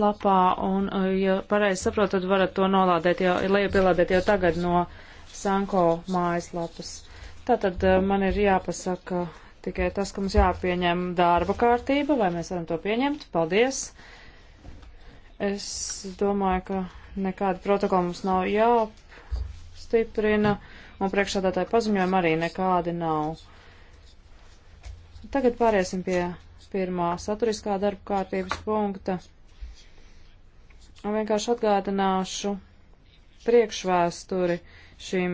lapā, un, uh, ja pareizi saprotu, tad varat to nolādēt jau, lejupielādēt jau tagad no Sanko mājaslapas. Tātad uh, man ir jāpasaka tikai tas, ka mums jāpieņem darba kārtība, vai mēs varam to pieņemt. Paldies! Es domāju, ka nekāda protokola mums nav jāstiprina, un priekšādātāja paziņojuma arī nekādi nav. Tagad pāriesim pie pirmā saturiskā darba kārtības punkta. Vienkārši atgādināšu priekšvēsturi šim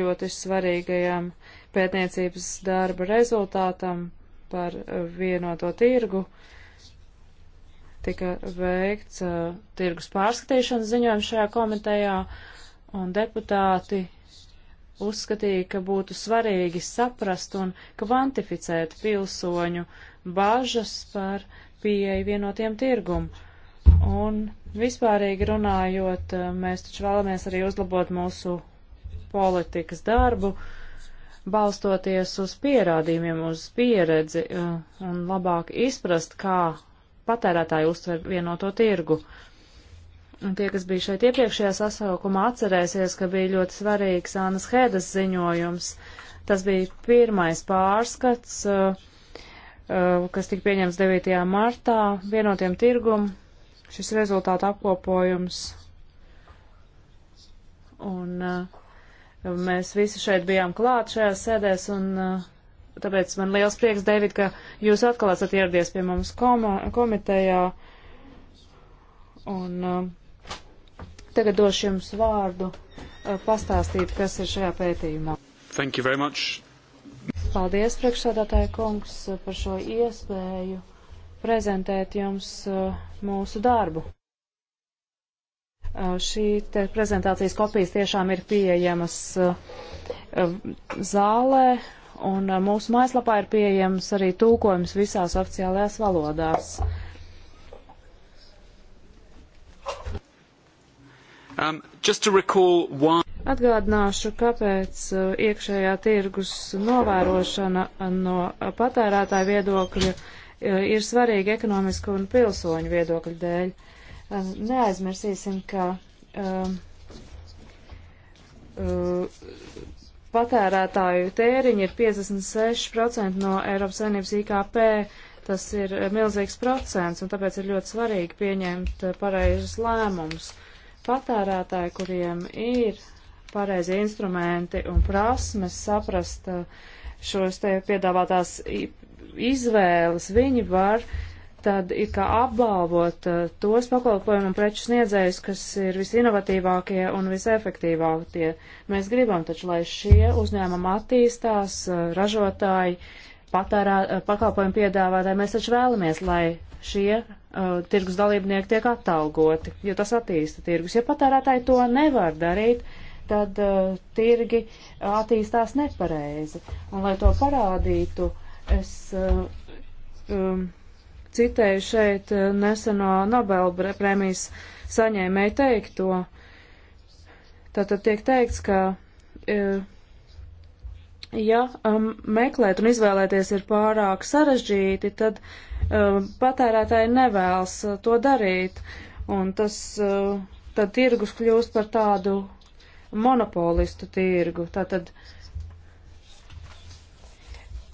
ļoti svarīgajam pētniecības darba rezultātam par vienoto tirgu. Tika veikts uh, tirgus pārskatīšanas ziņojums šajā komitejā, un deputāti uzskatīja, ka būtu svarīgi saprast un kvantificēt pilsoņu bažas par pieeju vienotiem tirgumu. Un vispārīgi runājot, eh, mēs taču vēlamies arī uzlabot mūsu politikas darbu, balstoties uz pierādījumiem, uz pieredzi eh, un labāk izprast, kā patērētāji uztver vienoto tirgu. Un tie, kas bija šeit iepriekšējā sasaukumā, atcerēsies, ka bija ļoti svarīgs Annas Hēdas ziņojums. Tas bija pirmais pārskats, eh, kas tika pieņemts 9. martā vienotiem tirgumu šis rezultātu apkopojums. Un uh, mēs visi šeit bijām klāt šajās sēdēs, un uh, tāpēc man liels prieks, David, ka jūs atkal esat ieradies pie mums koma, komitejā. Un uh, tagad došu jums vārdu pastāstīt, kas ir šajā pētījumā. Thank you very much. Paldies, priekšsādātāja kungs, par šo iespēju prezentēt jums uh, mūsu darbu. Uh, šī te prezentācijas kopijas tiešām ir pieejamas uh, zālē, un mūsu mājaslapā ir pieejams arī tūkojums visās oficiālajās valodās. Um, one... Atgādināšu, kāpēc iekšējā tirgus novērošana no patērētāja viedokļa uh, E, ir svarīgi ekonomisku un pilsoņu viedokļu dēļ. E, neaizmirsīsim, ka e, patērētāju tēriņi ir 56% no Eiropas Savienības IKP. Tas ir milzīgs procents, un tāpēc ir ļoti svarīgi pieņemt pareizus lēmumus. Patērētāji, kuriem ir pareizi instrumenti un prasmes saprast šos te piedāvātās izvēles, viņi var tad ir kā apbalvot uh, tos pakalpojumu un preču sniedzējus, kas ir visinovatīvākie un visefektīvākie. Mēs gribam taču, lai šie uzņēmumi attīstās, uh, ražotāji, patērā, uh, pakalpojumu piedāvātāji. Mēs taču vēlamies, lai šie uh, tirgus dalībnieki tiek atalgoti, jo tas attīsta tirgus. Ja patērētāji to nevar darīt, tad uh, tirgi attīstās nepareizi. Un, lai to parādītu, Es uh, um, citēju šeit eh, neseno Nobela prēmijas saņēmēju teikto. Tātad tiek teikts, ka. Uh, ja um, meklēt un izvēlēties ir pārāk sarežģīti, tad um, patērētāji nevēlas to darīt, un tas, uh, tad tirgus kļūst par tādu monopolistu tirgu. Tātad uh,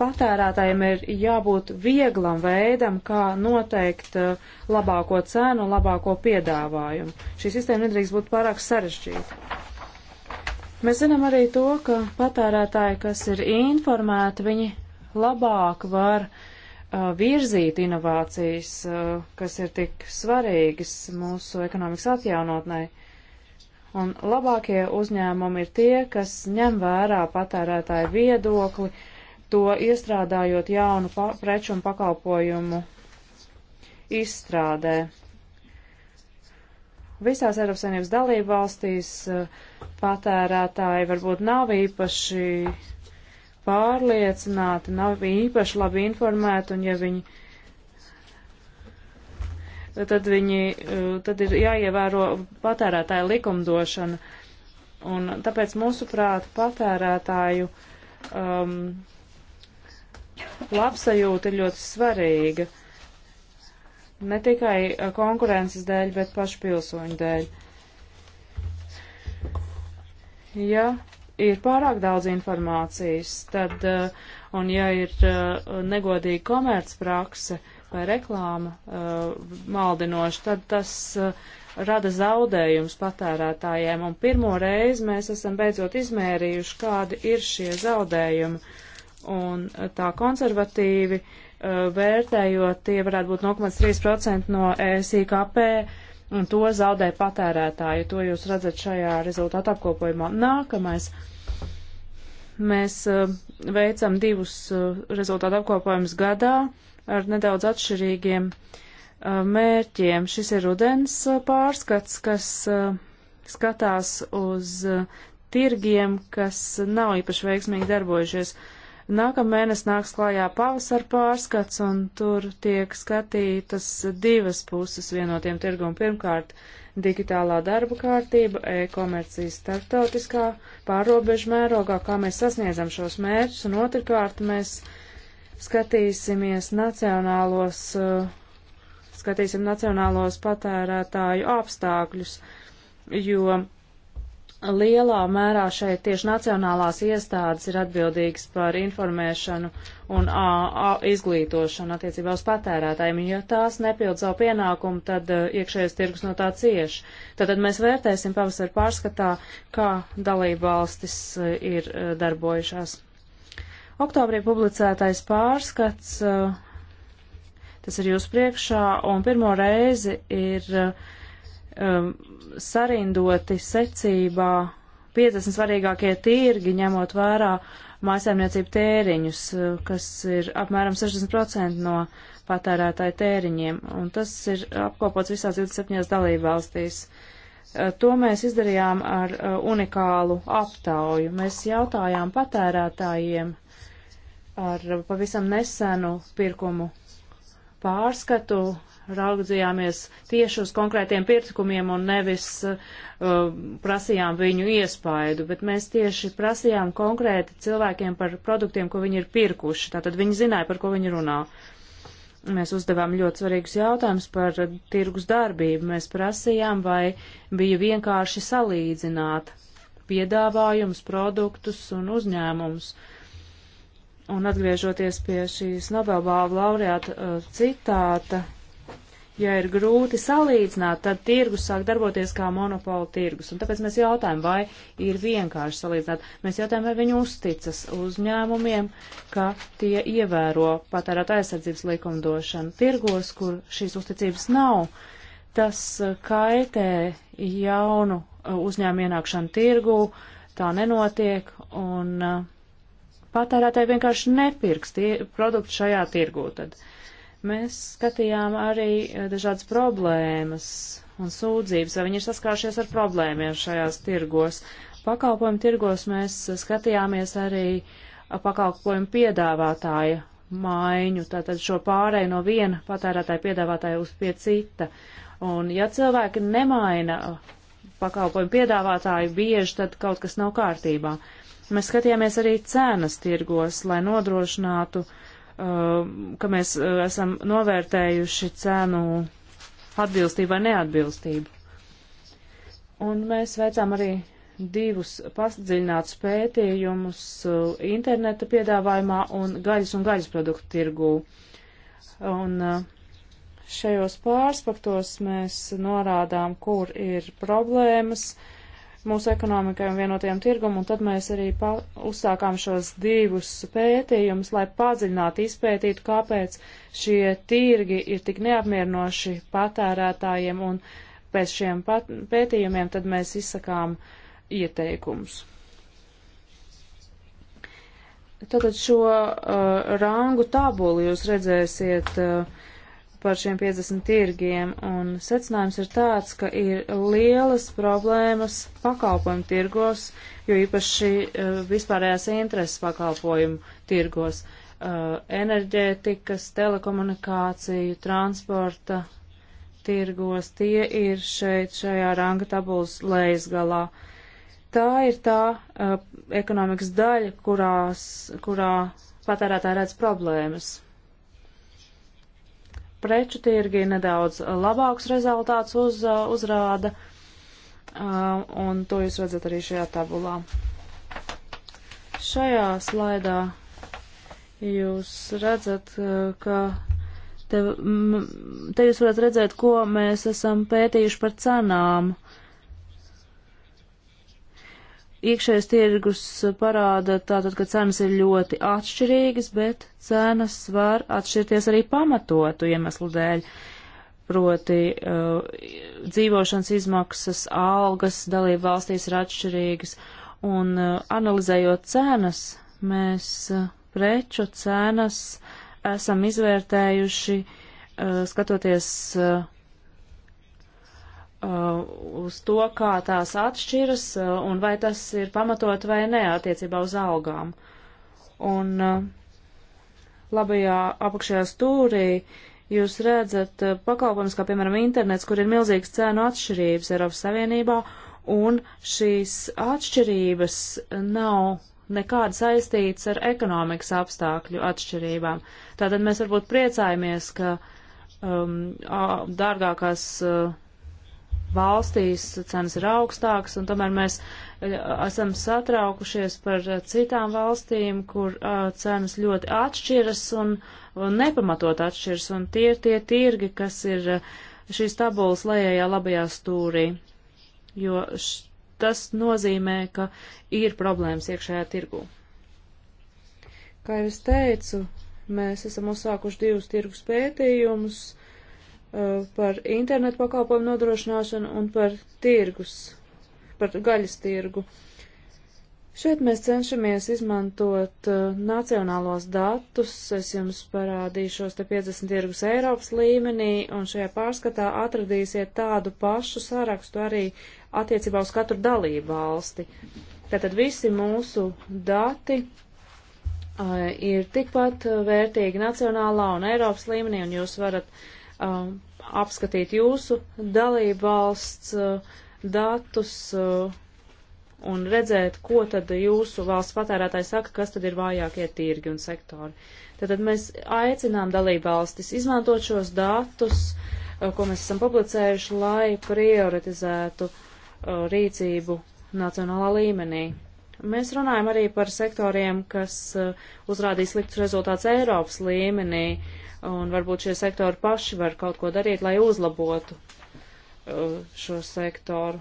patērētājiem ir jābūt vieglam veidam, kā noteikt eh, labāko cenu, labāko piedāvājumu. Šī sistēma nedrīkst būt pārāk sarežģīta. Mēs zinām arī to, ka patērētāji, kas ir informēti, viņi labāk var uh, virzīt inovācijas, uh, kas ir tik svarīgas mūsu ekonomikas atjaunotnē. Un labākie uzņēmumi ir tie, kas ņem vērā patērētāju viedokli, uh, to iestrādājot jaunu preču un pakalpojumu izstrādē. Visās Eiropas Savienības dalību valstīs eh, patērētāji varbūt nav īpaši pārliecināti, nav īpaši labi informēti, un ja viņi tad viņi, eh, tad ir jāievēro patērētāja likumdošana. Un tāpēc, mūsuprāt, patērētāju um, labsajūta ir ļoti svarīga. Ne tikai eh, konkurences dēļ, bet pašu pilsoņu dēļ. Ja ir pārāk daudz informācijas, tad, eh, un ja ir eh, negodīga komercprakse vai reklāma maldinoša, tad tas rada zaudējums patērētājiem, un pirmo reizi mēs esam beidzot izmērījuši, kādi ir šie zaudējumi un tā konservatīvi uh, vērtējot, tie varētu būt 0,3% no e SIKP, un to zaudē patērētāji. To jūs redzat šajā rezultātu apkopojumā. Nākamais. Mēs uh, veicam divus uh, rezultātu apkopojumus gadā ar nedaudz atšķirīgiem mērķiem. Šis ir rudens pārskats, kas skatās uz tirgiem, kas nav īpaši veiksmīgi darbojušies. Uh, Nākamēnes nāks klājā pavasar pārskats, un tur tiek skatītas divas puses vienotiem tirgum. Pirmkārt, digitālā darba kārtība, e-komercijas starptautiskā pārobežu mērogā, kā mēs sasniedzam šos mērķus, un otrkārt mēs skatīsimies nacionālos, skatīsim nacionālos patērētāju apstākļus, jo lielā mērā šeit tieši nacionālās iestādes ir atbildīgas par informēšanu un a, a, izglītošanu attiecībā uz patērētājiem. Ja tās nepild savu pienākumu, tad a, iekšējais tirgus no tā cieši. Tad, tad mēs vērtēsim pavasar pārskatā, kā dalībvalstis ir a, darbojušās. Oktobrī publicētais pārskats, a, tas ir jūs priekšā, un pirmo reizi ir. A, a, sarindoti secībā 50 svarīgākie tirgi, ņemot vērā mājasēmniecību tēriņus, kas ir apmēram 60% no patērētāju tēriņiem, un tas ir apkopots visās 27 dalībvalstīs. Eh, to mēs izdarījām ar eh, unikālu aptauju. Mēs jautājām patērētājiem ar pavisam nesenu pirkumu pārskatu raudzījāmies tieši uz konkrētiem pirkumiem un nevis uh, prasījām viņu iespaidu, bet mēs tieši prasījām konkrēti cilvēkiem par produktiem, ko viņi ir pirkuši. Tātad viņi zināja, par ko viņi runā. Mēs uzdevām ļoti svarīgus jautājumus par tirgus darbību. Mēs prasījām, vai bija vienkārši salīdzināt piedāvājums, produktus un uzņēmumus. Un atgriežoties pie šīs Nobelbāla laureāta uh, citāta, ja ir grūti salīdzināt, tad tirgus sāk darboties kā monopola tirgus. Un tāpēc mēs jautājam, vai ir vienkārši salīdzināt. Mēs jautājam, vai viņi uzticas uzņēmumiem, ka tie ievēro patērēt aizsardzības likumdošanu. Tirgos, kur šīs uzticības nav, tas uh, kaitē jaunu uh, uzņēmumu ienākšanu tirgū, tā nenotiek, un uh, patērētāji vienkārši nepirks tie, produktu šajā tirgū. Tad. Uh, Mēs skatījām arī eh, dažādas problēmas un sūdzības, vai viņi ir saskārušies ar problēmiem šajās tirgos. Pakalpojumu tirgos mēs skatījāmies arī eh, pakalpojumu piedāvātāja maiņu, tātad šo pārēju no viena patērētāja piedāvātāja uz pie cita. Un ja cilvēki nemaina eh, pakalpojumu piedāvātāju bieži, tad kaut kas nav kārtībā. Mēs skatījāmies arī cenas tirgos, lai nodrošinātu uh, Uh, ka mēs uh, esam novērtējuši cenu atbilstību vai neatbilstību. Un mēs veicām arī divus padziļinātus pētījumus uh, interneta piedāvājumā un gaļas un gaļas produktu tirgū. Un šajos pārspaktos mēs norādām, kur ir problēmas, uh, mūsu ekonomikai un vienotajam tirgumam, un tad mēs arī uzsākām šos divus pētījumus, lai padziļinātu, izpētītu, kāpēc šie tirgi ir tik neapmierinoši patērētājiem, un pēc šiem pētījumiem tad mēs izsakām ieteikumus. Tātad šo uh, rangu tabulu jūs redzēsiet. Uh, par šiem 50 tirgiem, un secinājums ir tāds, ka ir lielas problēmas pakalpojumu tirgos, jo īpaši eh, vispārējās intereses pakalpojumu tirgos eh, - enerģētikas, telekomunikāciju, transporta tirgos, tie ir šeit šajā ranga tabulas lejas galā. Tā ir tā uh, ekonomikas daļa, kurās, kurā patērētāji redz problēmas preču tirgi nedaudz labāks rezultāts uz, uh, uzrāda, uh, un to jūs redzat arī šajā tabulā. Šajā slaidā jūs redzat, uh, ka te, te jūs varat redzēt, ko mēs esam pētījuši par cenām iekšējais tirgus parāda tātad, ka cenas ir ļoti atšķirīgas, bet cenas var atšķirties arī pamatotu iemeslu dēļ, proti uh, dzīvošanas izmaksas, algas dalību valstīs ir atšķirīgas, un uh, analizējot cenas, mēs uh, preču cenas esam izvērtējuši, uh, skatoties uh, Uh, uz to, kā tās atšķiras uh, un vai tas ir pamatot vai nē attiecībā uz algām. Un uh, labajā apakšējā stūrī jūs redzat pakalpojumus, kā piemēram internets, kur ir milzīgas cēnu atšķirības Eiropas Savienībā, un šīs atšķirības nav nekāda saistītas ar ekonomikas apstākļu atšķirībām. Tātad mēs varbūt priecājamies, ka um, dārgākās uh, valstīs cenas ir augstākas, un tomēr mēs eh, esam satraukušies par eh, citām valstīm, kur eh, cenas ļoti atšķiras un nepamatot atšķiras, un tie ir tie tirgi, kas ir šīs tabulas lejējā labajā stūrī, jo tas nozīmē, ka ir problēmas iekšējā tirgū. Kā jau es teicu, mēs esam uzsākuši divus tirgus pētījumus, Uh, par internetu pakalpojumu nodrošināšanu un par tirgus, par gaļas tirgu. Šeit mēs cenšamies izmantot uh, nacionālos datus. Es jums parādīšos te 50 tirgus Eiropas līmenī, un šajā pārskatā atradīsiet tādu pašu sarakstu arī attiecībā uz katru dalību valsti. Tātad visi mūsu dati uh, ir tikpat uh, vērtīgi nacionālā un Eiropas līmenī, un jūs varat um, apskatīt jūsu dalību valsts uh, datus uh, un redzēt, ko tad jūsu valsts patērētāji saka, kas tad ir vājākie tirgi un sektori. Tātad mēs aicinām dalību valstis izmantot šos datus, uh, ko mēs esam publicējuši, lai prioritizētu rīcību nacionālā līmenī. Mēs runājam arī par sektoriem, kas uzrādīs sliktus rezultātus Eiropas līmenī un varbūt šie sektori paši var kaut ko darīt, lai uzlabotu uh, šo sektoru.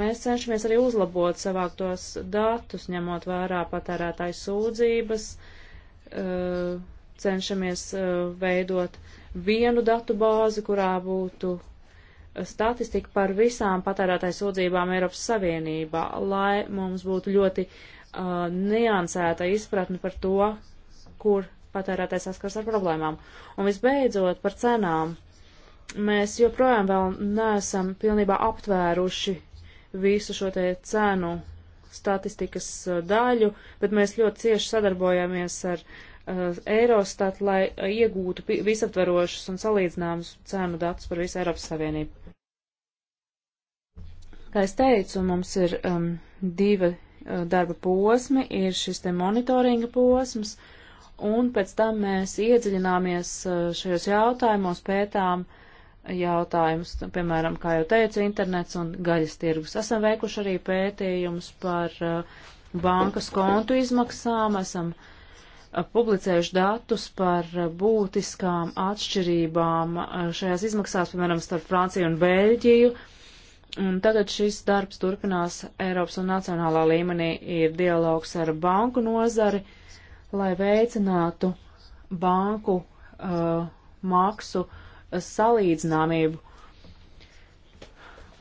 Mēs cenšamies arī uzlabot savāktos datus, ņemot vērā patērētāju sūdzības, uh, cenšamies uh, veidot vienu datu bāzi, kurā būtu statistika par visām patērētāju sūdzībām Eiropas Savienībā, lai mums būtu ļoti uh, niansēta izpratne par to, kur patērētājs saskars ar problēmām. Un visbeidzot par cenām. Mēs joprojām vēl neesam pilnībā aptvēruši visu šo te cenu statistikas uh, daļu, bet mēs ļoti cieši sadarbojamies ar uh, Eirostat, lai uh, iegūtu visaptverošus un salīdzināmus cenu datus par visu Eiropas Savienību. Kā es teicu, mums ir um, divi uh, darba posmi, ir šis te monitoringa posms, uh, un pēc tam mēs iedziļināmies uh, šajos jautājumos, pētām jautājumus, piemēram, kā jau teicu, internets un gaļas tirgus. Esam veikuši arī pētījumus par uh, bankas kontu izmaksām, esam uh, publicējuši datus par būtiskām atšķirībām šajās izmaksās, piemēram, starp Franciju un Beļģiju. Un tagad šis darbs turpinās Eiropas un nacionālā līmenī ir dialogs ar banku nozari, uh, lai veicinātu banku uh, maksu salīdzināmību.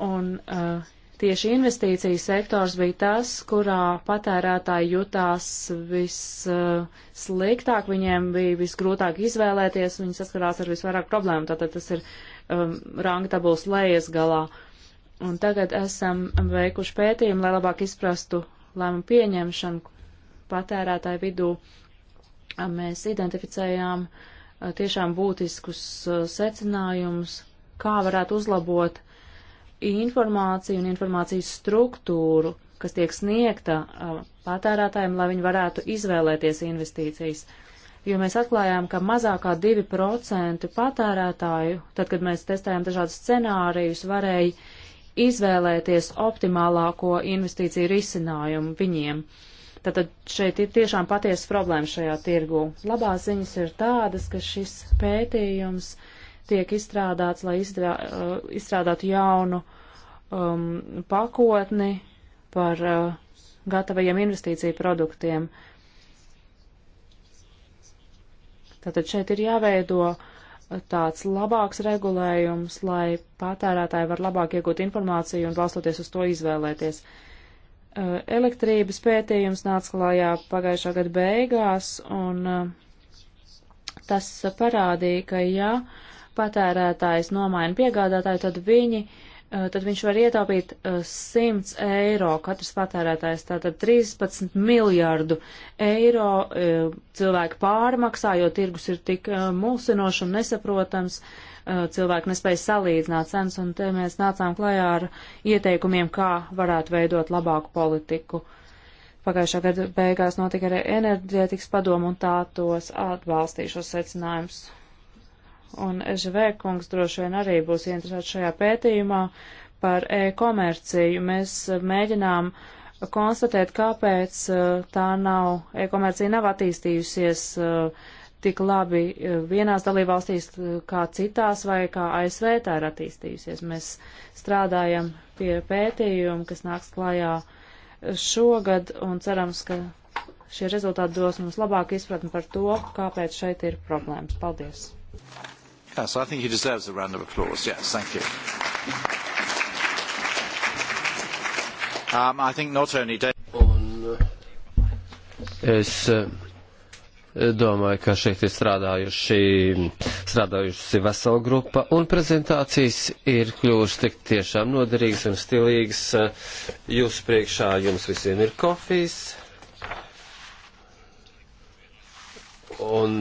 Un uh, tieši investīciju sektors bija tas, kurā patērētāji jutās vissliktāk, uh, viņiem bija visgrūtāk izvēlēties, viņi saskarās ar visvairāk problēmu, tātad tas ir um, ranga tabulas lejas galā. Un tagad esam veikuši pētījumu, lai labāk izprastu lēmumu pieņemšanu, patērētāju vidū, mēs identificējām tiešām būtiskus secinājumus, kā varētu uzlabot informāciju un informācijas struktūru, kas tiek sniegta patērētājiem, lai viņi varētu izvēlēties investīcijas. Jo mēs atklājām, ka mazākā 2% patērētāju, tad, kad mēs testējām dažādus scenārijus, varēja izvēlēties optimālāko investīciju risinājumu viņiem. Uh, Tātad šeit ir tiešām patiesa problēma šajā tirgu. Labās ziņas ir tādas, ka šis pētījums tiek izstrādāts, lai izstrā, uh, izstrādātu jaunu um, pakotni par uh, gatavajiem investīciju produktiem. Tātad šeit ir jāveido tāds labāks regulējums, lai patērētāji var labāk iegūt informāciju un balstoties uz to izvēlēties. Uh, Eh, elektrības pētījums nāca klājā pagājušā gada beigās, un eh, tas parādīja, ka ja patērētājs nomaina piegādātāju, tad viņi eh, tad viņš var ietaupīt 100 eiro katrs patērētājs, tātad 13 miljārdu eiro cilvēki pārmaksā, jo tirgus ir tik mulsinošs un nesaprotams. Uh, Uh, cilvēki nespēja salīdzināt cenas, un te mēs nācām klajā ar ieteikumiem, kā varētu veidot labāku politiku. Pagājušā gada beigās notika arī enerģētikas padomu, un tā tos atbalstīšos secinājumus. Un Žvēkungs droši vien arī būs interesēts šajā pētījumā par e-komerciju. Mēs mēģinām uh, konstatēt, kāpēc uh, tā nav, e-komercija nav attīstījusies uh, tik labi eh, vienās dalībvalstīs eh, kā citās vai kā ASV tā ir attīstījusies. Mēs strādājam pie pētījuma, kas nāks klajā šogad un cerams, ka šie rezultāti dos mums labāku izpratni par to, kāpēc šeit ir problēmas. Paldies! Yeah, so I think he deserves a round of applause. Yes, thank you. Um, I think not only. Un, eh, es, uh, domāju, ka šeit ir strādājuši, strādājuši vesela grupa, un prezentācijas ir kļuvušas tik tiešām noderīgas un stilīgas. Jūs priekšā jums visiem ir kofijas. Un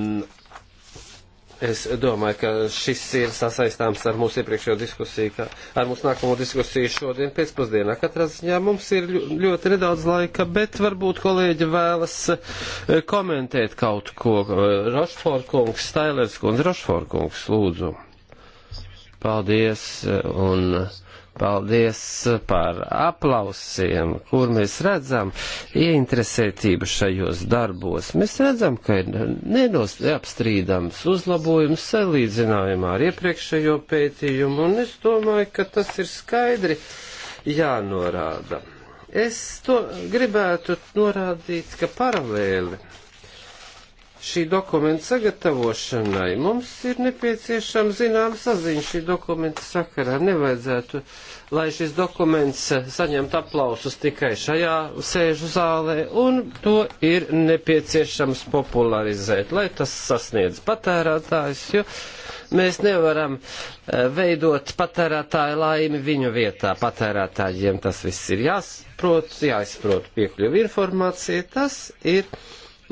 Es domāju, ka šis ir sasaistāms ar mūsu iepriekšējo diskusiju, ka ar mūsu nākamo diskusiju šodien pēcpusdienā. Katrā ziņā mums ir ļoti nedaudz laika, bet varbūt kolēģi vēlas eh, komentēt kaut ko. Eh, Rošforkungs, Stailers kundze, Rošforkungs, lūdzu. Paldies eh, un. Paldies par aplausiem, kur mēs redzam ieinteresētību šajos darbos. Mēs redzam, ka ir neapstrīdams uzlabojums salīdzinājumā ar iepriekšējo pētījumu, un es domāju, ka tas ir skaidri jānorāda. Es to gribētu norādīt, ka paralēli šī dokumenta sagatavošanai mums ir nepieciešama zināma saziņa šī dokumenta sakarā. Nevajadzētu, lai šis dokuments saņemtu aplausus tikai šajā sēžu zālē, un to ir nepieciešams popularizēt, lai tas sasniedz patērētājs, jo mēs nevaram eh, veidot patērētāju laimi viņu vietā. Patērētājiem tas viss ir jāsaprot, jāizprot piekļuvi informācija. Tas ir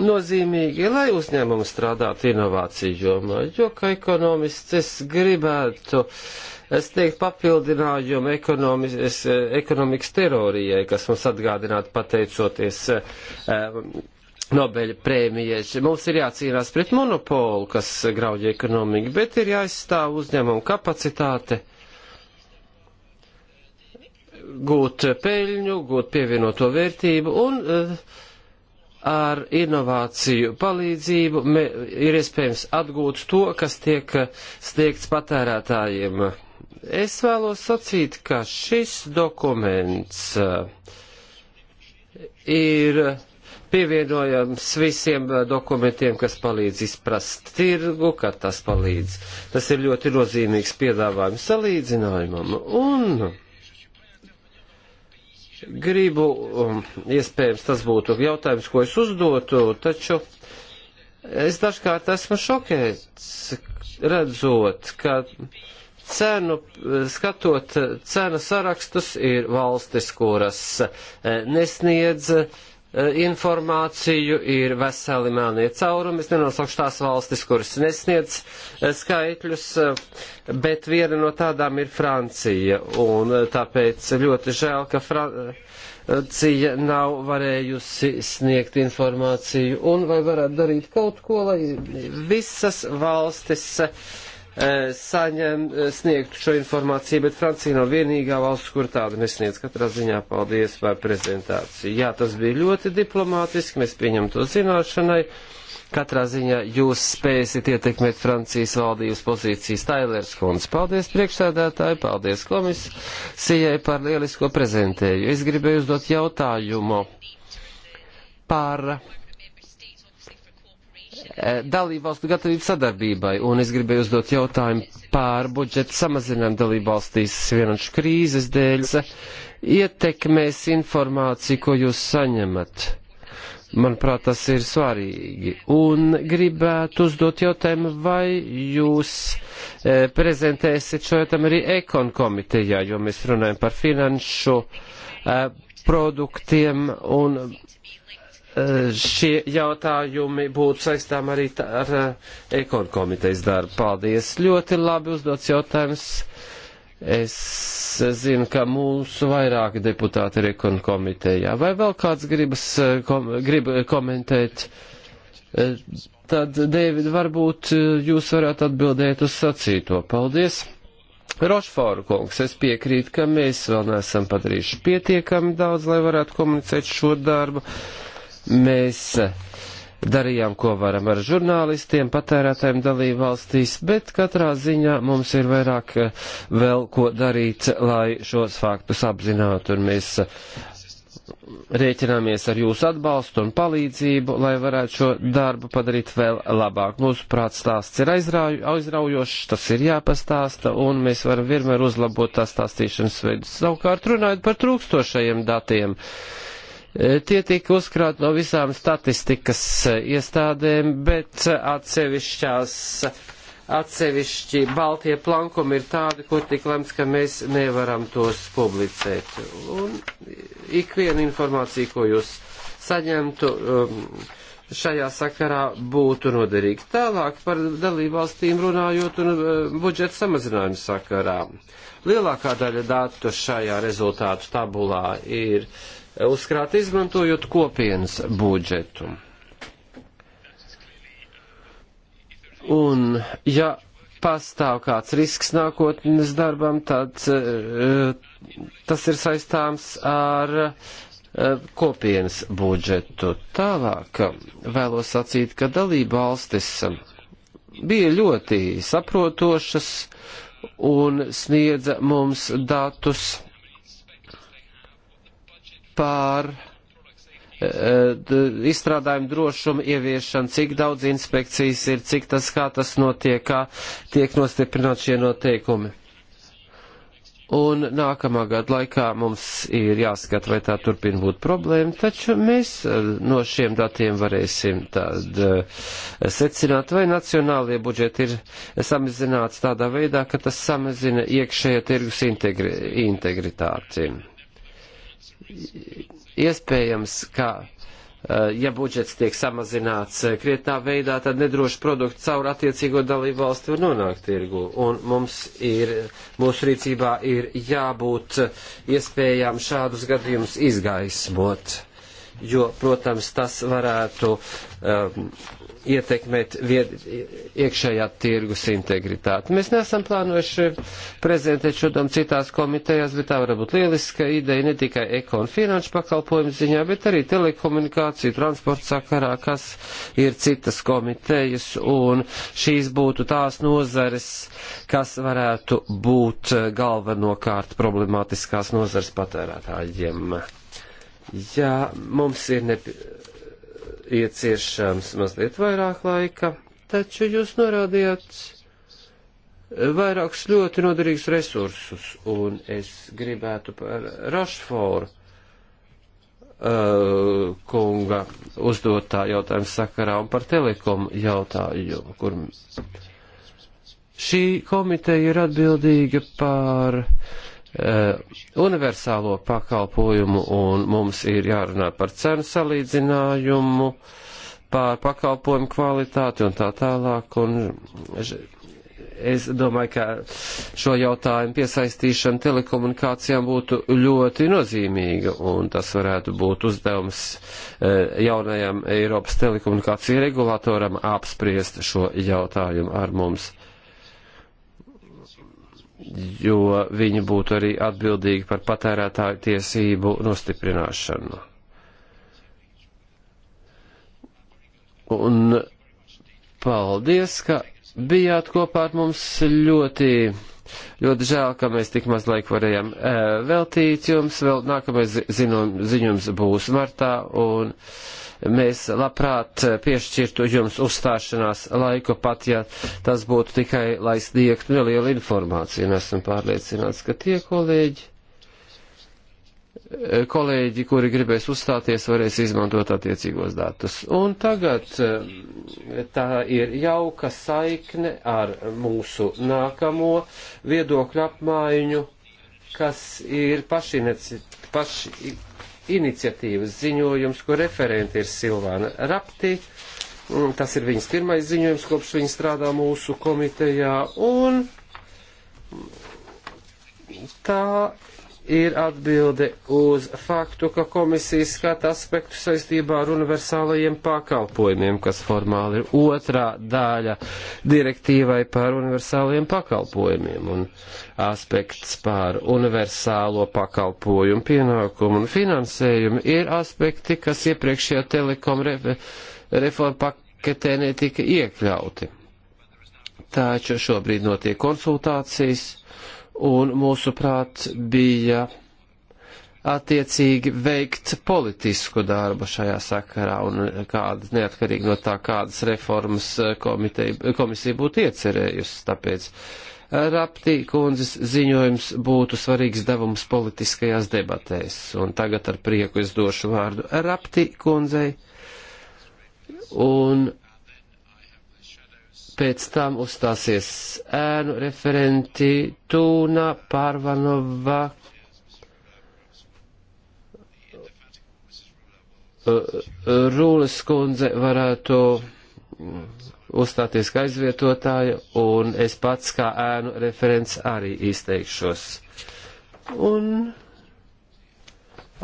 nozīmīgi, lai uzņēmumi strādātu inovāciju jomā, jo kā ekonomists es gribētu sniegt papildinājumu ekonomis, eh, ekonomikas teorijai, kas mums atgādinātu pateicoties um, Nobeļa prēmijai. Mums ir jācīnās pret monopolu, kas grauj ekonomiku, bet ir jāizstāv uzņēmumu kapacitāte gūt peļņu, gūt pievienoto vērtību un uh, ar inovāciju palīdzību me, ir iespējams atgūt to, kas tiek sniegts patērētājiem. Es vēlos sacīt, ka šis dokuments uh, ir pievienojams visiem uh, dokumentiem, kas palīdz izprast tirgu, ka tas palīdz. Tas ir ļoti nozīmīgs piedāvājums salīdzinājumam. Un gribu, um, iespējams, tas būtu jautājums, ko es uzdotu, taču es dažkārt esmu šokēts, redzot, ka cenu, skatot cenu sarakstus, ir valstis, kuras eh, nesniedz Eh, informāciju, ir veseli melnie caurumi, es nenosaukšu tās valstis, kuras nesniedz eh, skaitļus, eh, bet viena no tādām ir Francija, un tāpēc ļoti žēl, ka Francija nav varējusi sniegt informāciju, un vai varētu darīt kaut ko, lai visas valstis Eh, saņem, eh, sniegtu šo informāciju, bet Francija nav no vienīgā valsts, kur tādu nesniedz. Katrā ziņā paldies par prezentāciju. Jā, tas bija ļoti diplomātiski, mēs pieņem to zināšanai. Katrā ziņā jūs spēsit ietekmēt Francijas valdības pozīcijas. Tailers Kunds, paldies priekšsēdētāji, paldies komisijai par lielisko prezentēju. Es gribēju uzdot jautājumu par Eh, dalībvalstu gatavību sadarbībai, un es gribēju uzdot jautājumu pār budžeta samazinājumu dalībvalstīs vienanšu krīzes dēļ. Ietekmēs informāciju, ko jūs saņemat. Manuprāt, tas ir svarīgi. Un gribētu uzdot jautājumu, vai jūs e, prezentēsiet šo jautājumu arī ekon komitejā, jo mēs runājam par finanšu e, produktiem un šie jautājumi būtu saistām arī tā, ar eh, ekonu komitejas darbu. Paldies! Ļoti labi uzdots jautājums. Es zinu, ka mūsu vairāki deputāti ir ekonu komitejā. Vai vēl kāds gribas, eh, kom, grib komentēt? Eh, tad, Dēvid, varbūt jūs varētu atbildēt uz sacīto. Paldies! Rošforu kungs, es piekrītu, ka mēs vēl neesam padarījuši pietiekami daudz, lai varētu komunicēt šo darbu. Uh, Mēs darījām, ko varam ar žurnālistiem, patērētājiem dalību valstīs, bet katrā ziņā mums ir vairāk eh, vēl ko darīt, lai šos faktus apzinātu, un mēs eh, rēķināmies ar jūsu atbalstu un palīdzību, lai varētu šo darbu padarīt vēl labāk. Mūsu prāt stāsts ir aizrauj, aizraujošs, tas ir jāpastāsta, un mēs varam vienmēr uzlabot tā stāstīšanas veidu. Savukārt runājot par trūkstošajiem datiem. Uh, E, tie tika uzkrāt no visām statistikas e, iestādēm, bet e, atsevišķās, atsevišķi baltie plankumi ir tādi, kur tik lemts, ka mēs nevaram tos publicēt. Un ikviena informācija, ko jūs saņemtu, um, šajā sakarā būtu noderīgi. Tālāk par dalībvalstīm runājot un budžeta samazinājumu sakarā. Lielākā daļa datu šajā rezultātu tabulā ir uzkrāt izmantojot kopienas budžetu. Un, ja pastāv kāds risks nākotnes darbam, tad eh, tas ir saistāms ar eh, kopienas budžetu. Tālāk vēlos sacīt, ka dalība valstis bija ļoti saprotošas un sniedza mums datus pār e, e, izstrādājumu drošumu ieviešanu, cik daudz inspekcijas ir, cik tas, kā tas notiek, kā tiek nostiprināt šie noteikumi. Un nākamā gada laikā mums ir jāskat, vai tā turpina būt problēma, taču mēs e, no šiem datiem varēsim tad secināt, vai nacionālie budžeti ir samazināts tādā veidā, ka tas samazina iekšējā tirgus integri integritāti iespējams, ka eh, ja budžets tiek samazināts eh, krietnā veidā, tad nedroši produkti caur attiecīgo dalību valsti var nonākt tirgu. Un mums ir, mūsu rīcībā ir jābūt iespējām šādus gadījumus izgaismot, jo, protams, tas varētu um, ietekmēt vied, iekšējā tirgus integritāti. Mēs nesam plānojuši prezentēt šo domu citās komitejās, bet tā var būt lieliska ideja ne tikai ekonu finanšu pakalpojumu ziņā, bet arī telekomunikāciju, transporta sakarā, kas ir citas komitejas, un šīs būtu tās nozares, kas varētu būt galvenokārt problemātiskās nozares patērētājiem. Jā, mums ir nepieciešams ieciešams mazliet vairāk laika, taču jūs norādījāt eh, vairākus ļoti noderīgus resursus, un es gribētu par Rašforu uh, eh, kunga uzdotā jautājuma sakarā un par telekomu jautājumu, kur šī komiteja ir atbildīga par uh, Eh, universālo pakalpojumu un mums ir jārunā par cenu salīdzinājumu, par pakalpojumu kvalitāti un tā tālāk. Un es domāju, ka šo jautājumu piesaistīšana telekomunikācijām būtu ļoti nozīmīga un tas varētu būt uzdevums eh, jaunajam Eiropas telekomunikāciju regulatoram apspriest šo jautājumu ar mums jo viņi būtu arī atbildīgi par patērētāju tiesību nostiprināšanu. Un paldies, ka bijāt kopā ar mums ļoti. Ļoti žēl, ka mēs tik maz laiku varējām e, veltīt jums. Vēl nākamais ziņojums būs martā. Un, e, mēs labprāt piešķirtu jums uzstāšanās laiku, pat ja tas būtu tikai, lai sniegtu nelielu informāciju. Un esmu pārliecināts, ka tie kolēģi, kolēģi, kuri gribēs uzstāties, varēs izmantot attiecīgos datus. Un tagad eh, tā ir jauka saikne ar mūsu nākamo viedokļu apmaiņu, kas ir pašiniciatīva. Paši iniciatīvas ziņojums, kur referenti ir Silvāna Rapti. Mm, tas ir viņas pirmais ziņojums, kopš viņa strādā mūsu komitejā, un tā ir atbilde uz faktu, ka komisija skata aspektu saistībā ar universālajiem pakalpojumiem, kas formāli ir otrā daļa direktīvai par universālajiem pakalpojumiem un aspekts par universālo pakalpojumu pienākumu un finansējumu ir aspekti, kas iepriekšējā telekom re reforma paketē netika iekļauti. Taču šobrīd notiek konsultācijas un mūsuprāt bija attiecīgi veikt politisku darbu šajā sakarā un kādas, neatkarīgi no tā, kādas reformas eh, komiteja, komisija būtu iecerējusi. Tāpēc eh, Raptī kundzes ziņojums būtu svarīgs devums politiskajās debatēs. Un tagad ar prieku es došu vārdu Raptī kundzei. Un pēc tam uzstāsies ēnu referenti Tūna Pārvanova. Uh, Rūles kundze varētu uzstāties kā aizvietotāja, un es pats kā ēnu referents arī izteikšos. Un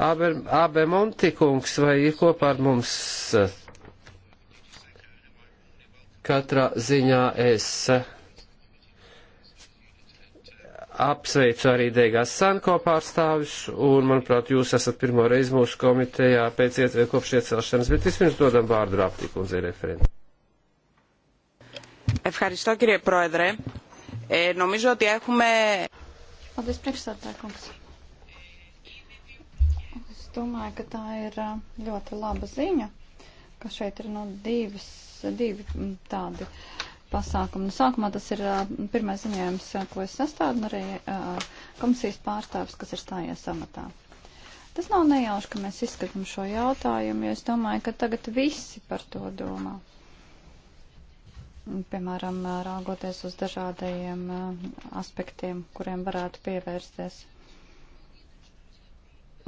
Abemonti kungs vai ir kopā ar mums uh, Katrā ziņā es apsveicu arī Dēgās Sanko pārstāvis, un, manuprāt, jūs esat pirmo reizi mūsu komitejā pēc iet, kopš iecelšanas, bet vispirms dodam vārdu Rapti kundzei referentam. Ευχαριστώ κύριε Πρόεδρε. Ε, νομίζω ότι έχουμε... Ο Δεσπρεύστατάκος. Es domāju, ka tā ir ļoti laba ziņa, ka šeit ir no divas divi mm, tādi pasākumi. Nu, sākumā tas ir pirmais ziņojums, ko es sastādu, un arī komisijas pārstāvis, kas ir stājies amatā. Tas nav nejauši, ka mēs izskatām šo jautājumu, jo es domāju, ka tagad visi par to domā. Piemēram, raugoties uz dažādajiem aspektiem, kuriem varētu pievērsties.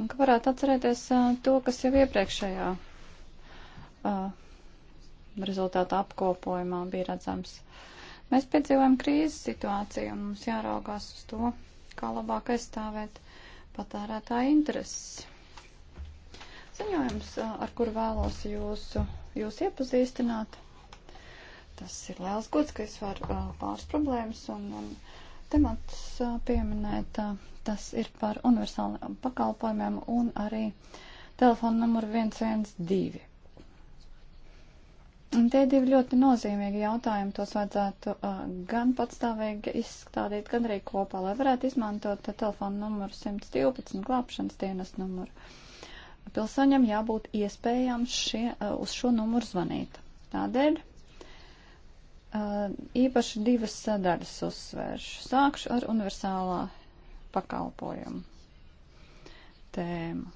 Un ka varētu atcerēties to, kas jau iepriekšējā rezultātu apkopojumā bija redzams. Mēs piedzīvojam krīzes situāciju un mums jāraugās uz to, kā labāk aizstāvēt patērētāja intereses. Ziņojums, ar kuru vēlos jūsu, jūs iepazīstināt, tas ir liels gods, ka es varu pāris problēmas un, un temats pieminēt. Tas ir par universāliem pakalpojumiem un arī telefonu numuru 112. Un tie divi ļoti nozīmīgi jautājumi, tos vajadzētu uh, gan patstāvīgi izstādīt, gan arī kopā, lai varētu izmantot uh, telefonu numuru 112 glābšanas dienas numuru. Pilsoņam jābūt iespējām šie, uh, uz šo numuru zvanīt. Tādēļ īpaši divas sadaļas uzsvēršu. Sākšu ar universālā pakalpojumu tēmu.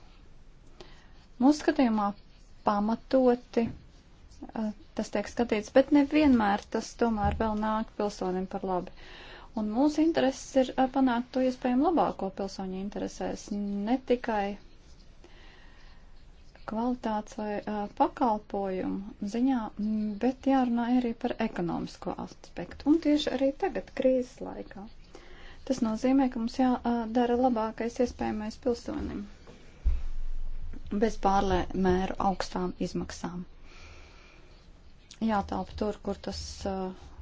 Mūsu skatījumā pamatoti tas tiek skatīts, bet nevienmēr tas tomēr vēl nāk pilsonim par labi. Un mūsu intereses ir panākt to iespējami labāko pilsoņu interesēs, ne tikai kvalitātes vai uh, pakalpojumu ziņā, bet jārunā arī par ekonomisko aspektu. Un tieši arī tagad, krīzes laikā. Tas nozīmē, ka mums jādara labākais iespējamais pilsonim bez pārlēmēru augstām izmaksām jātaupa tur, kur tas,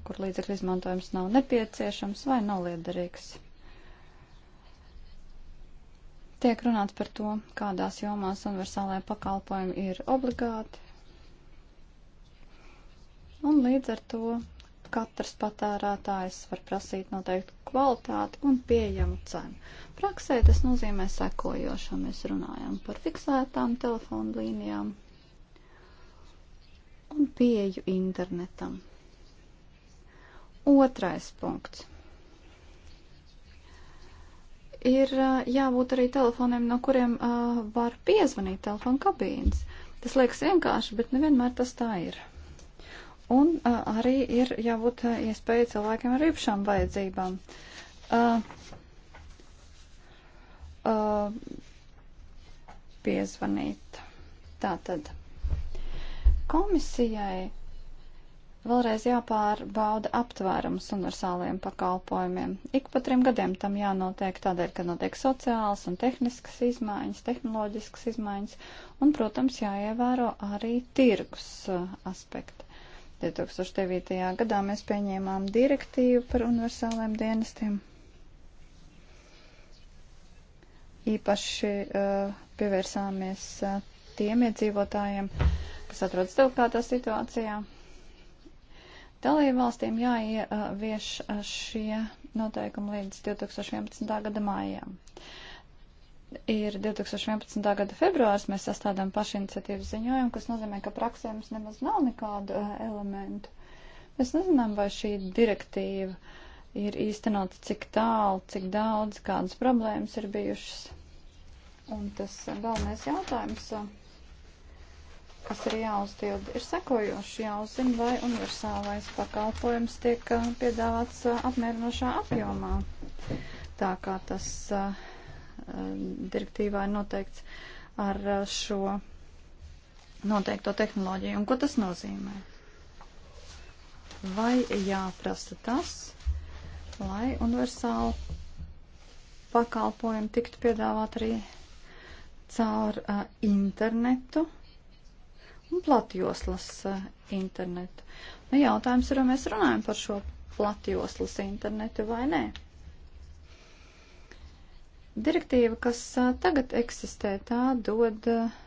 kur līdzekļu izmantojums nav nepieciešams vai nav liederīgs. Tiek runāts par to, kādās jomās universālajā pakalpojumi ir obligāti. Un līdz ar to katrs patērētājs var prasīt noteiktu kvalitāti un pieejamu cenu. Praksē tas nozīmē sekojošo. Mēs runājam par fiksētām telefonu līnijām, un pieju internetam. Otrais punkts. Ir jābūt arī telefoniem, no kuriem uh, var piezvanīt telefonu kabīnes. Tas liekas vienkārši, bet nevienmēr tas tā ir. Un uh, arī ir jābūt uh, iespēja cilvēkiem ar īpašām vajadzībām. Uh, uh, piezvanīt. Tātad. Komisijai vēlreiz jāpārbauda aptvērums universāliem pakalpojumiem. Ik pa trim gadiem tam jānotiek tādēļ, ka notiek sociāls un tehniskas izmaiņas, tehnoloģiskas izmaiņas, un, protams, jāievēro arī tirgus uh, aspekti. 2009. gadā mēs pieņēmām direktīvu par universāliem dienestiem. Īpaši uh, pievērsāmies uh, tiem iedzīvotājiem, uh, kas atrodas delikātā situācijā. Dalību valstīm jāievieš uh, šie noteikumi līdz 2011. gada mājām. Ir 2011. gada februārs, mēs sastādām pašiniciatīvas ziņojumu, kas nozīmē, ka praksē mums nemaz nav nekādu uh, elementu. Mēs nezinām, vai šī direktīva ir īstenota cik tālu, cik daudz, kādas problēmas ir bijušas. Un tas uh, galvenais jautājums. Uh, kas ir jāuztild, ir sekojoši jāuzina, vai universālais pakalpojums tiek piedāvāts apmierinošā apjomā, tā kā tas direktīvā ir noteikts ar šo noteikto tehnoloģiju. Un ko tas nozīmē? Vai jāprasa tas, lai universāli pakalpojumi tiktu piedāvāt arī caur uh, internetu? platjoslas eh, internetu. Nu, jautājums ir, vai mēs runājam par šo platjoslas internetu vai nē. Direktīva, kas eh, tagad eksistē, tā dod eh,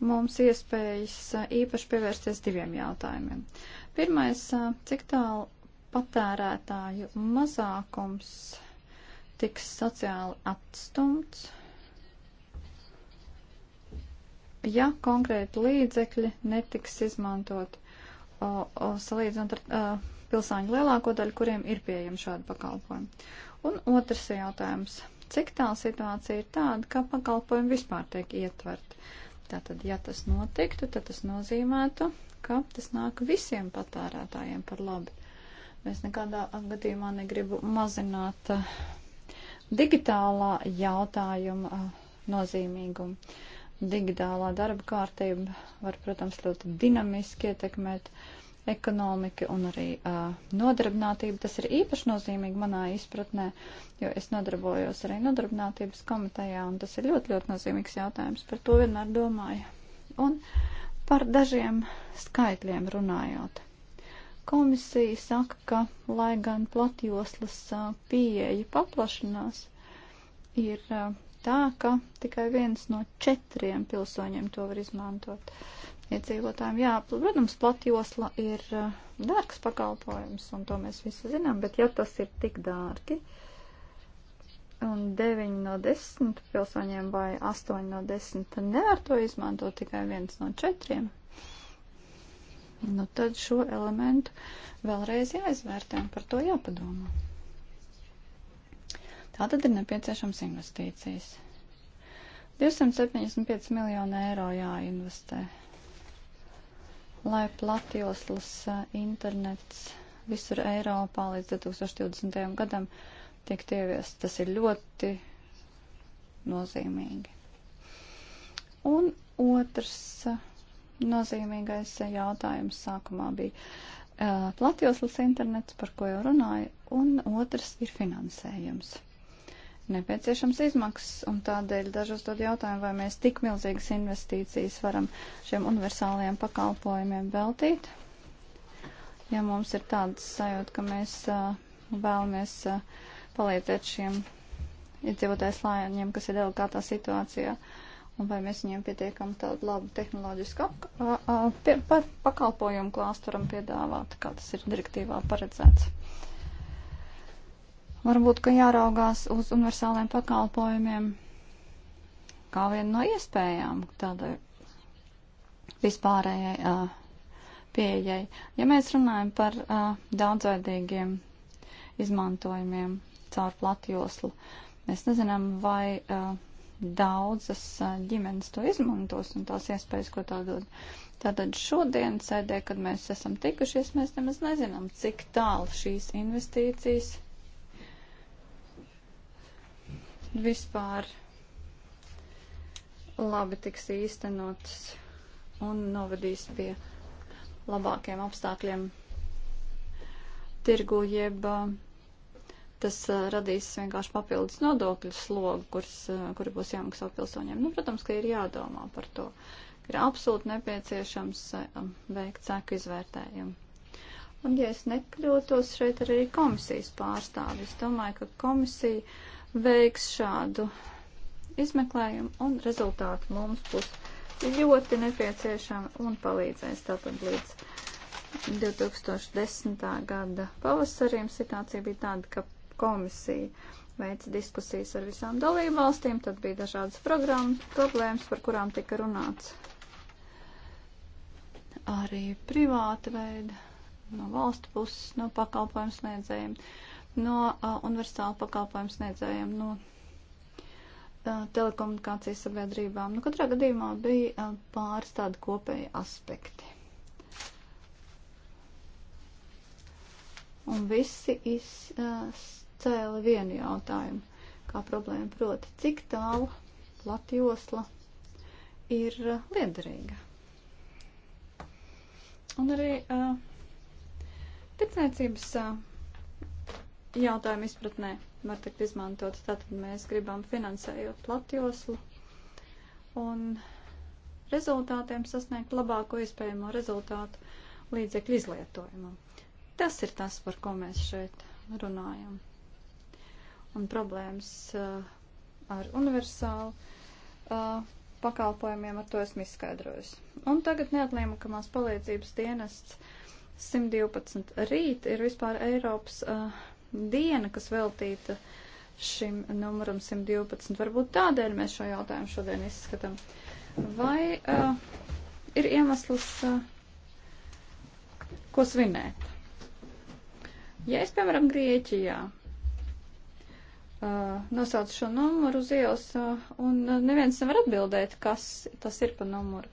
mums iespējas īpaši pievērsties diviem jautājumiem. Pirmais, cik tālu patērētāju mazākums tiks sociāli atstumts ja konkrēti līdzekļi netiks izmantot o, o, salīdzinot ar o, pilsāņu lielāko daļu, kuriem ir pieejama šāda pakalpojuma. Un otrs jautājums. Cik tā situācija ir tāda, ka pakalpojumi vispār tiek ietverti? Tātad, ja tas notiktu, tad tas nozīmētu, ka tas nāk visiem patērētājiem par labi. Mēs nekādā gadījumā negribu mazināt digitālā jautājuma nozīmīgumu. Digitālā darba kārtība var, protams, ļoti dinamiski ietekmēt ekonomiku un arī uh, nodarbinātību. Tas ir īpaši nozīmīgi manā izpratnē, jo es nodarbojos arī nodarbinātības komitejā, un tas ir ļoti, ļoti nozīmīgs jautājums. Par to vienmēr domāju. Un par dažiem skaitļiem runājot. Komisija saka, ka, lai gan platjoslas pieeja paplašinās, ir uh, tā, ka tikai viens no četriem pilsoņiem to var izmantot iedzīvotājiem. Jā, protams, platjosla ir eh, dārgs pakalpojums, un to mēs visi zinām, bet ja tas ir tik dārgi, un 9 no 10 pilsoņiem vai 8 no 10 nevar to izmantot tikai viens no četriem, nu tad šo elementu vēlreiz jāizvērtē un par to jāpadomā. Tā tad ir nepieciešams investīcijas. 275 miljonu eiro jāinvestē, lai platjoslas eh, internets visur Eiropā līdz 2020. gadam tiek ieviests. Tas ir ļoti nozīmīgi. Un otrs eh, nozīmīgais jautājums sākumā bija uh, platjoslas internets, par ko jau runāju, un otrs ir finansējums nepieciešams izmaksas, un tādēļ dažos dod jautājumu, vai mēs tik milzīgas investīcijas varam šiem universālajiem pakalpojumiem veltīt. Ja mums ir tāda sajūta, ka mēs uh, vēlamies uh, palīdzēt šiem iedzīvotājs lājiem, kas ir delikātā situācijā, un vai mēs viņiem pietiekam tādu labu tehnoloģisku uh, uh, pie, pa, pakalpojumu klāstu varam piedāvāt, kā tas ir direktīvā paredzēts. Varbūt, ka jāraugās uz universāliem pakalpojumiem kā vienu no iespējām tādai vispārējai uh, pieejai. Ja mēs runājam par uh, daudzveidīgiem izmantojumiem caur platjoslu, mēs nezinām, vai uh, daudzas uh, ģimenes to izmantos un tās iespējas, ko tā dod. Tātad šodien sēdē, kad mēs esam tikušies, mēs nemaz nezinām, cik tālu šīs investīcijas vispār labi tiks īstenotas un novadīs pie labākiem apstākļiem tirgu, jeb tas radīs vienkārši papildus nodokļu slogu, kurs, kuri būs jāmaksā pilsoņiem. Nu, protams, ka ir jādomā par to, ka ir absolūti nepieciešams veikt sēku izvērtējumu. Un, ja es nekļūtos, šeit arī komisijas pārstāvis. Domāju, ka komisija veiks šādu izmeklējumu un rezultāti mums būs ļoti nepieciešami un palīdzēs tātad līdz 2010. gada pavasarim. Situācija bija tāda, ka komisija veica diskusijas ar visām dalībvalstīm, tad bija dažādas programmas, problēmas, par kurām tika runāts arī privāta veida, no valstu puses, no pakalpojumu sniedzējiem. Uh, no uh, universāla pakalpojuma sniedzējiem, no uh, telekomunikācijas sabiedrībām. Nu, katrā gadījumā bija uh, pāris tādi kopēji aspekti. Un visi izcēla uh, vienu jautājumu, kā problēma proti, cik tālu platjosla ir uh, liederīga. Un arī uh, ticniecības uh, jautājumu izpratnē var tikt izmantot. Tātad mēs gribam finansējot platjoslu un rezultātiem sasniegt labāko iespējamo rezultātu līdzekļu izlietojumam. Tas ir tas, par ko mēs šeit runājam. Un problēmas uh, ar universālu uh, pakalpojumiem ar to esmu izskaidrojusi. Un tagad neatliekamās palīdzības dienests 112 rīt ir vispār Eiropas uh, diena, kas veltīta šim numuram 112. Varbūt tādēļ mēs šo jautājumu šodien izskatām. Vai uh, ir iemesls, uh, ko svinēt? Ja es, piemēram, Grieķijā Uh, nosauc šo numuru uz ielas, uh, un uh, neviens nevar atbildēt, kas tas ir pa numuru.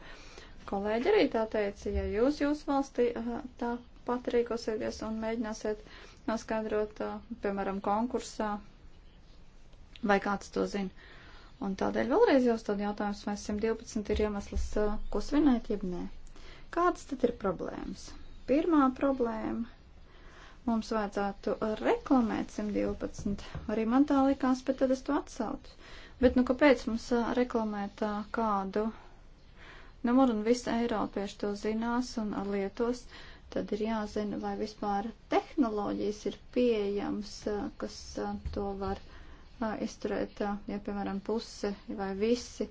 Kolēģi arī tā teica, ja jūs jūsu valstī uh, tā pat rīkosieties un mēģināsiet noskaidrot, piemēram, konkursā, vai kāds to zina. Un tādēļ vēlreiz jau stāda jautājums, vai 112 ir iemesls, ko svinēt, jeb nē. Kādas tad ir problēmas? Pirmā problēma. Mums vajadzētu reklamēt 112. Arī man tā likās, bet tad es to atsaucu. Bet nu kāpēc mums reklamēt kādu numuru un visi eiropieši to zinās un lietos? Uh, tad ir jāzina, vai vispār tehnoloģijas ir pieejams, eh, kas eh, to var eh, izturēt, ja, piemēram, puse vai visi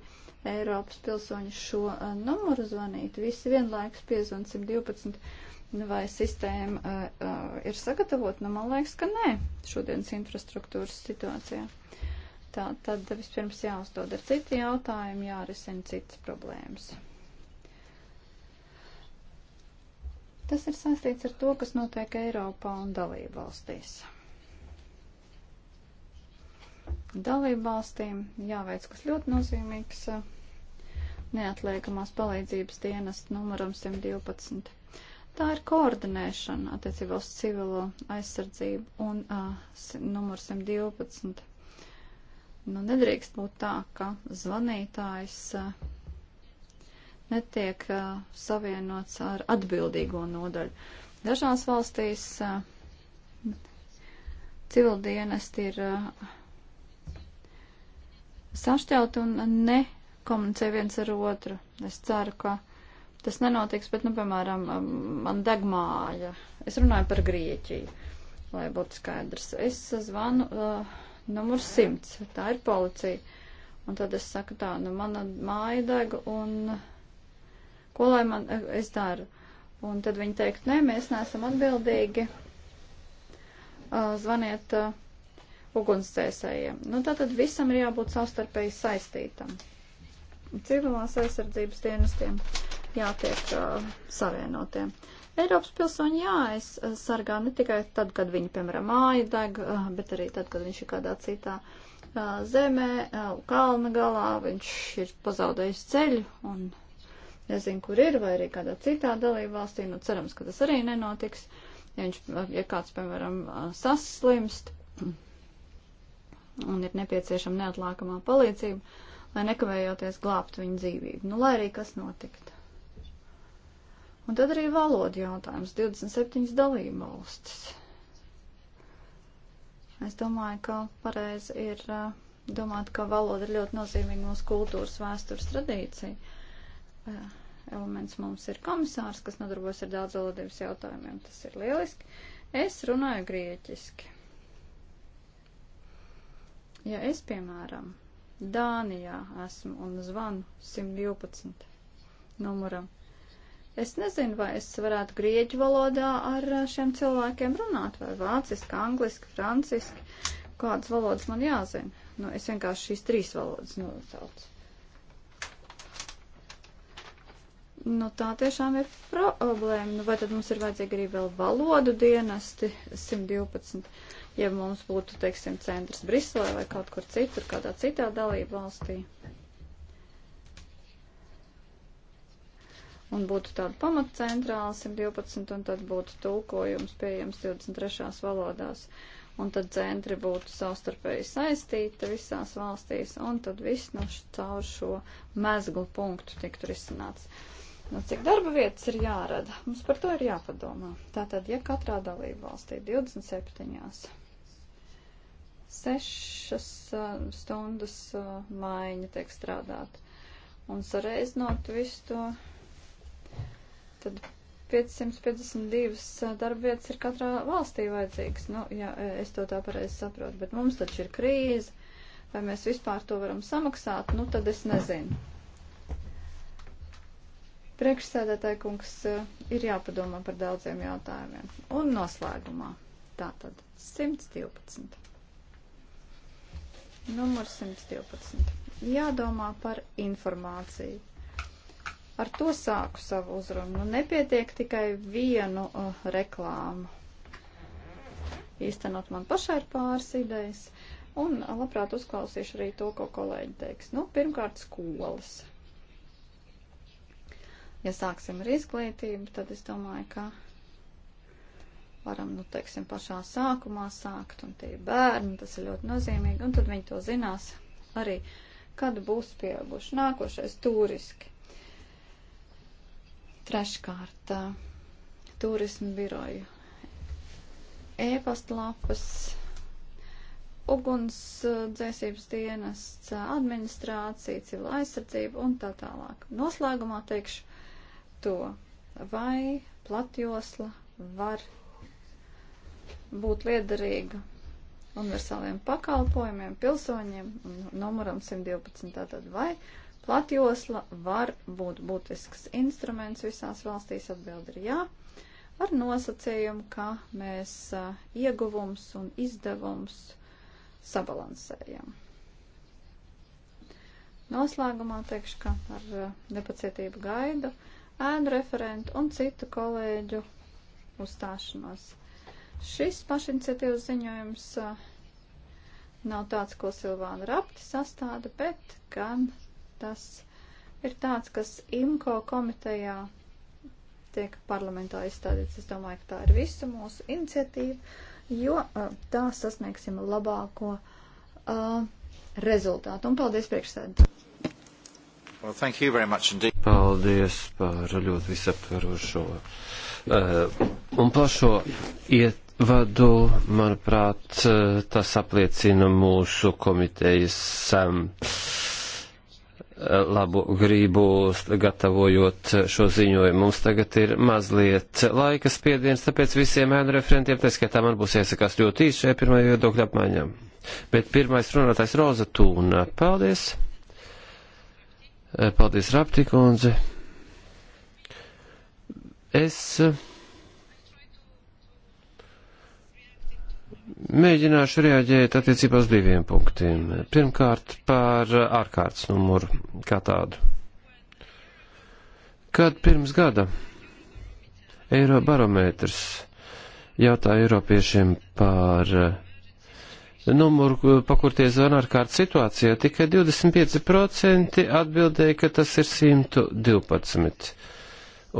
Eiropas pilsoņi šo numuru zvanītu, visi vienlaikus piezvan 112, vai sistēma ir sagatavota, nu, man liekas, ka nē, šodienas infrastruktūras situācijā. Tā tad vispirms jāuzdod ar citi jautājumi, jārisina citas problēmas. Tas ir saistīts ar to, kas notiek Eiropā un dalību valstīs. Dalību valstīm jāveic, kas ļoti nozīmīgs, neatliekamās palīdzības dienas numuram 112. Tā ir koordinēšana attiecībā uz civilo aizsardzību un uh, numur 112. Nu, nedrīkst būt tā, ka zvanītājs uh, netiek uh, savienots ar atbildīgo nodaļu. Dažās valstīs uh, civildienesti ir uh, sašķelt un nekomunicē viens ar otru. Es ceru, ka tas nenotiks, bet, nu, piemēram, man degmāja. Es runāju par Grieķiju, lai būtu skaidrs. Es zvanu uh, numur 100, tā ir policija. Un tad es saku tā, nu, mana māja dega un. Uh, Ko lai man eh, es daru? Un tad viņi teikt, nē, mēs neesam atbildīgi. Eh, zvaniet eh, ugunsdzēsējiem. Nu, tātad visam ir jābūt savstarpēji saistītam. Civilās aizsardzības dienestiem jātiek uh, savienotiem. Eiropas pilsoņi jāaizsargā ne tikai tad, kad viņi, piemēram, māja deg, bet arī tad, kad viņš ir kādā citā zemē, kalna galā, viņš ir pazaudējis ceļu un nezinu, kur ir, vai arī kādā citā dalība valstī, nu cerams, ka tas arī nenotiks, ja, viņš, ja kāds, piemēram, saslimst un ir nepieciešama neatlākamā palīdzība, lai nekavējoties glābt viņu dzīvību, nu lai arī kas notiktu. Un tad arī valoda jautājums - 27 dalība valstis. Es domāju, ka pareizi ir eh, domāt, ka valoda ir ļoti nozīmīga mūsu kultūras vēstures tradīcija Eh, elements mums ir komisārs, kas nodarbojas ar daudzvalodības jautājumiem. Tas ir lieliski. Es runāju grieķiski. Ja es, piemēram, Dānijā esmu un zvanu 112 numuram, es nezinu, vai es varētu grieķu valodā ar šiem cilvēkiem runāt, vai vāciski, angliski, franciski, kādas valodas man jāzina. Nu, es vienkārši šīs trīs valodas nosaucu. Nu, tā tiešām ir problēma. Nu, vai tad mums ir vajadzīgi arī vēl valodu dienesti 112, ja mums būtu, teiksim, centrs Briselē vai kaut kur citur, kādā citā dalība valstī? Un būtu tāda pamatcentrāla 112, un tad būtu tulkojums pieejams 23. valodās. Un tad centri būtu savstarpēji saistīti visās valstīs, un tad viss no nu, caur šo mezglu punktu tiktu risināts. Uh, Nu, cik darba vietas ir jārada? Mums par to ir jāpadomā. Tātad, ja katrā dalība valstī 27. sešas eh, stundas eh, maiņa tiek strādāt un sareiznot visu to, tad 552 eh, darbvietas ir katrā valstī vajadzīgas. Nu, ja es to tā pareizi saprotu, bet mums taču ir krīze, vai mēs vispār to varam samaksāt, nu tad es nezinu. Priekšsēdētāji kungs eh, ir jāpadomā par daudziem jautājumiem. Un noslēgumā tātad 112. Numurs 112. Jādomā par informāciju. Ar to sāku savu uzrunu. Nu, nepietiek tikai vienu uh, reklāmu. Īstenot man pašai ir pāris idejas. Un eh, labprāt uzklausīšu arī to, ko kolēģi teiks. Nu, pirmkārt, skolas Ja sāksim ar izglītību, tad es domāju, ka varam, nu, teiksim, pašā sākumā sākt, un tie ir bērni, tas ir ļoti nozīmīgi, un tad viņi to zinās arī, kad būs pieauguši. Nākošais turiski. Treškārt, turismu biroju e-pastlapas, ugunsdzēsības dienests, administrācija, civila aizsardzība un tā tālāk. Noslēgumā teikšu, to, vai platjosla var būt liederīga universāliem pakalpojumiem, pilsoņiem, numuram 112 tātad vai platjosla var būt būtisks instruments visās valstīs, atbildi ir jā, ar nosacījumu, ka mēs ieguvums un izdevums sabalansējam. Noslēgumā teikšu, ka ar nepacietību gaidu ēnu referentu un citu kolēģu uzstāšanos. Šis pašiniciatīvas ziņojums uh, nav tāds, ko Silvāna Rapti sastāda, bet gan tas ir tāds, kas IMCO komitejā tiek parlamentā izstādīts. Es domāju, ka tā ir visu mūsu iniciatīva, jo uh, tā sasniegsim labāko uh, rezultātu. Un paldies priekšsēdētājiem! Well, thank you very much indeed. Paldies par ļoti visaptverošo uh, eh, un plašo iet vadu, manuprāt, eh, tas apliecina mūsu komitejas um, labu gribu gatavojot šo ziņojumu. Mums tagad ir mazliet laika spiediens, tāpēc visiem ēnu referentiem, tā skaitā man būs iesakās ļoti īsi šajā pirmajā viedokļa apmaiņā. Bet pirmais runātais Roza Tūna. Paldies! Eh, paldies, Raptikundze. Es eh, Mēģināšu reaģēt attiecībā uz diviem punktiem. Pirmkārt, par ārkārtas numuru kā tādu. Kad pirms gada Eirobarometrs jautāja Eiropiešiem par eh, numuru, pa kur tie zvana ar kārt situācijā, tikai 25% atbildēja, ka tas ir 112.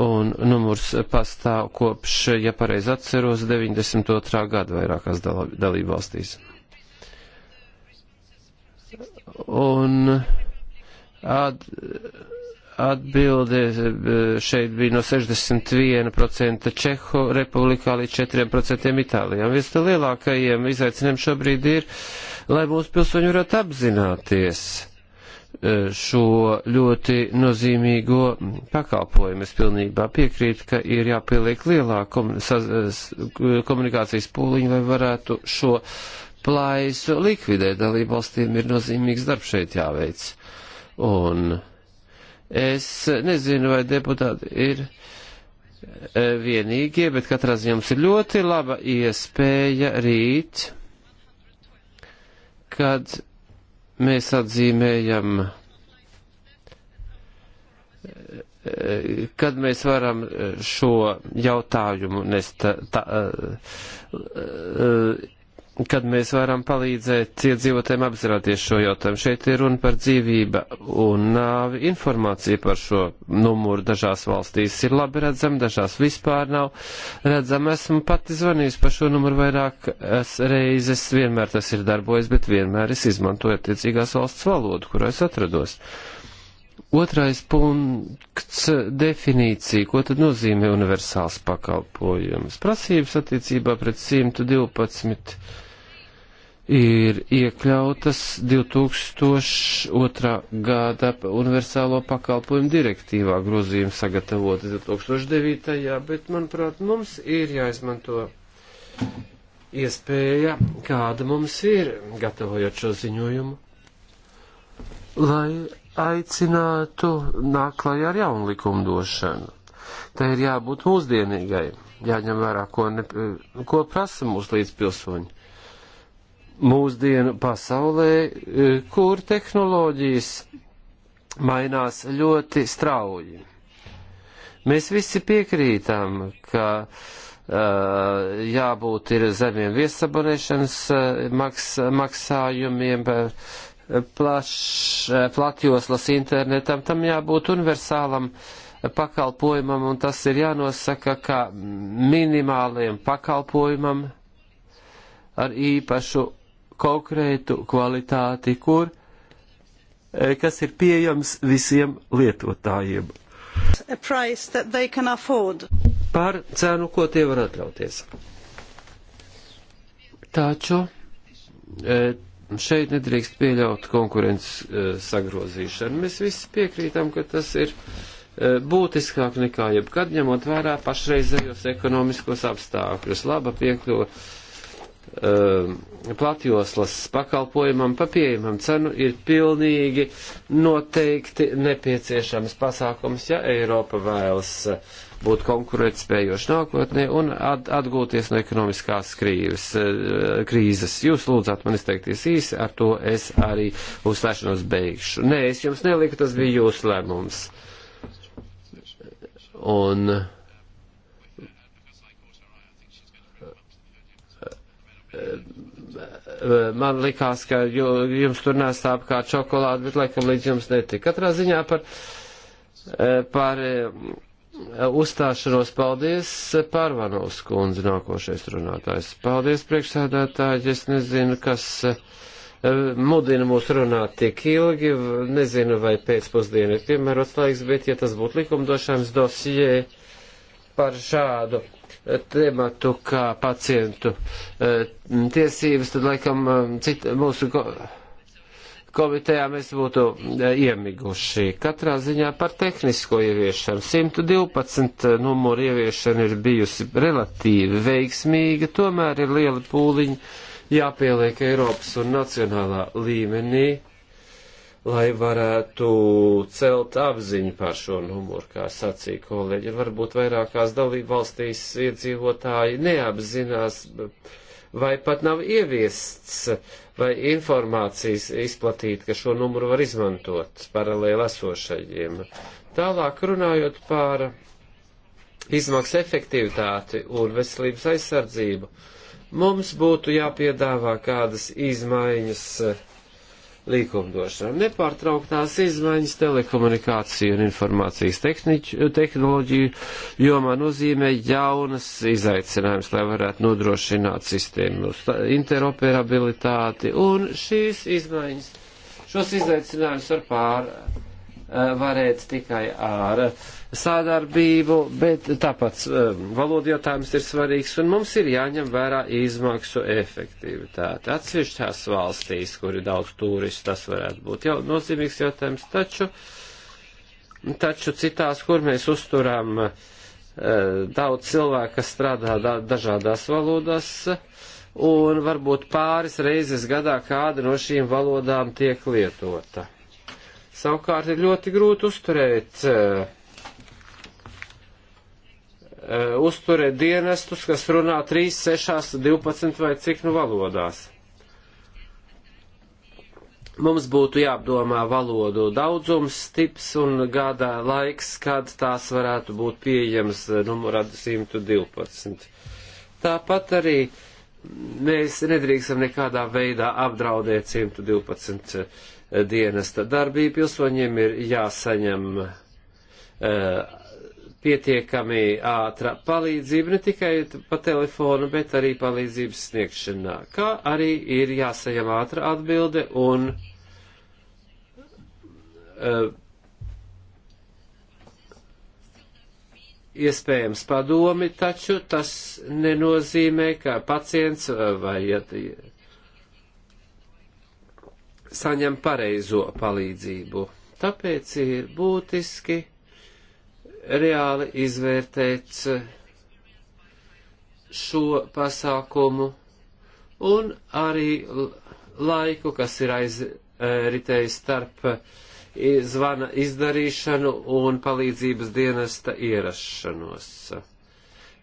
Un numurs pastāv kopš, ja pareizi atceros, 92. gada vairākās dalību valstīs. Un ad, atbilde e, šeit bija no 61% Čehu republikā līdz 4% Itālijā. Viens no lielākajiem izaicinājumiem šobrīd ir, lai mūsu pilsoņi varētu apzināties e, šo ļoti nozīmīgo pakalpojumu. Es pilnībā piekrītu, ka ir jāpieliek lielāka komunikācijas pūliņa, lai varētu šo plaisu likvidēt. Dalībvalstīm ir nozīmīgs darbs šeit jāveic. Un Es nezinu, vai deputāti ir e, vienīgie, bet katrā ziņā mums ir ļoti laba iespēja rīt, kad mēs atzīmējam, e, kad mēs varam šo jautājumu nest tā, tā, e, kad mēs varam palīdzēt iedzīvotēm apzināties šo jautājumu. Šeit ir runa par dzīvību un nāvi. Informācija par šo numuru dažās valstīs ir labi redzama, dažās vispār nav redzama. Esmu pati zvanījusi par šo numuru vairāk reizes, vienmēr tas ir darbojies, bet vienmēr es izmantoju attiecīgās valsts valodu, kurā es atrados. Otrais punkts - definīcija, ko tad nozīmē universāls pakalpojums. Prasības attiecībā pret 112 ir iekļautas 2002. gada universālo pakalpojumu direktīvā grozījuma sagatavota 2009. bet, manuprāt, mums ir jāizmanto iespēja, kāda mums ir, gatavojot šo ziņojumu, lai aicinātu nāklājā ar jaunu likumdošanu. Tā ir jābūt mūsdienīgai, jāņem vērā, ko, ne, ko prasa mūsu līdzpilsoņi mūsdienu pasaulē, e, kur tehnoloģijas mainās ļoti strauji. Mēs visi piekrītam, ka uh, jābūt ir zemiem viesabonēšanas uh, maks, maksājumiem, plašs, platjoslas internetam, tam jābūt universālam pakalpojumam, un tas ir jānosaka kā minimāliem pakalpojumam ar īpašu konkrētu kvalitāti, kur, e, kas ir pieejams visiem lietotājiem. Par cenu, ko tie var atļauties. Taču e, šeit nedrīkst pieļaut konkurences e, sagrozīšanu. Mēs visi piekrītam, ka tas ir būtiskāk nekā jebkad, ņemot vērā pašreizējos ekonomiskos apstākļus. Laba piekļuva Um, platjoslas pakalpojumam pa pieejamam cenu ir pilnīgi noteikti nepieciešams pasākums, ja Eiropa vēlas uh, būt konkurētspējoši nākotnē un at atgūties no ekonomiskās krīves, uh, krīzes. Jūs lūdzāt man izteikties īsi, ar to es arī uzstāšanos beigšu. Nē, es jums neliku, tas bija jūsu lēmums. Un man likās, ka jums tur nestāp kā čokolāde, bet laikam līdz jums netika. Katrā ziņā par, e, par e, uzstāšanos paldies Pārvanovs kundze nākošais runātājs. Paldies priekšsēdētāji, es nezinu, kas e, mudina mūs runāt tik ilgi, nezinu, vai pēcpusdiena ir piemērots laiks, bet ja tas būtu likumdošanas dosijai par šādu tematu kā pacientu e, tiesības, tad laikam e, cita, mūsu komitejā mēs būtu e, iemiguši. Katrā ziņā par tehnisko ieviešanu. 112 numuru ieviešana ir bijusi relatīvi veiksmīga, tomēr ir liela pūliņa jāpieliek Eiropas un nacionālā līmenī lai varētu celt apziņu par šo numuru, kā sacīja kolēģi. Varbūt vairākās dalību valstīs iedzīvotāji neapzinās vai pat nav ieviests vai informācijas izplatīt, ka šo numuru var izmantot paralēli esošajiem. Tālāk runājot par izmaksu efektivitāti un veselības aizsardzību, mums būtu jāpiedāvā kādas izmaiņas likumdošanu. Nepārtrauktās izmaiņas telekomunikāciju un informācijas tehniķu, tehnoloģiju jomā nozīmē jaunas izaicinājumus, lai varētu nodrošināt sistēmu interoperabilitāti, un šīs izmaiņas, šos izaicinājumus var pārvarēt eh, tikai ar uh, sādarbību, bet tāpat eh, valodu jautājums ir svarīgs un mums ir jāņem vērā izmaksu efektivitāte. Atsevišķās valstīs, kur ir daudz turistu, tas varētu būt jau nozīmīgs jautājums, taču, taču citās, kur mēs uzturām eh, daudz cilvēku, kas strādā dažādās valodās, un varbūt pāris reizes gadā kāda no šīm valodām tiek lietota. Savukārt ir ļoti grūti uzturēt uh, Uh, uzturēt dienestus, kas runā 3, 6, 12 vai cik nu valodās. Mums būtu jāapdomā valodu daudzums, tips un gada laiks, kad tās varētu būt pieejamas uh, numurā 112. Tāpat arī mēs nedrīkstam nekādā veidā apdraudēt 112 uh, dienesta darbību. Pilsoņiem ir jāsaņem uh, pietiekami ātra palīdzība ne tikai pa telefonu, bet arī palīdzības sniegšanā, kā arī ir jāsajam ātra atbilde un uh, iespējams padomi, taču tas nenozīmē, ka pacients eh, vai ja, saņem pareizo palīdzību. Tāpēc ir būtiski reāli izvērtēt eh, šo pasākumu un arī laiku, kas ir aizritējis eh, starp eh, zvana izdarīšanu un palīdzības dienesta ierašanos.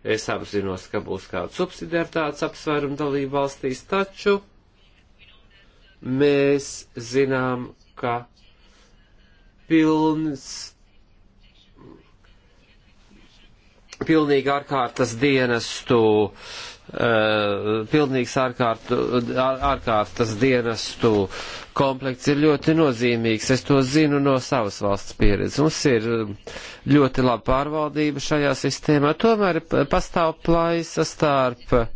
Es apzinos, ka būs kāds subsidiartāts apsvērums dalību valstīs, taču mēs zinām, ka pilns pilnīgi ārkārtas dienestu, uh, pilnīgs ārkārtu, ār, ārkārtas dienestu komplekts ir ļoti nozīmīgs. Es to zinu no savas valsts pieredzes. Mums ir ļoti laba pārvaldība šajā sistēmā. Tomēr pastāv plaisa starp, uh,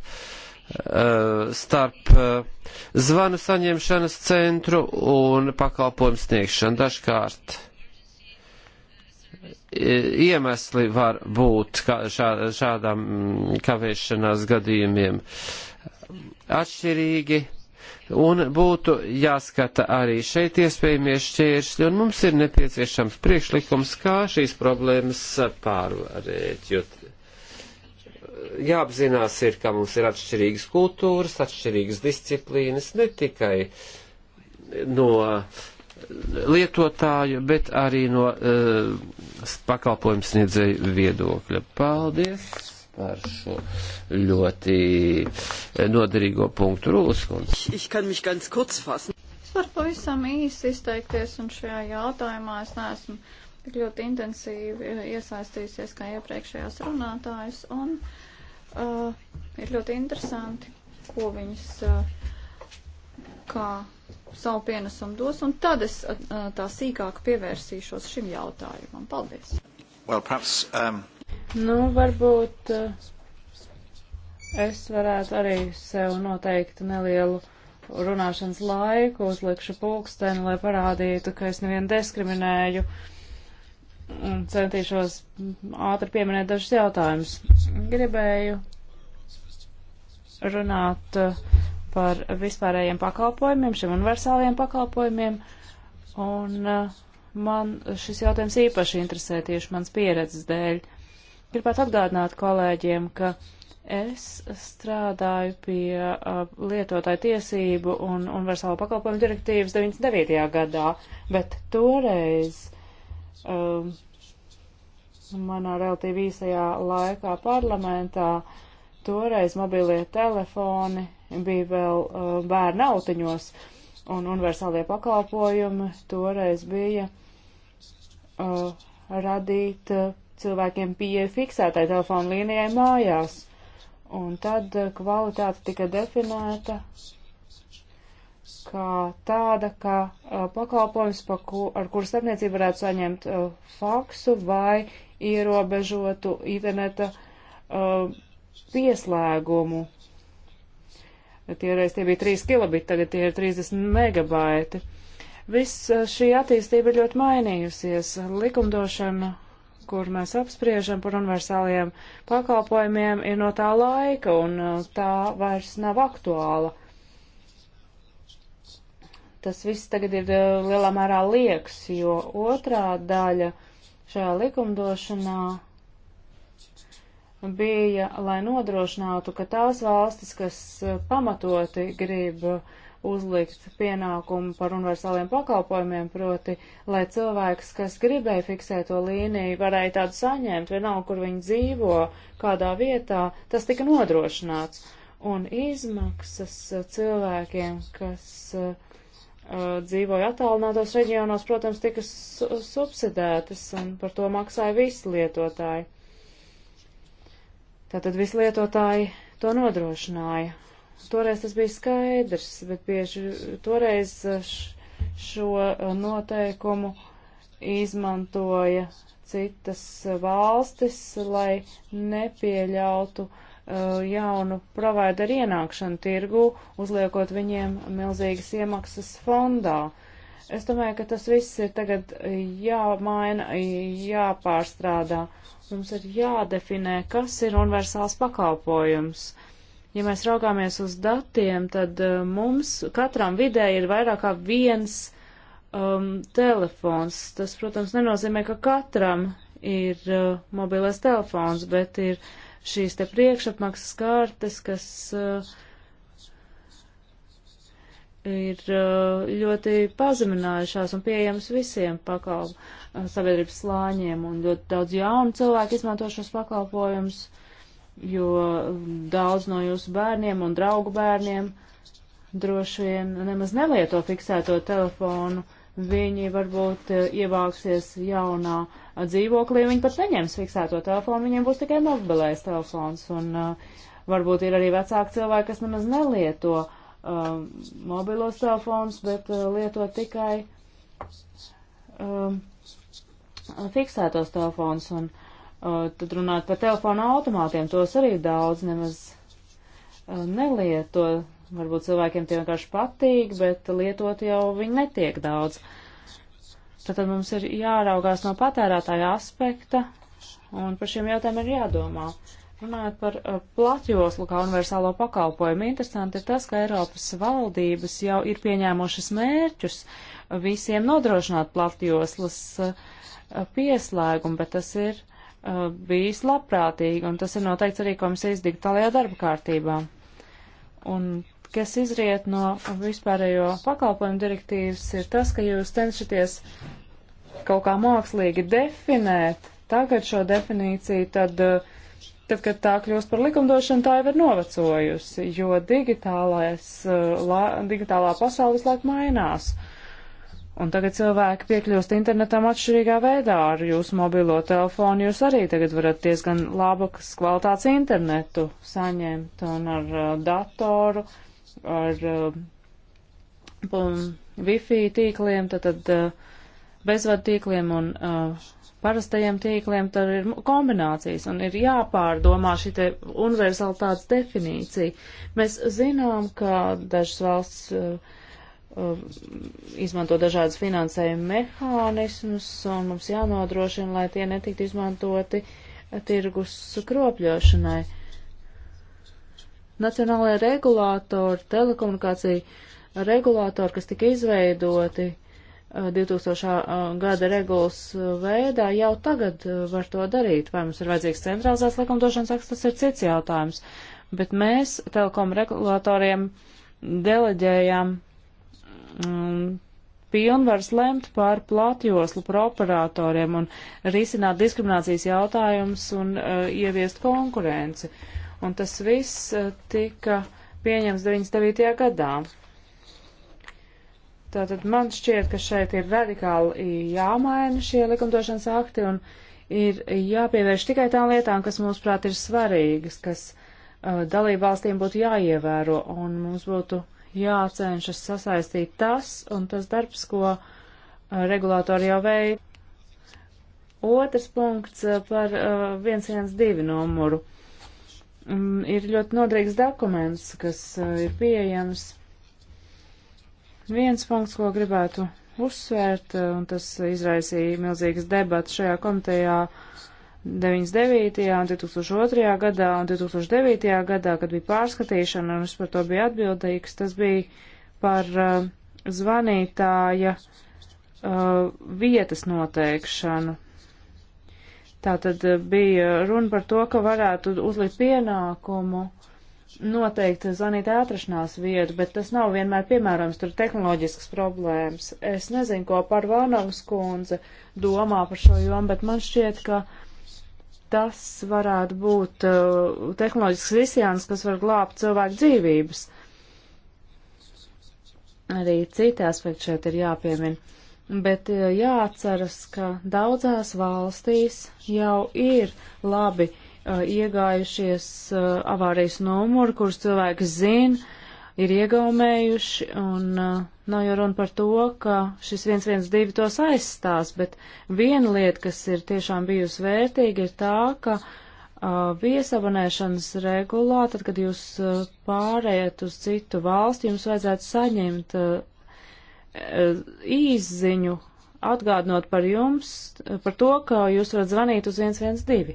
starp uh, zvanu saņemšanas centru un pakalpojumu sniegšanu dažkārt iemesli var būt šā, šādām kavēšanās gadījumiem atšķirīgi. Un būtu jāskata arī šeit iespējamie šķēršļi, un mums ir nepieciešams priekšlikums, kā šīs problēmas pārvarēt, jo jāapzinās ir, ka mums ir atšķirīgas kultūras, atšķirīgas disciplīnas, ne tikai no uh, lietotāju, bet arī no uh, pakalpojumu sniedzēju viedokļa. Paldies par šo ļoti eh, noderīgo punktu rūskumu. Var pavisam īsi izteikties, un šajā jautājumā es neesmu tik ļoti intensīvi eh, iesaistījusies kā iepriekšējās runātājs, un uh, ir ļoti interesanti, ko viņas, uh, kā savu pienesumu dos, un tad es uh, tā sīkāk pievērsīšos šim jautājumam. Paldies! Well, perhaps, um... Nu, varbūt uh, es varētu arī sev noteikt nelielu runāšanas laiku, uzlikšu pulksteni, lai parādītu, ka es nevienu diskriminēju un centīšos ātri pieminēt dažus jautājumus. Gribēju runāt uh, par vispārējiem pakalpojumiem, šiem universāliem pakalpojumiem, un uh, man šis jautājums īpaši interesē tieši mans pieredzes dēļ. Gribētu atgādināt kolēģiem, ka es strādāju pie uh, lietotāju tiesību un universālo pakalpojumu direktīvas 99. gadā, bet toreiz um, manā relatīvi īsajā laikā parlamentā toreiz mobilie telefoni bija vēl uh, bērnu autiņos, un universālie pakalpojumi toreiz bija uh, radīt uh, cilvēkiem pieeja fiksētai telefonu līnijai mājās. Un tad uh, kvalitāte tika definēta kā tāda, ka uh, pakalpojums, pa ku, ar kuru starpniecību varētu saņemt uh, faksu vai ierobežotu interneta uh, pieslēgumu Tie reiz tie bija 3 kilobiti, tagad tie ir 30 megabaiti. Viss eh, šī attīstība ir ļoti mainījusies. Likumdošana, kur mēs apspriežam par universāliem pakalpojumiem, ir no tā laika, un eh, tā vairs nav aktuāla. Tas viss tagad ir eh, lielā mērā liekas, jo otrā daļa šajā likumdošanā bija, lai nodrošinātu, ka tās valstis, kas eh, pamatoti grib eh, uzlikt pienākumu par universāliem pakalpojumiem, proti, lai cilvēks, kas gribēja fiksēt to līniju, varēja tādu saņemt, vienalga, kur viņi dzīvo, kādā vietā, tas tika nodrošināts. Un izmaksas eh, cilvēkiem, kas uh, dzīvoja attālinātos reģionos, protams, tika subsidētas, un par to maksāja visi lietotāji. Tātad vislietotāji to nodrošināja. Toreiz tas bija skaidrs, bet bieži toreiz uh, šo uh, noteikumu izmantoja citas uh, valstis, lai nepieļautu jaunu provideru ienākšanu tirgu, uzliekot viņiem milzīgas iemaksas fondā. Es domāju, ka tas viss ir tagad jāmaina, jāpārstrādā. Mums ir jādefinē, kas ir universāls pakalpojums. Ja mēs raugāmies uz datiem, tad uh, mums katram vidē ir vairāk kā viens um, telefons. Tas, protams, nenozīmē, ka katram ir uh, mobilais telefons, bet ir šīs te priekšapmaksas kartes, kas uh, ir uh, ļoti pazeminājušās un pieejamas visiem pakalpojumu uh, sabiedrības slāņiem, un ļoti daudz jaunu cilvēku izmanto šos pakalpojumus, jo um, daudz no jūsu bērniem un draugu bērniem droši vien nemaz nelieto fiksēto telefonu. Viņi varbūt uh, ievāksies jaunā dzīvoklī, viņi pat neņems fiksēto telefonu, viņiem būs tikai mobilais telefons, un uh, varbūt ir arī vecāki cilvēki, kas nemaz nelieto uh, uh, mobilos telefonus, bet uh, lietot tikai uh, fiksētos telefonus. Un uh, tad runāt par telefonu automātiem, tos arī daudz nemaz uh, nelieto. Varbūt cilvēkiem tie vienkārši patīk, bet lietot jau viņi netiek daudz. Tātad mums ir jāraugās no patērētāja aspekta, un par šiem jautājumiem ir jādomā. Uh, Runājot par uh, platjoslu kā universālo pakalpojumu, interesanti ir tas, ka Eiropas valdības jau ir pieņēmušas mērķus uh, visiem nodrošināt platjoslas uh, pieslēgumu, bet tas ir bijis labprātīgi, un tas ir noteikts arī komisijas digitālajā darba kārtībā. Un kas izriet no vispārējo pakalpojumu direktīvas, ir tas, ka jūs cenšaties kaut kā mākslīgi definēt tagad šo definīciju, tad uh, Tad, kad tā kļūst par likumdošanu, tā jau ir novecojusi, jo digitālais, eh, la, digitālā pasaule visu laiku mainās. Un tagad cilvēki piekļūst internetam atšķirīgā veidā. Ar jūsu mobilo telefonu jūs arī tagad varat diezgan labas kvalitātes internetu saņemt un ar uh, datoru, ar uh, um, Wi-Fi tīkliem, tad, tad uh, bezvadu tīkliem un uh, parastajiem tīkliem, tad ir kombinācijas un ir jāpārdomā šī te universalitātes definīcija. Mēs zinām, ka dažas valsts uh, uh izmanto dažādas finansējuma mehānismus, un mums jānodrošina, lai tie netiktu izmantoti tirgus kropļošanai. Nacionālajie regulātori, telekomunikācija regulātori, kas tika izveidoti, 2000. Uh, gada regulas uh, veidā jau tagad uh, var to darīt. Vai mums ir vajadzīgs centralizēts likumdošanas akts, tas ir cits jautājums. Bet mēs telekom regulatoriem deleģējām mm, pilnvars lemt par platjoslu par operatoriem un risināt diskriminācijas jautājumus un uh, ieviest konkurenci. Un tas viss uh, tika pieņems 99. gadā. Tātad man šķiet, ka šeit ir radikāli jāmaina šie likumdošanas akti un ir jāpievērš tikai tām lietām, kas mums prāt ir svarīgas, kas uh, dalību valstīm būtu jāievēro un mums būtu jācenšas sasaistīt tas un tas darbs, ko uh, regulātori jau veid. Otrs punkts uh, par 112 uh, numuru. Um, ir ļoti nodrīgs dokuments, kas uh, ir pieejams. Viens punkts, ko gribētu uzsvērt, eh, un tas izraisīja milzīgas debatas šajā komitejā 99. un 2002. gadā un 2009. gadā, kad bija pārskatīšana, un es par to biju atbildīgs, tas bija par uh, zvanītāja uh, vietas noteikšanu. Tā tad bija runa par to, ka varētu uzlikt pienākumu uh, noteikti zvanīt atrašanās vietu, bet tas nav vienmēr piemērojams, tur ir tehnoloģiskas problēmas. Es nezinu, ko par Vānavas kundze domā par šo jomu, bet man šķiet, ka tas varētu būt uh, tehnoloģisks risijāns, kas var glābt cilvēku dzīvības. Arī citi aspekti šeit ir jāpiemina. Bet uh, jāatceras, ka daudzās valstīs jau ir labi uh, Uh, iegājušies uh, avārijas numuru, kurus cilvēki zina, ir iegaumējuši, un uh, nav jau runa par to, ka šis 112 tos aizstās, bet viena lieta, kas ir tiešām bijusi vērtīga, ir tā, ka viesabonēšanas regulā, tad, kad jūs pārējat uz citu valsti, jums vajadzētu saņemt īsziņu atgādinot par jums, par to, ka jūs varat zvanīt uz 112.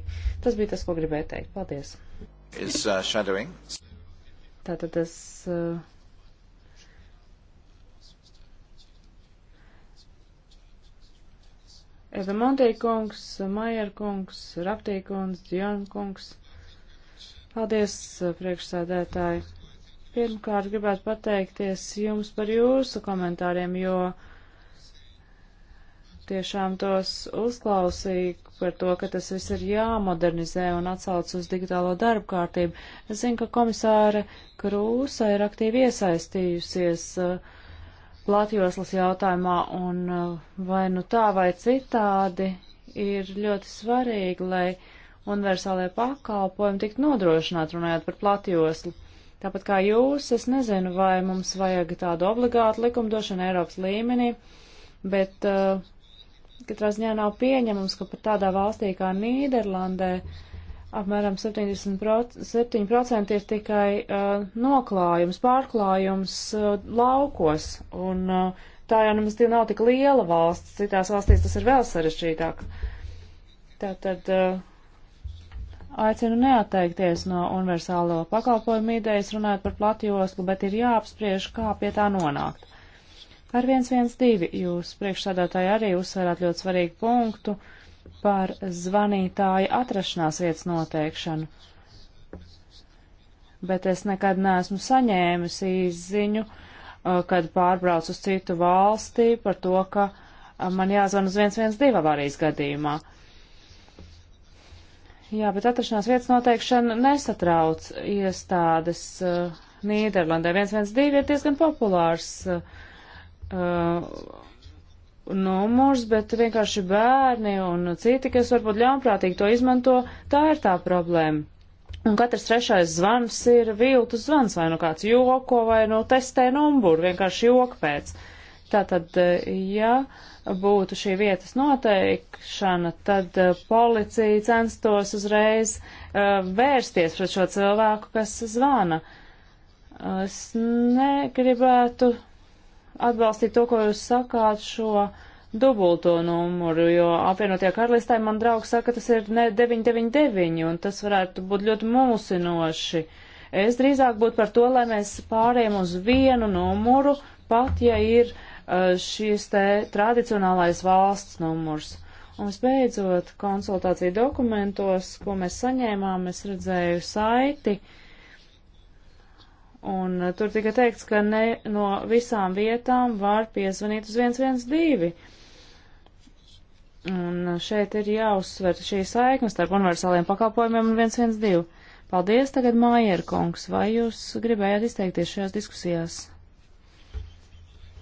Tas bija tas, ko gribēju teikt. Paldies. Is, uh, shadowing. Tātad es. Uh, Eva Montija kungs, Maier kungs, Raptī kungs, Dion kungs. Paldies, uh, priekšsēdētāji. Pirmkārt, gribētu pateikties jums par jūsu komentāriem, jo tiešām tos uzklausīju par to, ka tas viss ir jāmodernizē un atsauc uz digitālo darbu kārtību. Es zinu, ka komisāra Krūsa ir aktīvi iesaistījusies uh, platjoslas jautājumā, un uh, vai nu tā vai citādi ir ļoti svarīgi, lai universālajie pakalpojumi tiktu nodrošināti runājot par platjoslu. Tāpat kā jūs, es nezinu, vai mums vajag tādu obligātu likumdošanu Eiropas līmenī, bet uh, Katrā ziņā nav pieņemams, ka pat tādā valstī kā Nīderlandē apmēram 70%, 7% ir tikai uh, noklājums, pārklājums uh, laukos. Un uh, tā jau nemaz nav tik liela valsts, citās valstīs tas ir vēl sarežģītāk. Tātad uh, aicinu neatteikties no universālo pakalpojumu idejas runāt par platjoslu, bet ir jāapspriež, kā pie tā nonākt. Par 112 jūs priekšsādātāji arī uzsvērāt ļoti svarīgu punktu par zvanītāju atrašanās vietas noteikšanu. Bet es nekad neesmu saņēmis īziņu, uh, kad pārbraucu uz citu valstī par to, ka uh, man jāzvan uz 112 avārijas gadījumā. Jā, bet atrašanās vietas noteikšana nesatrauc iestādes uh, Nīderlandē. 112 ir diezgan populārs uh, uh, numurs, bet vienkārši bērni un citi, kas varbūt ļaunprātīgi to izmanto, tā ir tā problēma. Un katrs trešais zvans ir viltus zvans, vai nu no kāds joko, vai nu no testē numuru, vienkārši joku pēc. Tātad, uh, ja būtu šī vietas noteikšana, tad uh, policija censtos uzreiz uh, vērsties pret šo cilvēku, kas zvana. Es negribētu atbalstīt to, ko jūs sakāt šo dubulto numuru, jo apvienotie karalistē man draugs saka, ka tas ir 999 un tas varētu būt ļoti mūsinoši. Es drīzāk būtu par to, lai mēs pārējām uz vienu numuru, pat ja ir uh, šīs te tradicionālais valsts numurs. Un visbeidzot, konsultāciju dokumentos, ko mēs saņēmām, es redzēju saiti uh, Un eh, tur tika teikts, ka ne no visām vietām var piezvanīt uz 112. Un eh, šeit ir jāuzsver šī saikne starp universāliem pakalpojumiem un 112. Paldies tagad, Mājer kungs, vai jūs gribējāt izteikties šajās diskusijās?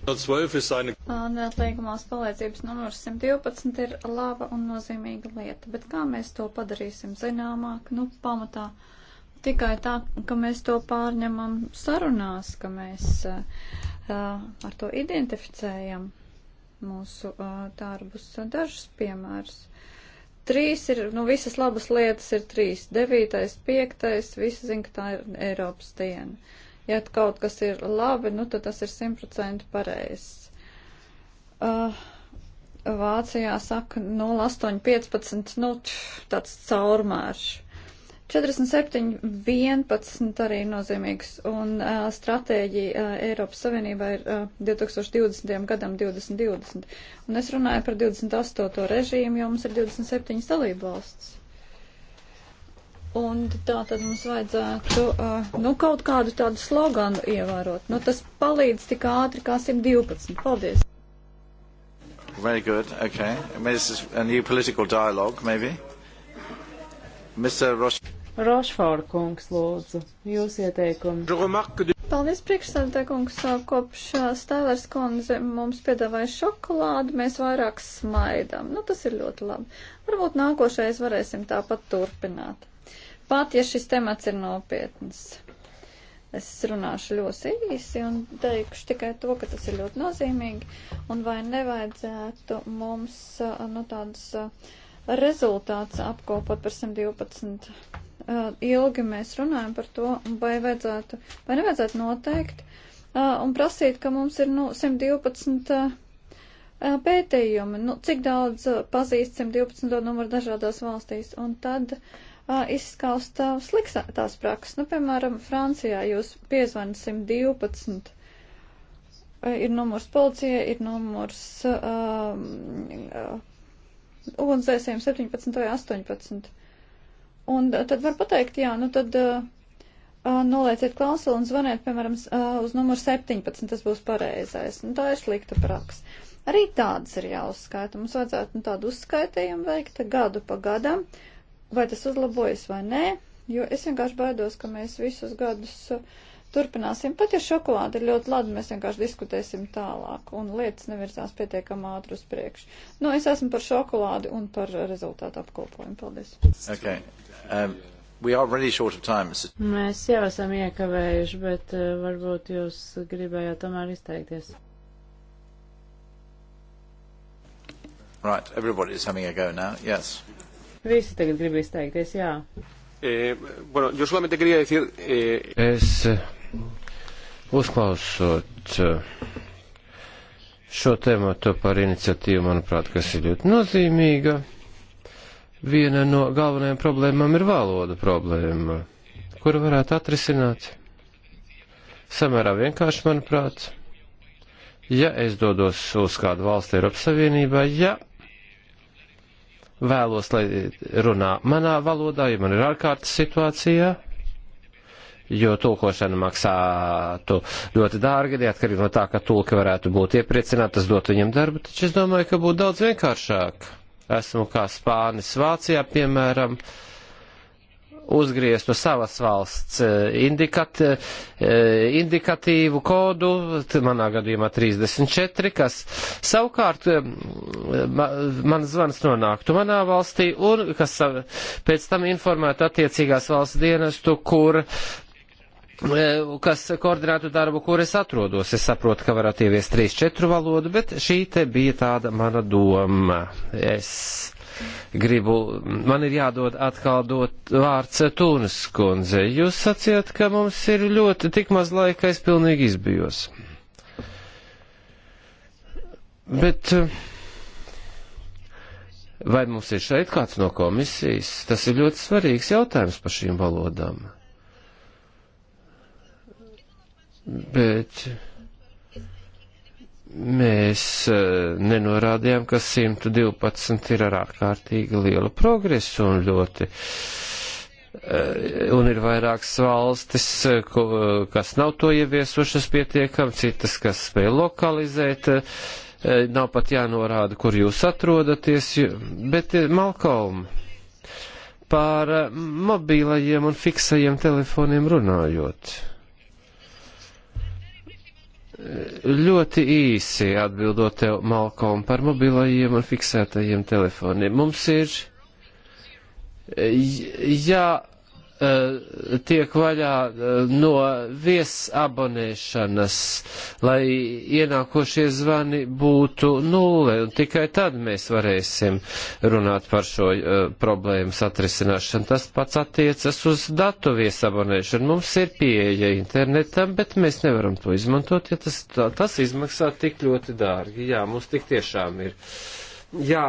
112 neatliekamās palīdzības numurs 112 ir laba un nozīmīga lieta, bet kā mēs to padarīsim zināmāk, nu, pamatā tikai tā, ka mēs to pārņemam sarunās, ka mēs uh, ar to identificējam mūsu uh, darbus. Dažus piemērus. Trīs ir, nu visas labas lietas ir trīs. Devītais, piektais, visi zin, ka tā ir Eiropas diena. Ja kaut kas ir labi, nu tad tas ir simtprocenti pareizs. Uh, Vācijā saka 0,815, nu tāds caurmērš. 47, 11 arī nozīmīgs, un uh, stratēģija uh, Eiropas Savienībā ir uh, 2020. gadam 2020. Un es runāju par 28. režīmu, jo mums ir 27 dalību valsts. Un tā tad mums vajadzētu uh, nu, kaut kādu tādu sloganu ievērot. Nu, tas palīdz tik ātri kā 112. Paldies! Very good. Okay. This is a new political dialogue, maybe. Mr. Roche. Rošfāra kungs, lūdzu, jūs ieteikumi. Paldies, priekšsēdētāj kungs, kopš Stēlers kundze mums piedāvāja šokolādu, mēs vairāk smaidām. Nu, tas ir ļoti labi. Varbūt nākošais varēsim tāpat turpināt. Pat, ja šis temats ir nopietns. Es runāšu ļoti īsi un teikšu tikai to, ka tas ir ļoti nozīmīgi un vai nevajadzētu mums, nu, tādas rezultāts apkopot par 112 Eh, ilgi mēs runājam par to, vai vajadzētu, vai nevajadzētu noteikt eh, un prasīt, ka mums ir, nu, 112 eh, pētījumi, nu, cik daudz pazīst 112 numuru dažādās valstīs, un tad izskaust sliktās prakses. Nu, piemēram, Francijā jūs piezvanat 112 ir numurs policija, ir numurs uh, uh, ugunsdzēsējiem 17 vai 18. Un tad var pateikt, jā, nu tad uh, uh nolieciet klausuli un zvaniet, piemēram, uh, uz numuru 17, tas būs pareizais. Nu, tā ir slikta praksa. Arī tādas ir jāuzskaita. Mums vajadzētu nu, tādu uzskaitījumu veikt gadu pa gadam, vai tas uzlabojas vai nē, jo es vienkārši baidos, ka mēs visus gadus uh, turpināsim. Pat ja šokolāde ir ļoti laba, mēs vienkārši diskutēsim tālāk, un lietas nevirzās pietiekam ātri uz priekšu. Nu, es esmu par šokolādi un par rezultātu apkopojumu. Paldies! Okay. Um, really time, Mēs jau esam iekavējuši, bet uh, varbūt jūs gribējāt tomēr izteikties. Right, everybody's having a go now, yes. Visi tagad grib izteikties, jā. Eh, bueno, yo solamente quería decir... Eh... Es eh, uzklausot eh, šo tēmatu par iniciatīvu, manuprāt, kas ir ļoti nozīmīga viena no galvenajām problēmām ir valoda problēma, kuru varētu atrisināt samērā vienkārši, manuprāt. Ja es dodos uz kādu valsti Eiropas Savienībā, ja vēlos, lai runā manā valodā, ja man ir ārkārtas situācijā, jo tulkošana maksātu ļoti dārgi, neatkarīgi no tā, ka tulki varētu būt iepriecināti, tas dotu viņam darbu, taču es domāju, ka būtu daudz vienkāršāk esmu kā Spānis Vācijā, piemēram, uzgriezt no savas valsts eh, indikat, eh, indikatīvu kodu, manā gadījumā 34, kas savukārt eh, man zvans nonāktu manā valstī un kas pēc tam informētu attiecīgās valsts dienestu, kur kas koordinētu darbu, kur es atrodos. Es saprotu, ka varat ieviest 3-4 valodu, bet šī te bija tāda mana doma. Es gribu, man ir jādod atkal dot vārds Tūnas kundze. Jūs sacījat, ka mums ir ļoti tik maz laika, es pilnīgi izbijos. Bet vai mums ir šeit kāds no komisijas? Tas ir ļoti svarīgs jautājums par šīm valodām. bet mēs eh, nenorādījām, ka 112 ir ar ārkārtīgi lielu progresu un ļoti. Eh, un ir vairākas valstis, eh, kas nav to ieviesušas pietiekam, citas, kas spēj lokalizēt. Nav pat jānorāda, kur jūs atrodaties, bet Malkolm par mobīlajiem un fiksajiem telefoniem runājot. Ļoti īsi atbildot tev, Malkom, par mobilajiem un fiksētajiem telefoniem. Mums ir jā. Ja Eh, tiek vaļā eh, no viesabonēšanas, lai ienākošie zvani būtu nulle, un tikai tad mēs varēsim runāt par šo uh, eh, problēmas atrisināšanu. Tas pats attiecas uz datu viesabonēšanu. Mums ir pieeja internetam, bet mēs nevaram to izmantot, ja tas, tā, tas izmaksā tik ļoti dārgi. Jā, mums tik tiešām ir. Jā,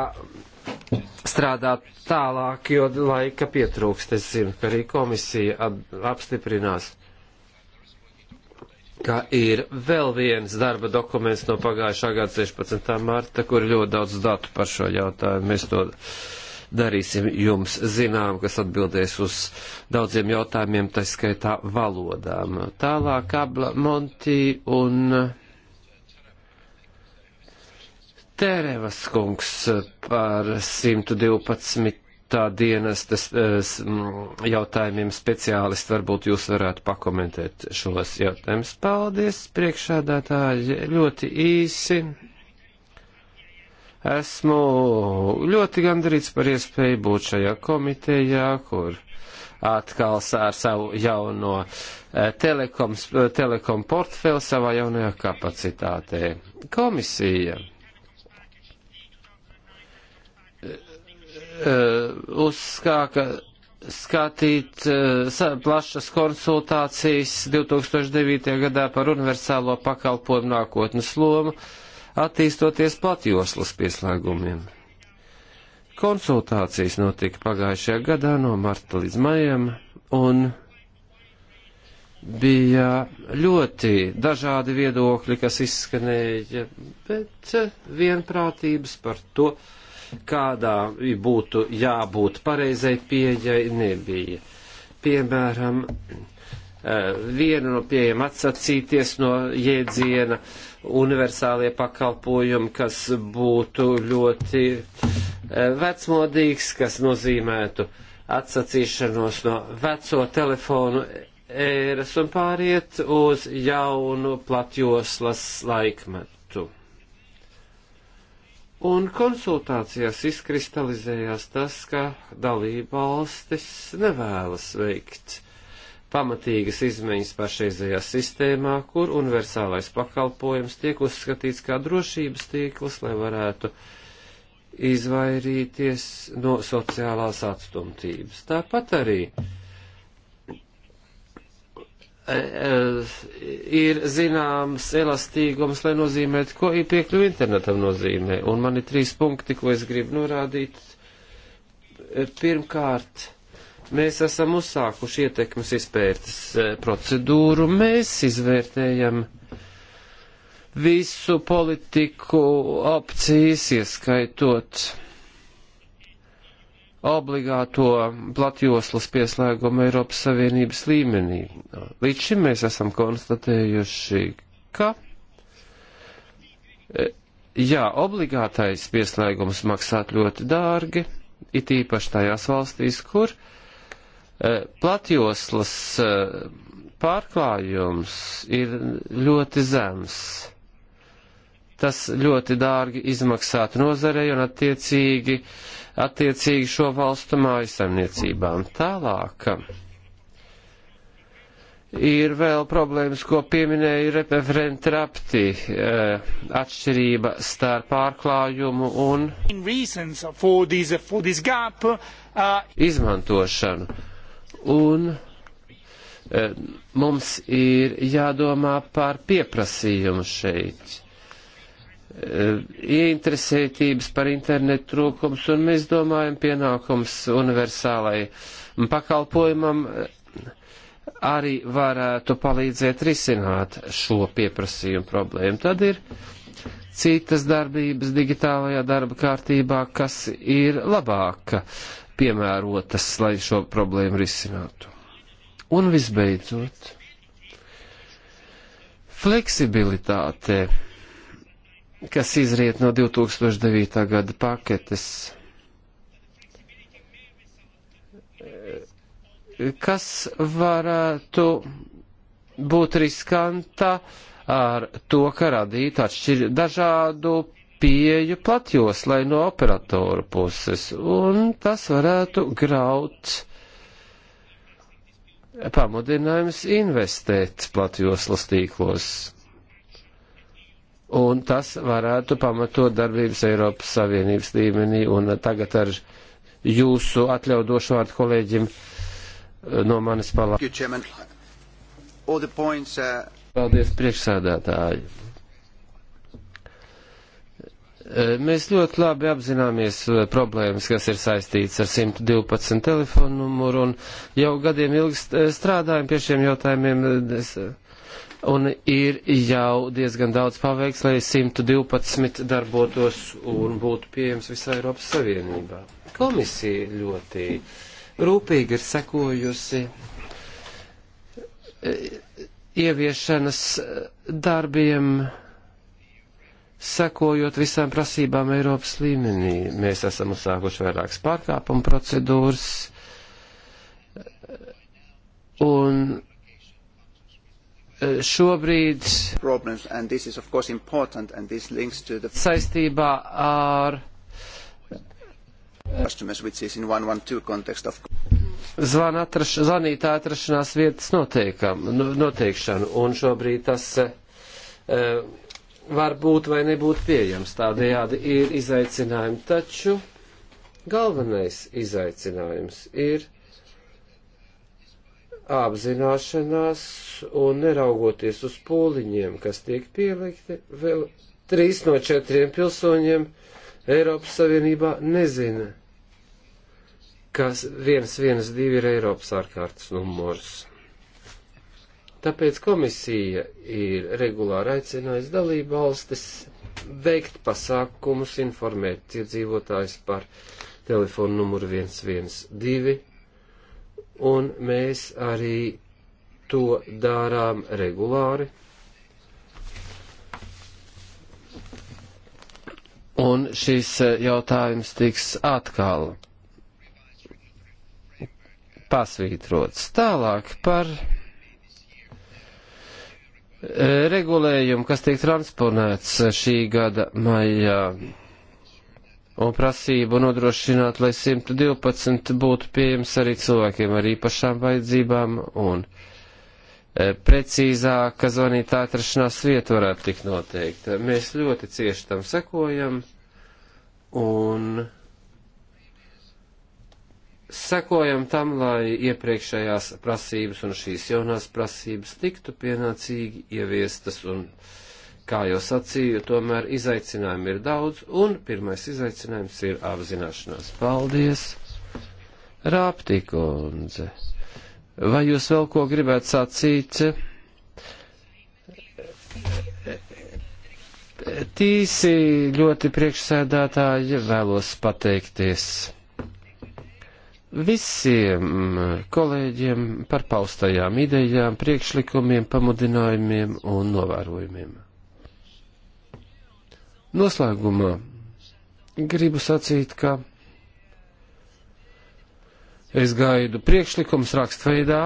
strādāt tālāk, jo laika pietrūkst. Es zinu, ka arī komisija apstiprinās, ka ir vēl viens darba dokuments no pagājušā gada 16. marta, kur ir ļoti daudz datu par šo jautājumu. Mēs to darīsim jums zinām, kas atbildēs uz daudziem jautājumiem, tā skaitā valodām. Tālāk, Abla Monti un. Terevas kungs par 112 tā dienas tas, jautājumiem speciālisti, varbūt jūs varētu pakomentēt šos jautājumus. Paldies, priekšādātāji, ļoti īsi. Esmu ļoti gandarīts par iespēju būt šajā komitejā, kur atkal ar savu jauno e, telekom, e, telekom portfeli savā jaunajā kapacitātē. Komisija Uh, uzskāka skatīt uh, plašas konsultācijas 2009. gadā par universālo pakalpojumu nākotnes lomu, attīstoties platjoslas pieslēgumiem. Konsultācijas notika pagājušajā gadā no marta līdz maijam, un bija ļoti dažādi viedokļi, kas izskanēja, bet uh, vienprātības par to, uh, kādā būtu jābūt pareizai pieejai, nebija. Piemēram, eh, viena no pieejām atsacīties no jēdziena universālie pakalpojumi, kas būtu ļoti eh, vecmodīgs, kas nozīmētu atsacīšanos no veco telefonu ēras un pāriet uz jaunu platjoslas laikmetu Un konsultācijās izkristalizējās tas, ka dalība valstis nevēlas veikt pamatīgas izmaiņas pašreizējā sistēmā, kur universālais pakalpojums tiek uzskatīts kā drošības tīkls, lai varētu izvairīties no sociālās atstumtības. Tāpat arī uh, E, e, ir zināms elastīgums, lai nozīmētu, ko ir piekļuvi internetam nozīmē. Un man ir trīs punkti, ko es gribu norādīt. E, pirmkārt, mēs esam uzsākuši ietekmes izpērtas procedūru, mēs izvērtējam visu politiku opcijas, ieskaitot obligāto platjoslas pieslēgumu Eiropas Savienības līmenī. Līdz šim mēs esam konstatējuši, ka e, jā, obligātais pieslēgums maksāt ļoti dārgi, it īpaši tajās valstīs, kur e, platjoslas e, pārklājums ir ļoti zems tas ļoti dārgi izmaksātu nozarei un attiecīgi, attiecīgi šo valstu mājasemniecībām. Tālāk ir vēl problēmas, ko pieminēja referenta rapti, eh, atšķirība starp pārklājumu un uh, izmantošanu. Un eh, mums ir jādomā par pieprasījumu šeit Eh, ieinteresētības par internetu trūkums, un mēs domājam pienākums universālai pakalpojumam eh, arī varētu palīdzēt risināt šo pieprasījumu problēmu. Tad ir citas darbības digitālajā darba kārtībā, kas ir labāka piemērotas, lai šo problēmu risinātu. Un visbeidzot, fleksibilitāte kas izriet no 2009. gada paketes, kas varētu būt riskanta ar to, ka radīt atšķir dažādu pieju platjoslai no operatora puses, un tas varētu graut pamudinājums investēt platjoslas tīklos un tas varētu pamatot darbības Eiropas Savienības līmenī. Un eh, tagad ar jūsu atļaudošu vārdu kolēģim eh, no manis palāca. Uh, Paldies, priekšsādātāji. Eh, mēs ļoti labi apzināmies problēmas, kas ir saistīts ar 112 telefonu numuru un jau gadiem ilgi strādājam pie šiem jautājumiem un ir jau diezgan daudz paveikts, lai 112 darbotos un būtu pieejams visā Eiropas Savienībā. Komisija ļoti rūpīgi ir sekojusi e, ieviešanas darbiem sekojot visām prasībām Eiropas līmenī. Mēs esam uzsākuši vairākas pārkāpuma procedūras, un Eh, šobrīd the... saistībā ar Of... Zvana atraš, zvanītā atrašanās vietas noteikam, noteikšanu, un šobrīd tas e, var būt vai nebūt pieejams. Tādējādi ir izaicinājumi, taču galvenais izaicinājums ir apzināšanās un neraugoties uz pūliņiem, kas tiek pielikti, vēl trīs no četriem pilsoņiem Eiropas Savienībā nezina, kas 112 ir Eiropas ārkārtas numurs. Tāpēc komisija ir regulāri aicinājusi dalību valstis veikt pasākumus, informēt iedzīvotājus par telefonu numuru 112 un mēs arī to dārām regulāri. Un šis eh, jautājums tiks atkal pasvītrots. Tālāk par eh, regulējumu, kas tiek transponēts eh, šī gada maijā un prasību nodrošināt, lai 112 būtu pieejams arī cilvēkiem ar īpašām vajadzībām un e, precīzāka zvanītā atrašanās vieta varētu tikt noteikta. Mēs ļoti cieši tam sekojam un sekojam tam, lai iepriekšējās prasības un šīs jaunās prasības tiktu pienācīgi ieviestas un uh, Kā jau sacīju, tomēr izaicinājumi ir daudz, un pirmais izaicinājums ir apzināšanās. Paldies, Rāptikundze! Vai jūs vēl ko gribētu sacīt? Tīsi ļoti priekšsēdētāji vēlos pateikties visiem kolēģiem par paustajām idejām, priekšlikumiem, pamudinājumiem un novērojumiem. Noslēgumā gribu sacīt, ka es gaidu priekšlikums rakstveidā,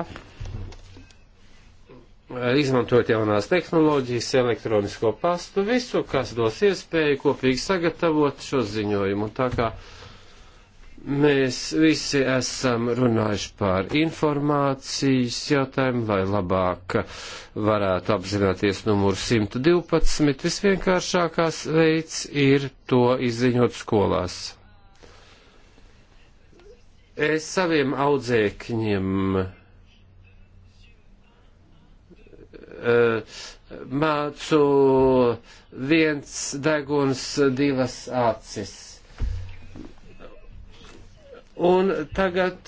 izmantojot jaunās tehnoloģijas, elektronisko pastu, visu, kas dos iespēju kopīgi sagatavot šo ziņojumu. Un tā kā Mēs visi esam runājuši par informācijas jautājumu, lai labāk varētu apzināties numuru 112. Visvienkāršākās veids ir to izziņot skolās. Es saviem audzēkņiem eh, mācu viens deguns, divas acis Un tagad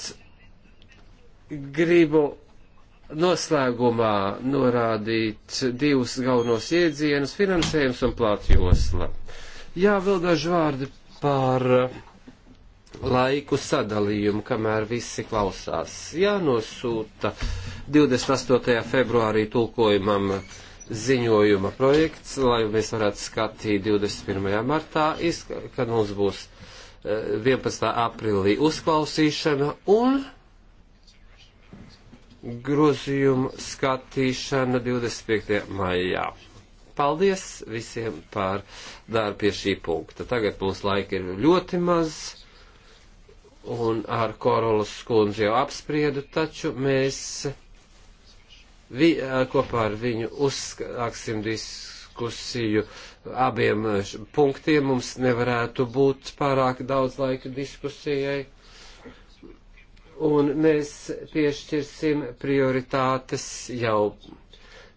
gribu noslēgumā norādīt divus galvenos iedzienus - finansējums un plātjosla. Jā, vēl daži vārdi par laiku sadalījumu, kamēr visi klausās. Jānosūta 28. februārī tulkojumam ziņojuma projekts, lai mēs varētu skatīt 21. martā, kad mums būs 11. aprīlī uzklausīšana un grozījumu skatīšana 25. maijā. Paldies visiem par darbu pie šī punkta. Tagad mums laika ir ļoti maz un ar Korolas skundzi jau apspriedu, taču mēs vi, kopā ar viņu uzsāksim diskusiju diskusiju abiem eh, punktiem. Mums nevarētu būt pārāk daudz laika diskusijai. Un mēs piešķirsim prioritātes jau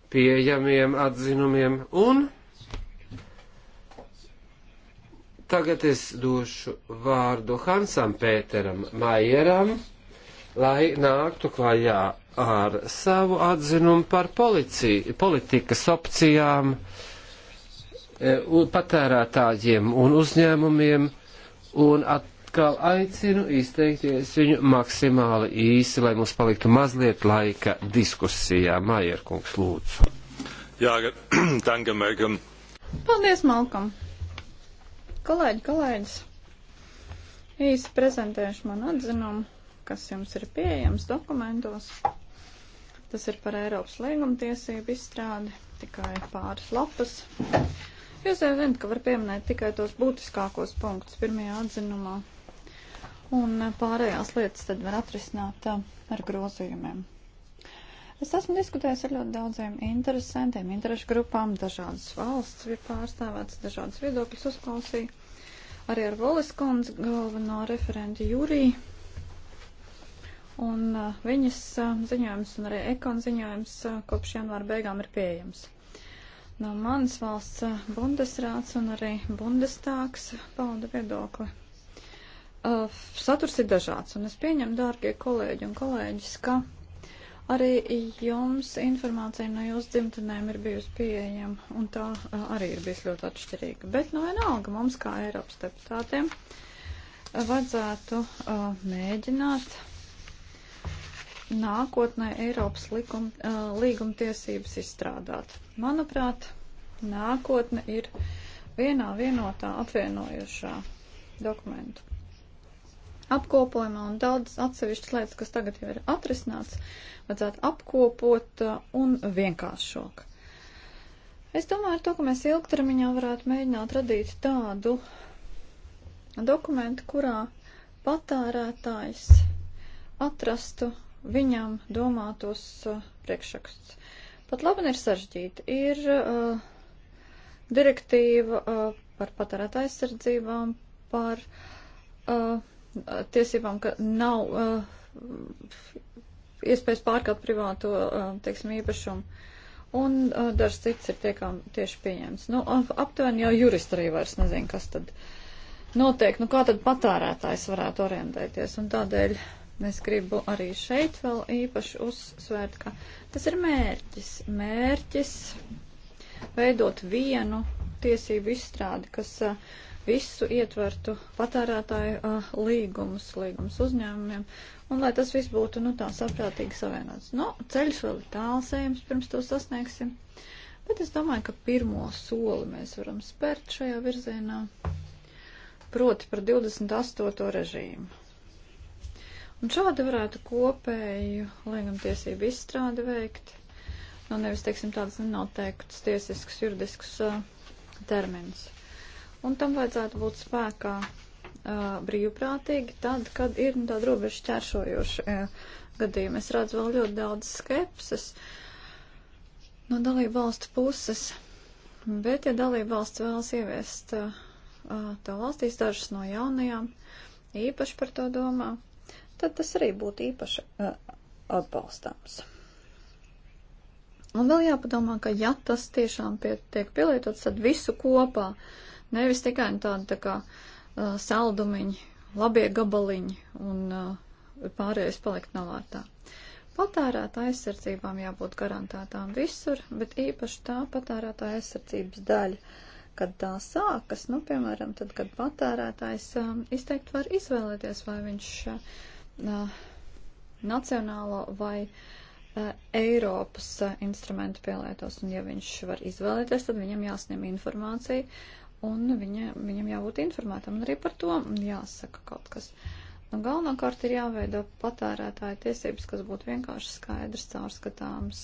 pieejamiem atzinumiem. Un tagad es došu vārdu Hansam Pēteram Maieram, lai nāktu klajā ar savu atzinumu par policiju, politikas opcijām. Uh, E, patērētājiem un uzņēmumiem un atkal aicinu izteikties viņu maksimāli īsi, lai mums paliktu mazliet laika diskusijā. Mājerkungs, lūdzu. Jā, danke, Malcolm. Paldies, Malcolm. Kolēģi, kolēģis. Īsi prezentēšu man atzinumu, kas jums ir pieejams dokumentos. Tas ir par Eiropas līgumtiesību izstrādi, tikai pāris lapas. Jūs jau zinat, ka var pieminēt tikai tos būtiskākos punktus pirmajā atzinumā, un pārējās lietas tad var atrisināt uh, ar grozījumiem. Es esmu diskutējis ar ļoti daudziem interesantiem, interešu grupām, dažādas valsts bija pārstāvētas, dažādas viedokļas uzklausīju. Arī ar Volis kundzi galveno referenti Juriju. Un uh, viņas uh, ziņojums un arī ekon ziņojums uh, kopš janvāra beigām ir pieejams no manas valsts eh, Bundesrāts un arī Bundestāks pauda viedokli. Uh, saturs ir dažāds, un es pieņemu, dārgie kolēģi un kolēģis, ka arī jums informācija no jūsu dzimtenēm ir bijusi pieejama, un tā uh, arī ir bijusi ļoti atšķirīga. Bet nu no vienalga mums, kā Eiropas deputātiem, vajadzētu uh, mēģināt nākotnē Eiropas likuma, uh, līguma tiesības izstrādāt. Manuprāt, nākotne ir vienā vienotā apvienojušā dokumentu. Apkopojumā un daudz atsevišķas lietas, kas tagad jau ir atrisināts, vajadzētu apkopot uh, un vienkāršāk. Es domāju, ar to, ka mēs ilgtermiņā varētu mēģināt radīt tādu dokumentu, kurā patērētājs atrastu viņam domātos uh, priekšrakstus. Pat labi ir sarežģīti. Ir uh, direktīva uh, par patērēt aizsardzībām, par uh, tiesībām, ka nav uh, iespējas pārkāpt privāto, uh, teiksim, īpašumu. Un uh, dažs cits ir tiekām tieši pieņemts. Nu, aptuveni jau juristi arī vairs nezin, kas tad notiek. Nu, kā tad patērētājs varētu orientēties? Un tādēļ Es gribu arī šeit vēl īpaši uzsvērt, ka tas ir mērķis. Mērķis veidot vienu tiesību izstrādi, kas visu ietvertu patērētāju līgumus, līgumus uzņēmumiem, un lai tas viss būtu, nu, tā saprātīgi savienots. Nu, ceļš vēl ir tāls ejams, pirms to sasniegsim, bet es domāju, ka pirmo soli mēs varam spērt šajā virzienā, proti par 28. režīmu. Un šādi varētu kopēju līgumtiesību izstrādi veikt, nu nevis, teiksim, tādas nenoteiktas tiesiskas, juridiskas uh, termins. Un tam vajadzētu būt spēkā uh, brīvprātīgi, tad, kad ir nu, tāda robeža ķēršojoša uh, gadījuma. Es redzu vēl ļoti daudz skepses no dalību valstu puses, bet, ja dalību valsts vēlas ieviest uh, to valstīs, dažas no jaunajām īpaši par to domā tad tas arī būtu īpaši uh, atbalstāms. Un vēl jāpadomā, ka ja tas tiešām pie, tiek pielietots, tad visu kopā, nevis tikai nu tādi tā kā uh, saldumiņi, labie gabaliņi un uh, pārējais palikt novārtā. Patērētā aizsardzībām jābūt garantētām visur, bet īpaši tā patērētā aizsardzības daļa. Uh, kad tā sākas, nu, piemēram, tad, kad patērētājs um, izteikti var izvēlēties, vai viņš uh, nacionālo vai Eiropas instrumentu pielietos. Un ja viņš var izvēlēties, tad viņam jāsniem informācija un viņa, viņam jābūt informētam. Un arī par to jāsaka kaut kas. Un nu, galvenokārt ir jāveido patērētāja tiesības, kas būtu vienkārši skaidrs, caurskatāms,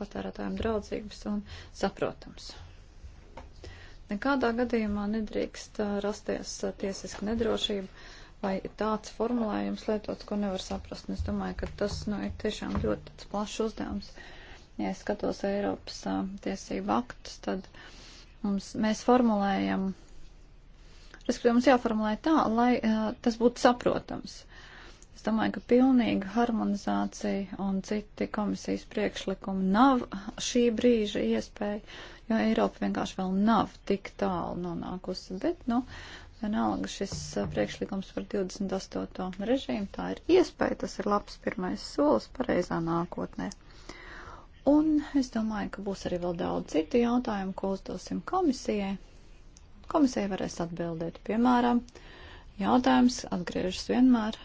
patērētājiem draudzīgs un saprotams. Nekādā gadījumā nedrīkst rasties tiesiska nedrošība vai tāds formulējums lietots, ko nevar saprast. Un es domāju, ka tas nu, ir tiešām ļoti plašs uzdevums. Ja es skatos Eiropas uh, tiesību aktus, tad mums, mēs formulējam, respektīvi mums jāformulē tā, lai uh, tas būtu saprotams. Es domāju, ka pilnīga harmonizācija un citi komisijas priekšlikumi nav šī brīža iespēja, jo Eiropa vienkārši vēl nav tik tālu nonākusi. Bet, nu, uh, Vienalga šis eh, priekšlikums par 28. režīmu, tā ir iespēja, tas ir labs pirmais solis pareizā nākotnē. Un es domāju, ka būs arī vēl daudz citu jautājumu, ko uzdosim komisijai. Komisija varēs atbildēt, piemēram, jautājums atgriežas vienmēr.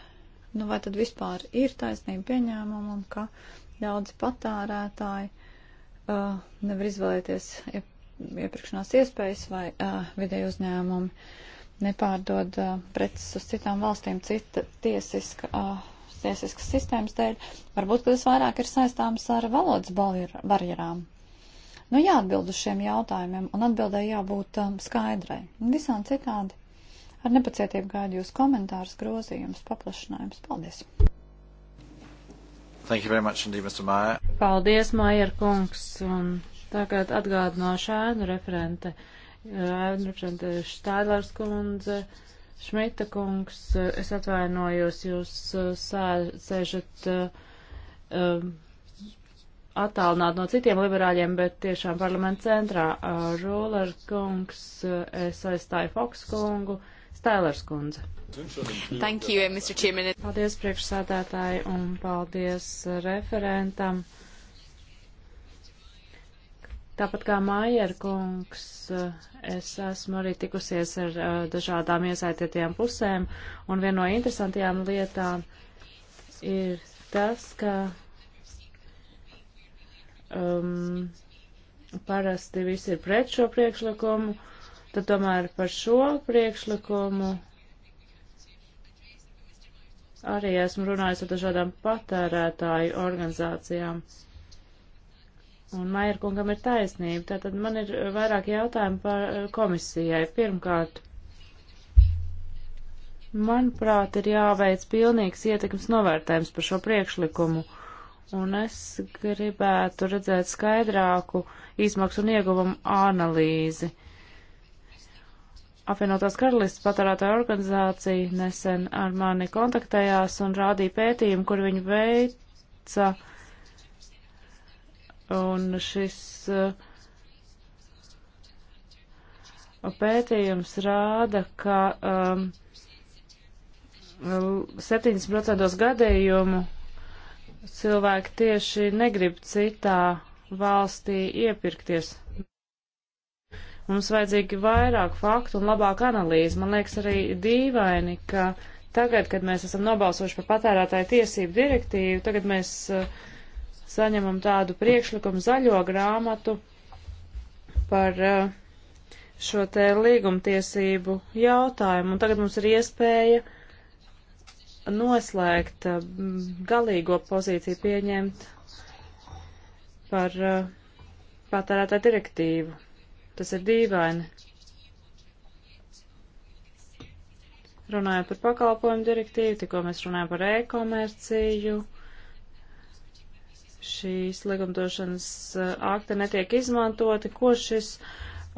Nu, vai tad vispār ir taisnība pieņēmumam, ka daudzi patārētāji uh, nevar izvēlēties iepirkšanās iespējas vai uh, vidēji uzņēmumi? Uh, nepārdod preces uz citām valstīm cita tiesiska, tiesiskas sistēmas dēļ. Varbūt, ka tas vairāk ir saistāms ar valodas barjerām. Nu, jāatbild uz šiem jautājumiem, un atbildēji jābūt um, skaidrai. Visām citādi. Ar nepacietību gaidu jūs komentārus, grozījumus, paplašinājumus. Paldies! Thank you very much indeed, Mr. Maier. Paldies, Maier kungs, un tagad atgādināšu ēnu referente. Uh, Referente Štailers kundze, Šmita kungs, es atvainojos, jūs uh, sēžat uh, um, attālināt no citiem liberāļiem, bet tiešām parlamenta centrā. Uh, Rūler kungs, es aizstāju Foks kungu, Stailers kundze. Thank you, Mr. Chairman. Paldies priekšsādātāji un paldies referentam. Tāpat kā Mājerkungs, eh, es esmu arī tikusies ar eh, dažādām iesaistītajām pusēm, un viena no interesantajām lietām ir tas, ka um, parasti visi ir pret šo priekšlikumu, tad tomēr par šo priekšlikumu arī esmu runājis ar dažādām patērētāju organizācijām. Uh, Un Mairkungam ir taisnība. Tātad man ir eh, vairāk jautājumu par eh, komisijai. Pirmkārt, manuprāt, ir jāveic pilnīgs ietekmes novērtējums par šo priekšlikumu. Un es gribētu redzēt skaidrāku izmaksu un ieguvumu analīzi. Apvienotās karalistas patērētāja organizācija nesen ar mani kontaktējās un rādīja pētījumu, kur viņi veica uh, Un šis uh, pētījums rāda, ka um, 7% gadījumu cilvēki tieši negrib citā valstī iepirkties. Mums vajadzīgi vairāk faktu un labāk analīzi. Man liekas arī dīvaini, ka tagad, kad mēs esam nobalsojuši par patērētāju tiesību direktīvu, tagad mēs uh, saņemam tādu priekšlikumu zaļo grāmatu par eh, šo te līgumtiesību jautājumu. Un tagad mums ir iespēja noslēgt eh, galīgo pozīciju pieņemt par eh, patērētā direktīvu. Tas ir dīvaini. Runājot par pakalpojumu direktīvu, tikko mēs runājam par e-komerciju. Uh, šīs likumdošanas eh, akta netiek izmantoti, ko šis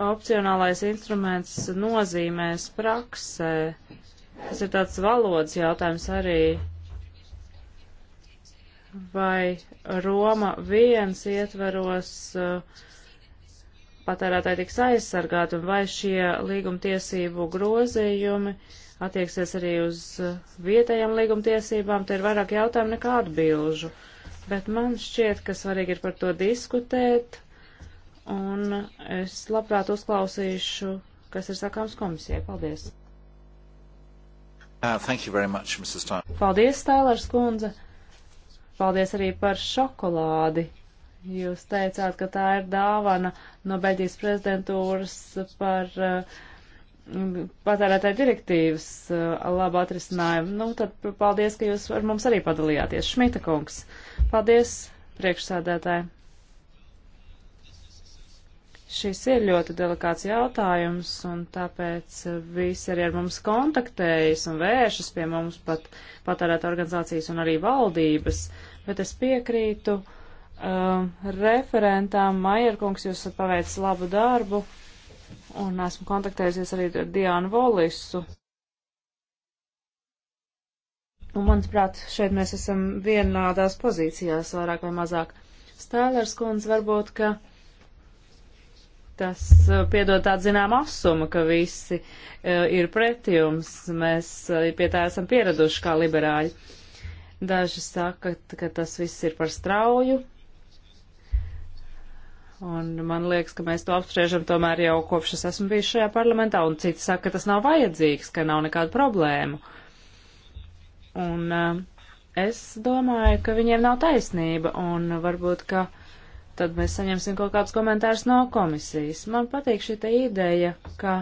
opcionālais instruments nozīmēs praksē. Tas ir tāds valodas jautājums arī. Vai Roma viens ietveros uh, patērētāji tiks aizsargāti un vai šie līgumtiesību grozījumi attieksies arī uz eh, vietējām līgumtiesībām, te ir vairāk jautājumu nekā atbilžu. Uh, Bet man šķiet, ka svarīgi ir par to diskutēt, un es labprāt uzklausīšu, kas ir sakāms komisijai. Paldies! Uh, thank you very much, Mrs. Tyler. Paldies, Tēlers kundze! Paldies arī par šokolādi! Jūs teicāt, ka tā ir dāvana no Beļģijas prezidentūras par uh, patērētāja direktīvas uh, labu atrisinājumu. Nu, tad paldies, ka jūs ar mums arī padalījāties. Šmita kungs, paldies priekšsādētāji. Šis ir ļoti delikāts jautājums, un tāpēc uh, visi arī ar mums kontaktējas un vēršas pie mums pat patērēta organizācijas un arī valdības. Bet es piekrītu uh, referentām, Maierkungs, jūs esat paveicis labu darbu, un esmu kontaktējusies arī ar Diānu Volisu. Un, manuprāt, šeit mēs esam vienādās pozīcijās, vairāk vai mazāk. Stēlers kundze varbūt, ka tas uh, piedod tādu zinām asumu, ka visi uh, ir pret jums. Mēs uh, pie tā esam pieraduši kā liberāļi. Daži saka, ka tas viss ir par strauju, Un man liekas, ka mēs to apspriežam tomēr jau kopš es esmu bijis šajā parlamentā, un citi saka, ka tas nav vajadzīgs, ka nav nekāda problēma. Un uh, es domāju, ka viņiem nav taisnība, un varbūt, ka tad mēs saņemsim kaut kādus komentārus no komisijas. Man patīk šī ideja, ka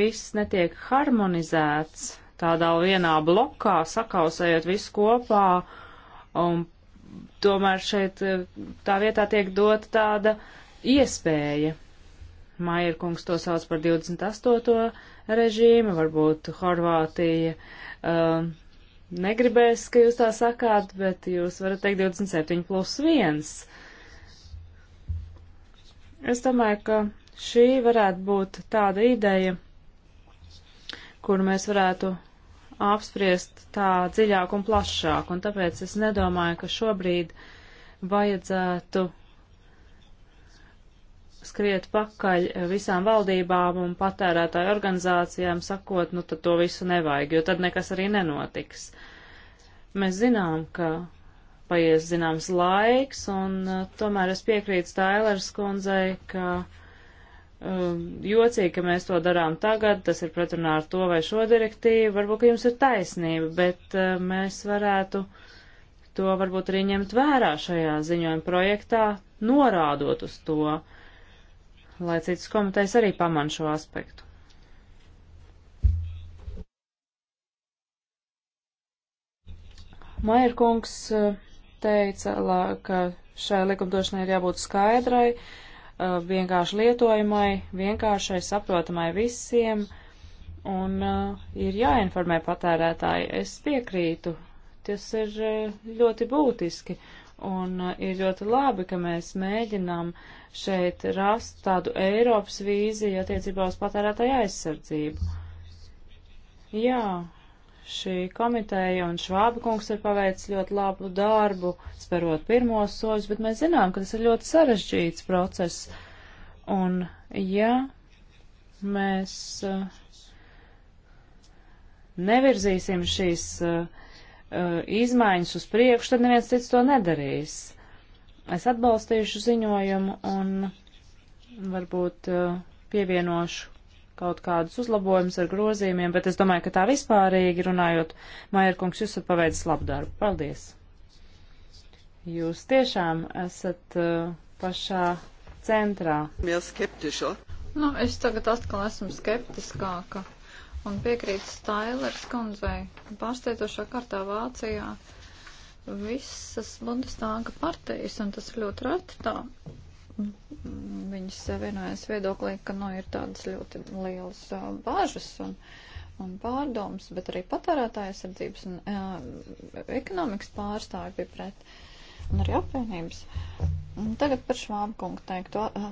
viss netiek harmonizēts tādā vienā blokā, sakausējot visu kopā, un tomēr šeit eh, tā vietā tiek dota tāda iespēja. Maier kungs to sauc par 28. režīmu, varbūt Horvātija um, negribēs, ka jūs tā sakāt, bet jūs varat teikt 27 plus 1. Es domāju, ka šī varētu būt tāda ideja, kuru mēs varētu apspriest tā dziļāk un plašāk, un tāpēc es nedomāju, ka šobrīd vajadzētu skriet pakaļ visām valdībām un patērētāju organizācijām, sakot, nu tad to visu nevajag, jo tad nekas arī nenotiks. Mēs zinām, ka paies zināms laiks, un uh, tomēr es piekrītu Stailers kundzei, ka um, jocīgi, ka mēs to darām tagad, tas ir pretrunā ar to vai šo direktīvu, varbūt, ka jums ir taisnība, bet uh, mēs varētu to varbūt arī ņemt vērā šajā ziņojuma projektā, norādot uz to. Uh, lai citas komitejas arī paman šo aspektu. Mairkungs eh, teica, la, ka šai likumdošanai ir jābūt skaidrai, eh, vienkārši lietojamai, vienkāršai, saprotamai visiem, un eh, ir jāinformē patērētāji. Es piekrītu, tas ir ļoti būtiski, un ir ļoti labi, ka mēs mēģinām uh, šeit rast tādu Eiropas vīziju attiecībā uz patērētāju aizsardzību. Jā, šī komiteja un Švāba kungs ir paveicis ļoti labu darbu, sperot pirmos soļus, bet mēs zinām, ka tas ir ļoti sarežģīts process. Un ja mēs uh, nevirzīsim šīs uh, uh, izmaiņas uz priekšu, tad neviens cits to nedarīs. Es atbalstīšu ziņojumu un varbūt uh, pievienošu kaut kādus uzlabojumus ar grozījumiem, bet es domāju, ka tā vispārīgi runājot, Mairkungs, jūs esat paveicis labu darbu. Paldies! Jūs tiešām esat uh, pašā centrā. Nu, es tagad atkal esmu skeptiskāka un piekrītu Stailers kundzei pārsteidzošā kārtā Vācijā. Uh, visas Bundestāga partijas, un tas ļoti reti tā. Viņas vienojas viedoklī, ka nu, ir tādas ļoti lielas uh, bāžas un, un pārdomas, bet arī patērētāja sardzības un uh, ekonomikas pārstāvi bija pret, un arī apvienības. Un tagad par Švābkungu teikto. Uh,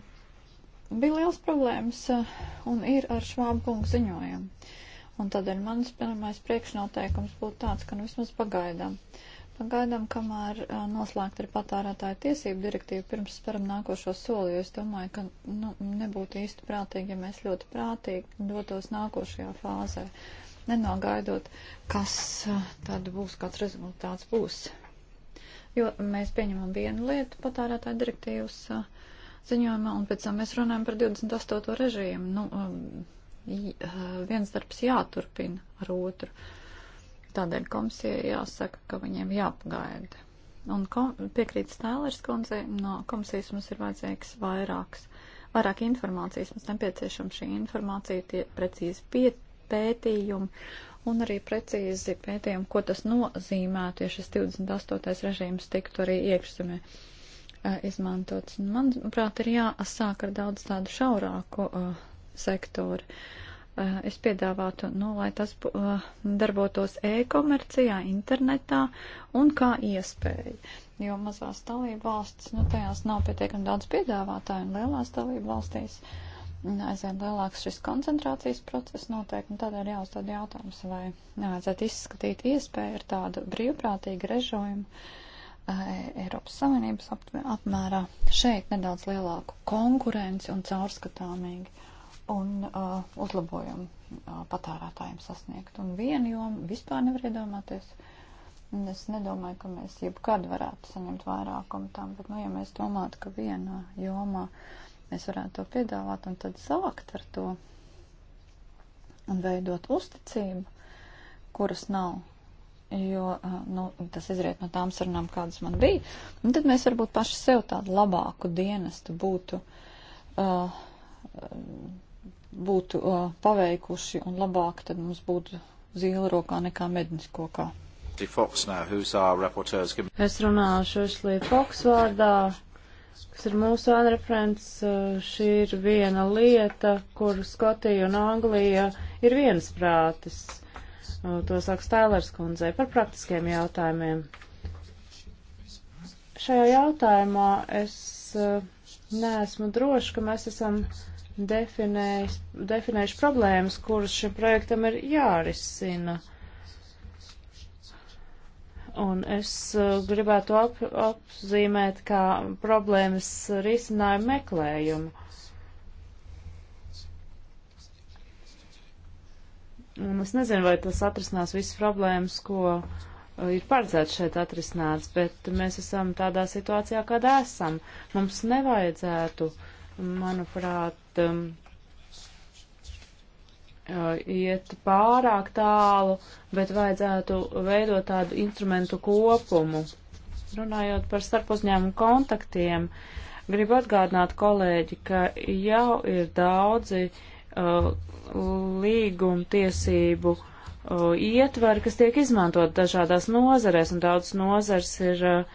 bija liels problēmas uh, un ir ar Švābkungu ziņojumu. Un tādēļ mans pirmais priekšnoteikums būtu tāds, ka nu vismaz pagaidām. Uh, gaidām, kamēr noslēgt ir patērētāja tiesību direktīva pirms speram nākošo soli, jo es domāju, ka nu, nebūtu īsti prātīgi, ja mēs ļoti prātīgi dotos nākošajā fāzē, nenogaidot, kas tad būs, kāds rezultāts būs. Jo mēs pieņemam vienu lietu patērētāja direktīvas ziņojumā, un pēc tam mēs runājam par 28. režīmu. Nu, viens darbs jāturpina ar otru. Uh, Tādēļ komisijai jāsaka, ka viņiem jāpagaida. Un kom, piekrīt Stēlers kundzei, no komisijas mums ir vajadzīgs vairāks, vairāk informācijas, mums nepieciešama šī informācija, tie precīzi pētījumi un arī precīzi pētījumi, ko tas nozīmētu, ja šis 28. režīms tiktu arī iekšzemē izmantots. Manuprāt, ir jāsāk ar daudz tādu šaurāku uh, sektoru. Uh, Eh, es piedāvātu, nu, lai tas eh, darbotos e-komercijā, internetā un kā iespēja. Jo mazās dalību valstis, nu, tajās nav pietiekami daudz piedāvātāju un lielās dalību valstīs aizvien lielāks šis koncentrācijas process notiek, un tādēļ jāuzdod jautājums, vai nevajadzētu izskatīt iespēju ar tādu brīvprātīgu režojumu eh, Eiropas Savienības apmērā šeit nedaudz lielāku konkurenci un caurskatāmīgi un uh, uzlabojumu uh, patērētājiem sasniegt. Un vienu jomu vispār nevar iedomāties. Un es nedomāju, ka mēs jebkad varētu saņemt vairākumu tam, bet, nu, ja mēs domātu, ka vienā jomā mēs varētu to piedāvāt un tad sākt ar to un veidot uzticību, kuras nav, jo, uh, nu, tas izriet no tām sarunām, kādas man bija, un nu, tad mēs varbūt paši sev tādu labāku dienestu būtu. Uh, būtu uh, paveikuši un labāk, tad mums būtu zīle rokā nekā mednis kokā. Es runāšu Ešlī Foks vārdā, kas ir mūsu anreferents. Šī ir viena lieta, kur Skotija un Anglija ir viensprātis. To saka Stēlers kundzei par praktiskiem jautājumiem. Šajā jautājumā es neesmu droši, ka mēs esam. Uh, definējis, definējuši problēmas, kuras šim projektam ir jārisina. Un es uh, gribētu ap, apzīmēt kā problēmas risinājumu meklējumu. Un es nezinu, vai tas atrisinās visas problēmas, ko uh, ir paredzēts šeit atrisināts, bet mēs esam tādā situācijā, kādā esam. Mums nevajadzētu uh, manuprāt, um, uh, iet pārāk tālu, bet vajadzētu veidot tādu instrumentu kopumu. Runājot par starpuzņēmumu kontaktiem, gribu atgādināt kolēģi, ka jau ir daudzi uh, līgumtiesību uh, ietveri, kas tiek izmantot dažādās nozarēs, un daudz nozars ir uh,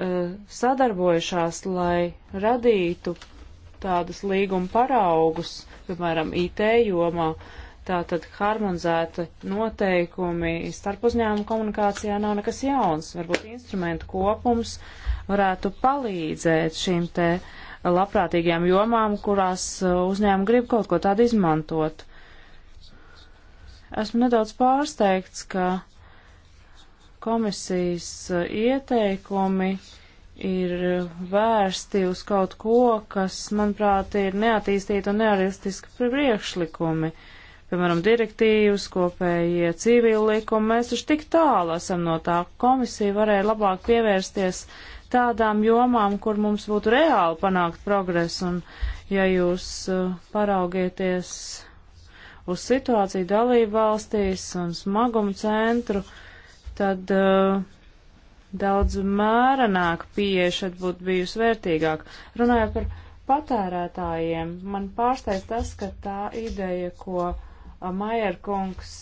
uh sadarbojušās, lai radītu tādus līguma paraugus, piemēram, IT jomā. Tātad harmonizēta noteikumi starp uzņēmumu komunikācijā nav nekas jauns. Varbūt instrumentu kopums varētu palīdzēt šīm te labprātīgajām jomām, kurās uh, uzņēmumi grib kaut ko tādu izmantot. Esmu nedaudz pārsteigts, ka komisijas uh, ieteikumi uh, ir vērsti uz kaut ko, kas, manuprāt, ir neattīstīti un nerealistiski priekšlikumi. Piemēram, direktīvas, kopējie civili likumi, mēs taču tik tālu esam no tā. Komisija varēja labāk pievērsties tādām jomām, kur mums būtu reāli panākt progresu. Un, ja jūs uh, paraugieties uz situāciju dalību valstīs un smagumu centru, tad uh, daudz mērenāk pieeja šeit būtu bijusi vērtīgāk. Runājot par patērētājiem, man pārsteidz tas, ka tā ideja, ko Majerkungs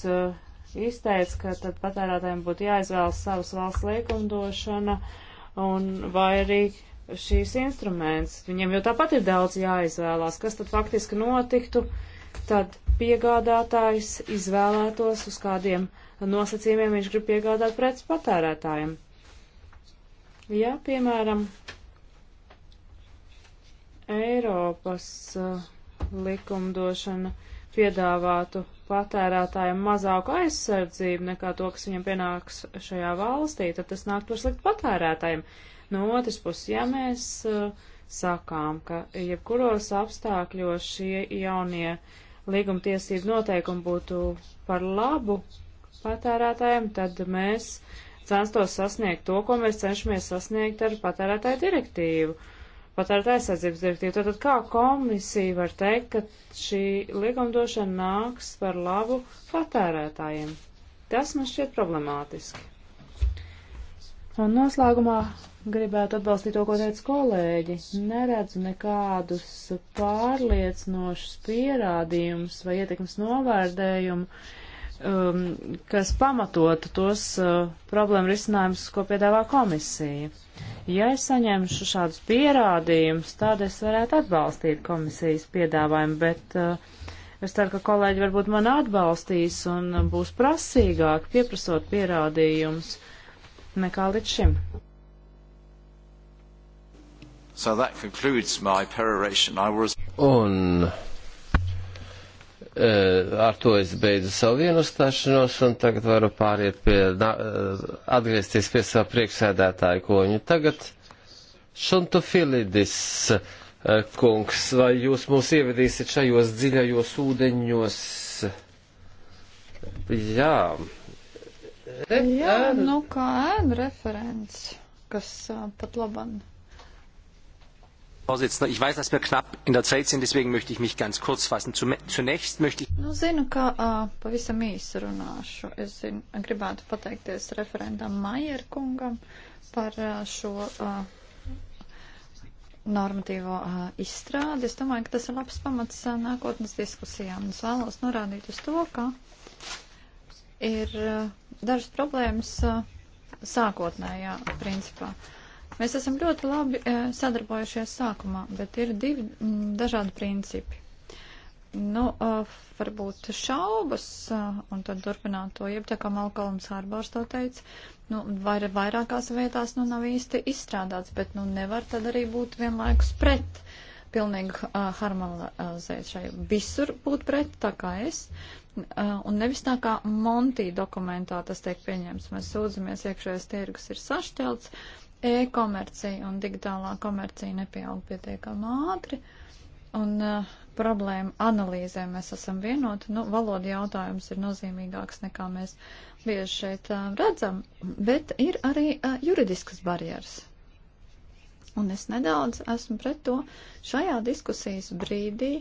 izteica, ka tad patērētājiem būtu jāizvēlas savas valsts likumdošana un vai arī šīs instruments. Viņiem jau tāpat ir daudz jāizvēlās, kas tad faktiski notiktu, tad piegādātājs izvēlētos, uz kādiem nosacījumiem viņš grib piegādāt preces patērētājiem. Ja, piemēram, Eiropas uh, likumdošana piedāvātu patērētājiem mazāku aizsardzību nekā to, kas viņam pienāks šajā valstī, tad tas nāk par sliktu patērētājiem. No otras puses, ja mēs uh, sakām, ka jebkuros apstākļos šie jaunie līgumtiesību noteikumi būtu par labu patērētājiem, tad mēs uh, censtos sasniegt to, ko mēs cenšamies sasniegt ar patērētāju direktīvu, patērētāju aizsardzības direktīvu. Tātad kā komisija var teikt, ka šī likumdošana nāks par labu patērētājiem? Tas man šķiet problemātiski. Un noslēgumā gribētu atbalstīt to, ko teica kolēģi. Neredzu nekādus pārliecinošus pierādījumus vai ietekmes novērtējumu um, kas pamatotu tos uh, problēmu risinājumus, ko piedāvā komisija. Ja es saņemšu šādus pierādījumus, tad es varētu atbalstīt komisijas piedāvājumu, bet uh, es ceru, ka kolēģi varbūt man atbalstīs un būs prasīgāk pieprasot pierādījumus nekā līdz šim. So that concludes my peroration. I was... Un Eh, ar to es beidzu savu vienustāšanos un tagad varu pāriet pie, eh, atgriezties pie savu priekšsēdētāju koņu. Tagad Šuntu Filidis eh, kungs, vai jūs mūs ievedīsiet šajos dziļajos ūdeņos? Jā. Re Jā, nu kā ēn referents, kas pat laban Vorsitzender, ich weiß, dass wir knapp in der Zeit sind, deswegen möchte ich mich ganz kurz fassen. Zunächst möchte ich. Nu, zinu, ka uh, pavisam īsi runāšu. Es zinu, gribētu pateikties referendam Maier kungam par uh, šo uh, normatīvo uh, izstrādi. Es domāju, ka tas ir labs pamats uh, nākotnes diskusijām. Es vēlos norādīt uz to, ka ir uh, dažas problēmas uh, sākotnējā principā. Uh, Mēs esam ļoti labi e, sadarbojušies sākumā, bet ir divi dažādi principi. Nu, e, varbūt šaubas, e, un tad turpināt to, jeb tā kā Malkolms Hārbārs to teica, nu, vai vairākās vietās nu nav īsti izstrādāts, bet nu nevar tad arī būt vienlaikus pret pilnīgi uh, harmonizēt šai. Visur būt pret, tā kā es, uh, un nevis tā kā Monti dokumentā tas tiek pieņems. Mēs sūdzamies, iekšējais tirgus ir sašķelts, e-komercija un digitālā komercija nepieaug pietiekami ātri. Un uh, problēma analīzē mēs esam vienoti. Nu, valoda jautājums ir nozīmīgāks nekā mēs bieži šeit uh, redzam, bet ir arī uh, juridiskas barjeras. Un es nedaudz esmu pret to šajā diskusijas brīdī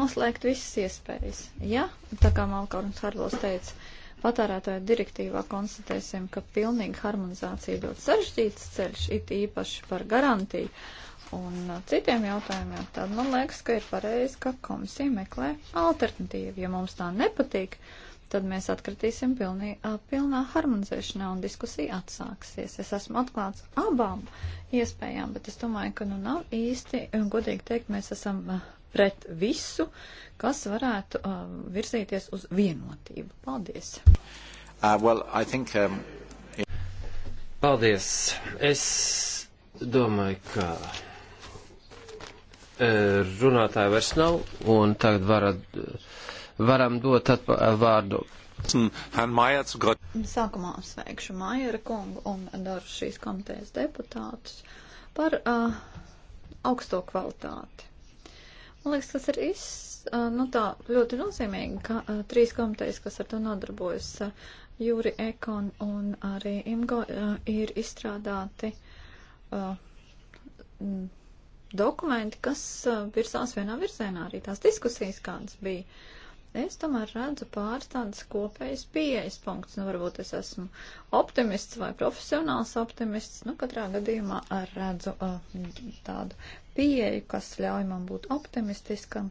noslēgt visas iespējas. Ja, tā kā Malkorns Harlos teica, uh, patērētāju direktīvā konstatēsim, ka pilnīga harmonizācija ir ļoti sarežģīts ceļš, it īpaši par garantiju un citiem jautājumiem, tad man liekas, ka ir pareizi, ka komisija meklē alternatīvu. Ja mums tā nepatīk, tad mēs atkritīsim pilnī, pilnā harmonizēšanā un diskusija atsāksies. Es esmu atklāts abām iespējām, bet es domāju, ka nu nav īsti godīgi teikt, mēs esam pret visu, kas varētu uh, virzīties uz vienotību. Paldies! Uh, well, I think, um... Paldies! Es domāju, ka uh, runātāju vairs nav, un tagad varat, uh, varam dot uh, vārdu. Hm, Sākumā sveikšu Maiera kungu un daru šīs komitejas deputātus par uh, augsto kvalitāti. Man liekas, tas ir iz, nu, tā, ļoti nozīmīgi, ka a, trīs komitejas, kas ar to nodarbojas, a, Jūri Ekon un arī Imgo, a, ir izstrādāti dokumenti, kas virzās vienā virzienā, arī tās diskusijas, kādas bija. Es tomēr redzu pāris tādas kopējas pieejas punkts. Nu, varbūt es esmu optimists vai profesionāls optimists. Nu, katrā gadījumā redzu uh, tādu pieeju, kas ļauj man būt optimistiskam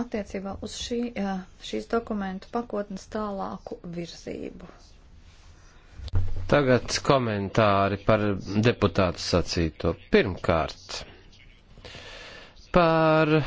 attiecībā uz šī, šīs dokumentu pakotnes tālāku virzību. Tagad komentāri par deputātu sacīto. Pirmkārt, par e,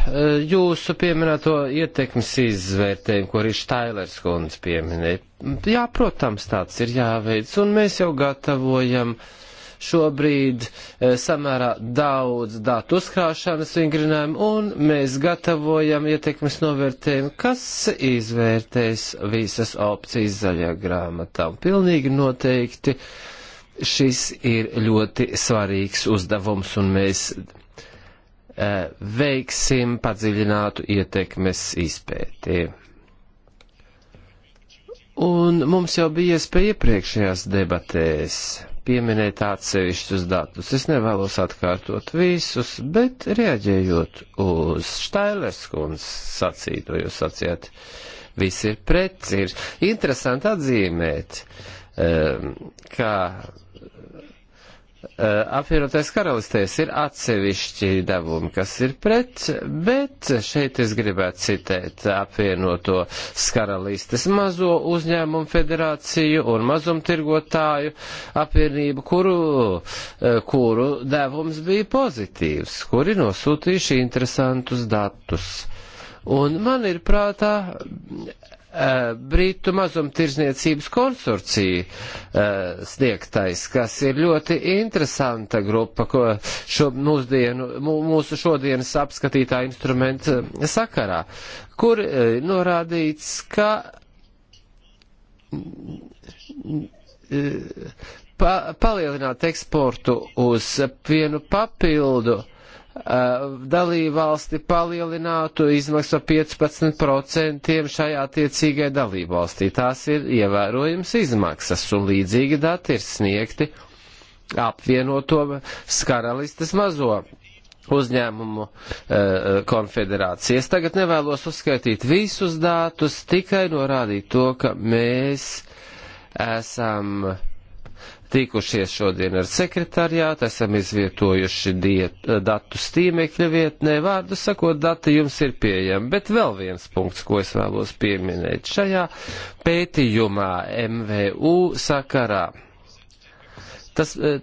jūsu pieminēto ietekmes izvērtējumu, ko arī Štailers kundze pieminēja. Jā, protams, tāds ir jāveic, un mēs jau gatavojam uh, šobrīd e, samērā daudz datu uzkrāšanas vingrinājumu, un mēs gatavojam ietekmes novērtējumu, kas izvērtēs visas opcijas zaļajā grāmatā. Pilnīgi noteikti šis ir ļoti svarīgs uzdevums, un mēs e, veiksim padziļinātu ietekmes izpēti. Un mums jau bija iespēja iepriekšējās debatēs pieminēt atsevišķus datus. Es nevēlos atkārtot visus, bet reaģējot uz Štailers kundzes sacīto, jūs sacījāt, viss ir precīzi. Interesanti atzīmēt, um, ehm, kā Eh, apvienotais karalistēs ir atsevišķi devumi, kas ir pret, bet šeit es gribētu citēt apvienoto karalistes mazo uzņēmumu federāciju un mazumtirgotāju apvienību, kuru, eh, kuru devums bija pozitīvs, kuri nosūtījuši interesantus datus. Un man ir prātā Eh, Brītu mazumtirdzniecības konsorcija eh, sniegtais, kas ir ļoti interesanta grupa, ko šo mūsdienu, mūsu šodienas apskatītā instrumenta eh, sakarā, kur norādīts, ka pa, palielināt eksportu uz vienu papildu uh, Uh, dalību valsti palielinātu izmaksu 15% šajā attiecīgai dalību valstī. Tās ir ievērojams izmaksas, un līdzīgi dati ir sniegti apvienoto karalistes mazo uzņēmumu e, konfederācijas. Tagad nevēlos uzskaitīt visus datus, tikai norādīt to, ka mēs esam e, tikušies šodien ar sekretariātu, esam izvietojuši diet, datus tīmekļa vietnē, vārdu sakot, dati jums ir pieejami, bet vēl viens punkts, ko es vēlos pieminēt šajā pētījumā MVU sakarā tas, eh,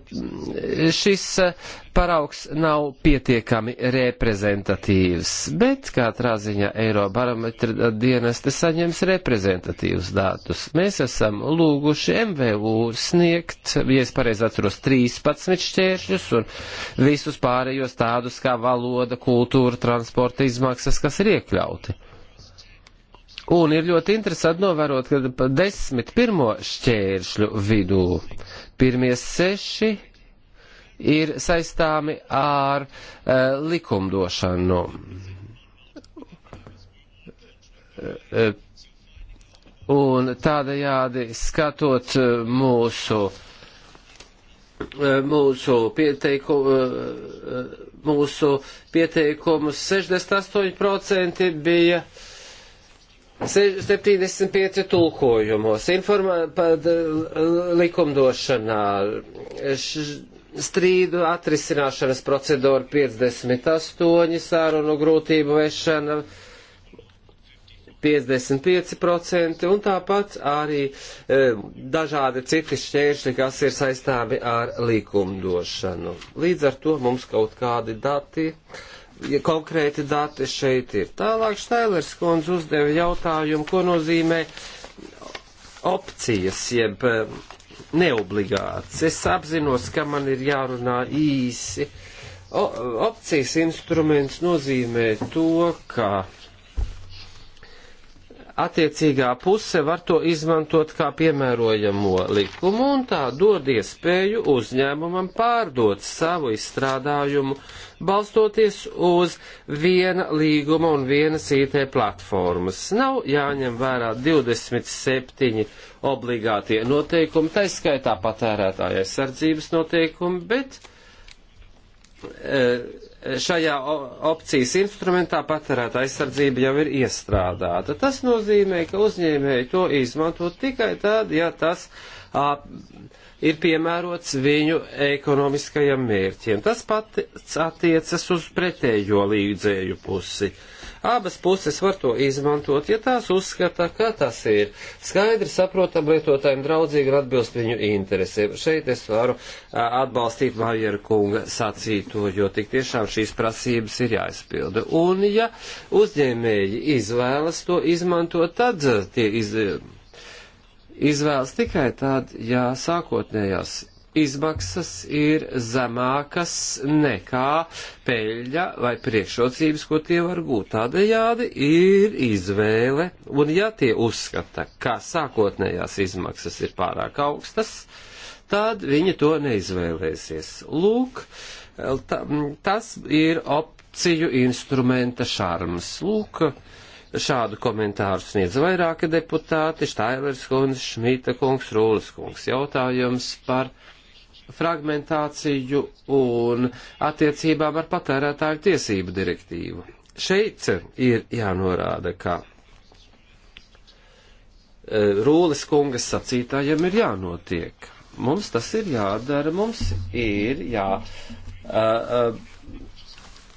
šis eh, paraugs nav pietiekami reprezentatīvs, bet katrā ziņā Eirobarometra dieneste saņems reprezentatīvus datus. Mēs esam lūguši MVU sniegt, ja es pareizi atceros, 13 šķēršļus un visus pārējos tādus kā valoda, kultūra, transporta izmaksas, kas ir iekļauti. Un ir ļoti interesanti novērot, ka desmit pirmo šķēršļu vidū Pirmie seši ir saistāmi ar uh, likumdošanu. Uh, un tādējādi skatot mūsu, mūsu pieteikumu, mūsu pieteikumus 68% bija uh, 75 tulkojumos, informā, pad, likumdošanā, strīdu atrisināšanas procedūra 58, sārunu grūtību vešana 55% un tāpat arī e, dažādi citi šķēršļi, kas ir saistāmi ar likumdošanu. Līdz ar to mums kaut kādi dati. E, ja konkrēti dati šeit ir. Tālāk Štailers kundze uzdeva jautājumu, ko nozīmē opcijas, jeb eh, neobligāts. Es apzinos, ka man ir jārunā īsi. O, opcijas instruments nozīmē to, ka attiecīgā puse var to izmantot kā piemērojamo likumu un tā dod iespēju uzņēmumam pārdot savu izstrādājumu uh, balstoties uz viena līguma un vienas IT platformas. Nav jāņem vērā 27 obligātie noteikumi, taiskaitā patērētāja aizsardzības noteikumi, bet e, šajā opcijas instrumentā patērēta aizsardzība jau ir iestrādāta. Tas nozīmē, ka uzņēmēji to izmanto tikai tad, ja tas ap, ir piemērots viņu ekonomiskajiem mērķiem. Tas pats attiecas uz pretējo līdzēju pusi. Abas puses var to izmantot, ja tās uzskata, ka tas ir skaidri saprotam lietotājiem draudzīgi un atbilst viņu interesēm. Šeit es varu atbalstīt Mājera kunga sacīto, jo tik tiešām šīs prasības ir jāizpilda. Un ja uzņēmēji izvēlas to izmantot, tad tie izmantot izvēlas tikai tad, ja sākotnējās izmaksas ir zemākas nekā peļļa vai priekšrocības, ko tie var gūt. Tādējādi ir izvēle, un ja tie uzskata, ka sākotnējās izmaksas ir pārāk augstas, tad viņi to neizvēlēsies. Lūk, ta, tas ir opciju instrumenta šarms. Lūk, Šādu komentāru sniedz vairāki deputāti - Štailers kungs, Šmita kungs, Rūlis kungs. Jautājums par fragmentāciju un attiecībām ar patērētāju tiesību direktīvu. Šeit ir jānorāda, ka e, Rūlis kungas sacītājiem ir jānotiek. Mums tas ir jādara, mums ir jā. Uh, uh,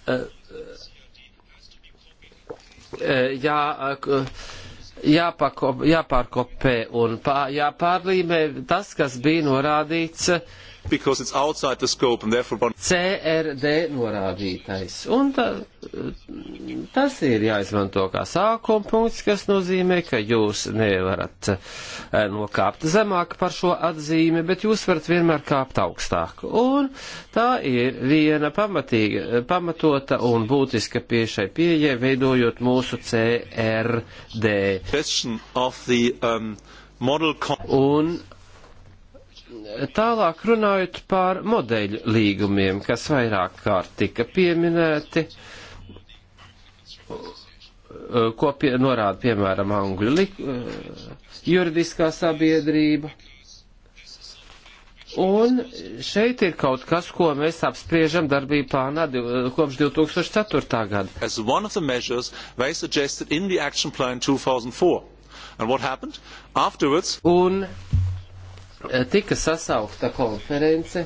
uh, Eh, jā, eh, jāpakop, jāpārkopē un pā, jāpārlīmē tas, kas bija norādīts because it's outside the scope and therefore one... CRD norādītais. Un ta, tas ir jāizmanto kā sākuma punkts, kas nozīmē, ka jūs nevarat eh, nokāpt zemāk par šo atzīmi, bet jūs varat vienmēr kāpt augstāk. Un tā ir viena pamatīga, pamatota un būtiska pie šai pieeja, veidojot mūsu CRD. Um, un Tālāk runājot par modeļu līgumiem, kas vairāk kārt tika pieminēti, ko pie, norāda piemēram Angļu li, juridiskā sabiedrība. Un šeit ir kaut kas, ko mēs apspriežam darbību plānā kopš 2004. gada. And what happened? Afterwards... Un tika sasaukta konference,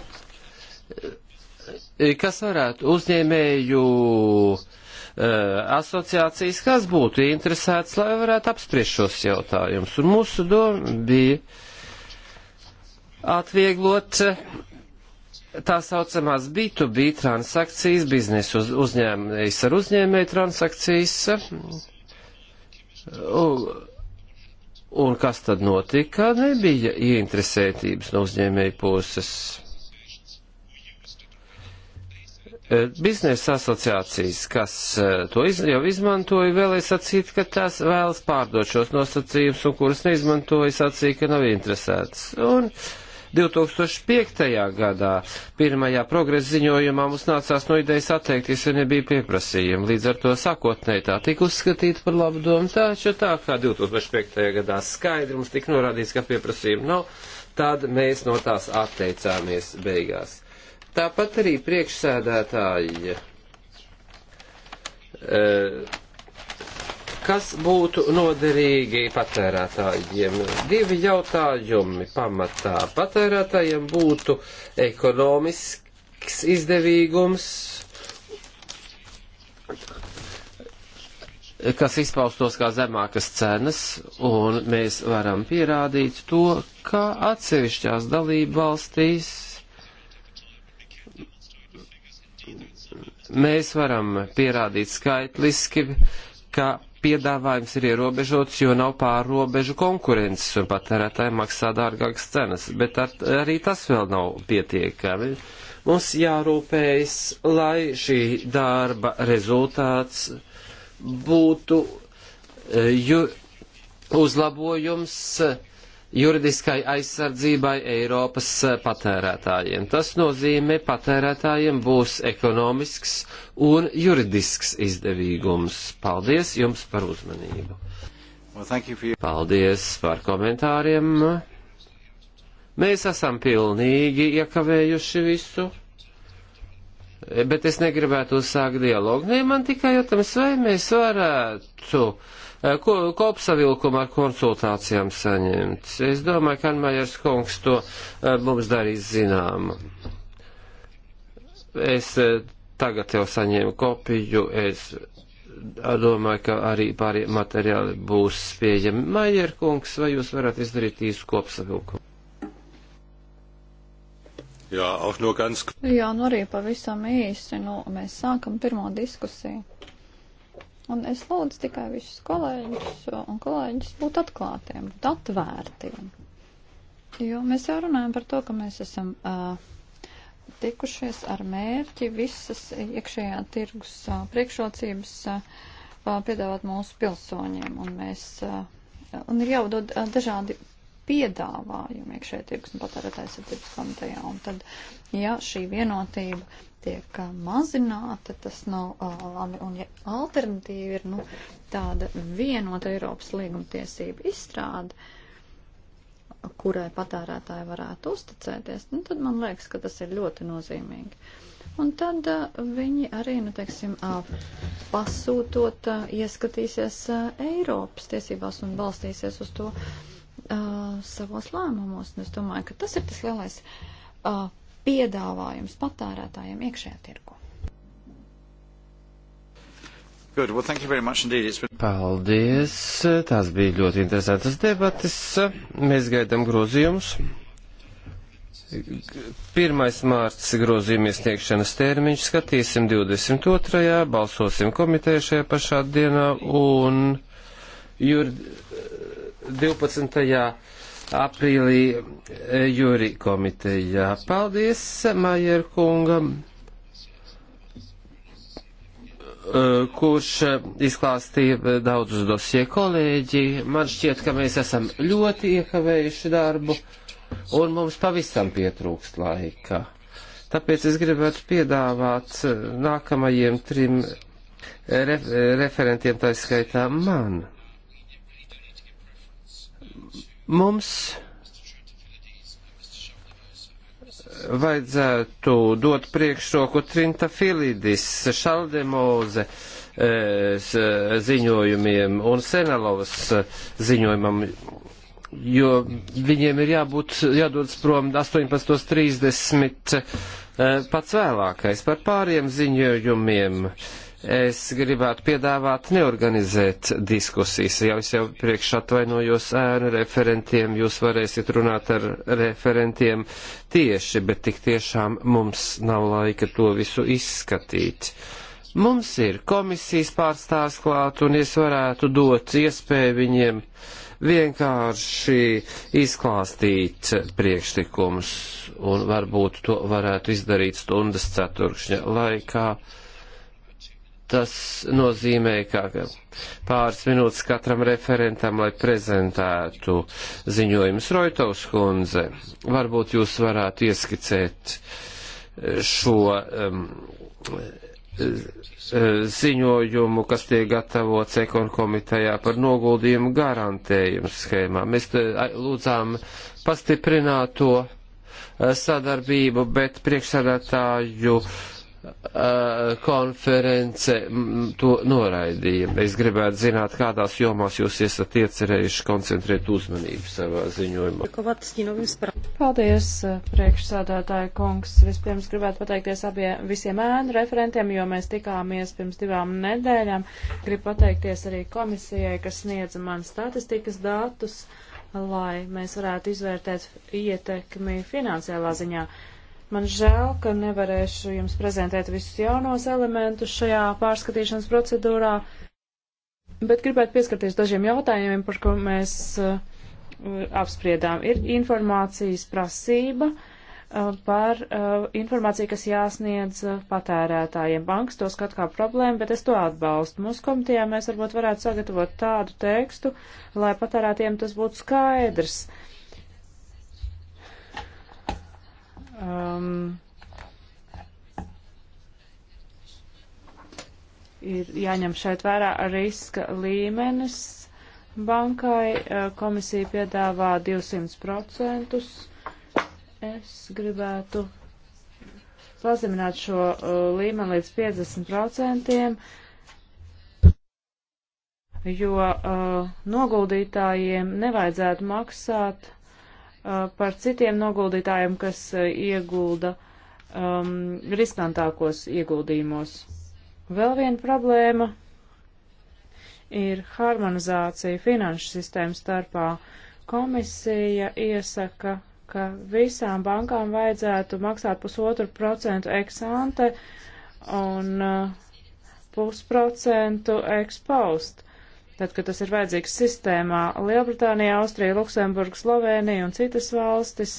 eh, kas varētu uzņēmēju eh, asociācijas, kas būtu interesēts, lai varētu apspriest šos jautājumus. Un mūsu doma bija atvieglot eh, tā saucamās B2B transakcijas, biznesa uz, uzņēmējs ar uzņēmēju transakcijas. U, Un kas tad notika? Nebija ieinteresētības no uzņēmēju puses. E, biznesa asociācijas, kas e, to iz, jau izmantoja, vēlēja sacīt, ka tās vēlas pārdot šos nosacījumus, un kuras neizmantoja, sacīja, ka nav interesētas. Un, uh, 2005. gadā pirmajā progresa ziņojumā mums nācās no idejas atteikties, ja nebija pieprasījumi. Līdz ar to sakotnēji tā tika uzskatīta par labu domu, taču tā kā 2005. gadā skaidri mums tika norādīts, ka pieprasījumi nav, tad mēs no tās atteicāmies beigās. Tāpat arī priekšsēdētāji. Uh, kas būtu noderīgi patērētājiem. Divi jautājumi pamatā. Patērētājiem būtu ekonomisks izdevīgums, kas izpaustos kā zemākas cenas, un mēs varam pierādīt to, ka atsevišķās dalību valstīs mēs varam pierādīt skaitliski, ka piedāvājums ir ierobežots, jo nav pārrobežu konkurences un patērētāji maksā dārgākas cenas, bet ar, arī tas vēl nav pietiekami. Mums jārūpējas, lai šī darba rezultāts būtu eh, ju, uzlabojums uh, juridiskai aizsardzībai Eiropas eh, patērētājiem. Tas nozīmē, patērētājiem būs ekonomisks un juridisks izdevīgums. Paldies jums par uzmanību. Well, you your... Paldies par komentāriem. Mēs esam pilnīgi iekavējuši visu. Eh, bet es negribētu uzsākt dialogu. Nē, man tikai jautājums, vai mēs varētu Eh, ko, kopsavilkuma ar konsultācijām saņemts. Es domāju, ka Anmajers kungs to eh, mums darīs zinām. Es eh, tagad jau saņēmu kopiju, es domāju, ka arī pārējie materiāli būs pieejami. Majer kungs, vai jūs varat izdarīt īsu kopsavilkumu? Jā, auch nur ganz. Jā, nu arī pavisam īsi, nu, mēs sākam pirmo diskusiju. Un es lūdzu tikai visus kolēģus un kolēģus būt atklātiem, būt atvērtiem. Jo mēs jau runājam par to, ka mēs esam uh, tikušies ar mērķi visas iekšējā tirgus uh, priekšrocības uh, piedāvāt mūsu pilsoņiem. Un, mēs, uh, un ir jāvadod uh, dažādi piedāvājumi iekšējā tirgus un patērētājas attiecības komitejā. Un tad, ja šī vienotība tiek mazināta, tas nav labi. Un ja alternatīva ir nu, tāda vienota Eiropas līgumtiesība izstrāde, kurai patērētāji varētu uzticēties, nu, tad man liekas, ka tas ir ļoti nozīmīgi. Un tad viņi arī, nu, teiksim, pasūtot, ieskatīsies Eiropas tiesībās un balstīsies uz to savos lēmumos. Un es domāju, ka tas ir tas lielais piedāvājums patērētājiem iekšējā tirgu. Good. Well, thank you very much indeed. It's been... Paldies. Tās bija ļoti interesantas debatas. Mēs gaidām grozījumus. Pirmais mārts grozījuma iesniegšanas termiņš skatīsim 22. balsosim komiteja šajā pašā dienā un jur 12 aprīlī e, jūri komitejā. Paldies Majer kungam, e, kurš izklāstīja daudzus dosie kolēģi. Man šķiet, ka mēs esam ļoti iekavējuši darbu un mums pavisam pietrūkst laika. Tāpēc es gribētu piedāvāt nākamajiem trim referentiem, tā skaitā man Mums vajadzētu dot priekšroku Trinta Filidis, Šaldemoze eh, eh, ziņojumiem un Senelovas eh, ziņojumam, jo viņiem ir jābūt, jādodas prom 18.30 pats vēlākais par pāriem ziņojumiem. Uh, Es gribētu piedāvāt neorganizēt diskusijas. Jau es jau priekš atvainojos ēnu referentiem, jūs varēsiet runāt ar referentiem tieši, bet tik tiešām mums nav laika to visu izskatīt. Mums ir komisijas pārstāvs klāt, un es varētu dot iespēju viņiem vienkārši izklāstīt priekšlikumus, un varbūt to varētu izdarīt stundas ceturkšņa laikā. Tas nozīmē, ka pāris minūtes katram referentam, lai prezentētu ziņojumus Roitovs kundze. Varbūt jūs varētu ieskicēt šo um, ziņojumu, kas tiek gatavots ekon komitejā par noguldījumu garantējumu schēmām. Mēs lūdzām pastiprināt to sadarbību, bet priekšsēdētāju uh, Eh, konference mm, to noraidīja. Es gribētu zināt, kādās jomās jūs esat iecerējuši koncentrēt uzmanību savā ziņojumā. Paldies, eh, priekšsādātāja kungs. Vispirms gribētu pateikties abiem visiem ēnu referentiem, jo mēs tikāmies pirms divām nedēļām. Gribu pateikties arī komisijai, kas sniedza man statistikas datus, lai mēs varētu izvērtēt ietekmi finansiālā ziņā. Uh, Man žēl, ka nevarēšu jums prezentēt visus jaunos elementus šajā pārskatīšanas procedūrā, bet gribētu pieskarties dažiem jautājumiem, par ko mēs uh, apspriedām. Ir informācijas prasība uh, par uh, informāciju, kas jāsniedz uh, patērētājiem. Banks to skat kā problēmu, bet es to atbalstu. Mūsu komitejā mēs varbūt varētu sagatavot tādu tekstu, lai patērētiem tas būtu skaidrs. Uh, um, ir jāņem šeit vērā riska līmenis. Bankai uh, komisija piedāvā 200%. Es gribētu pazemināt šo uh, līmeni līdz 50%, jo uh, noguldītājiem nevajadzētu maksāt Uh, par citiem noguldītājiem, kas uh, iegulda um, riskantākos ieguldījumos. Vēl viena problēma ir harmonizācija finanšu sistēmu starpā. Komisija iesaka, ka visām bankām vajadzētu maksāt pusotru procentu eksante un uh, pusprocentu ekspost tad, kad tas ir vajadzīgs sistēmā. Lielbritānija, Austrija, Luksemburga, Slovēnija un citas valstis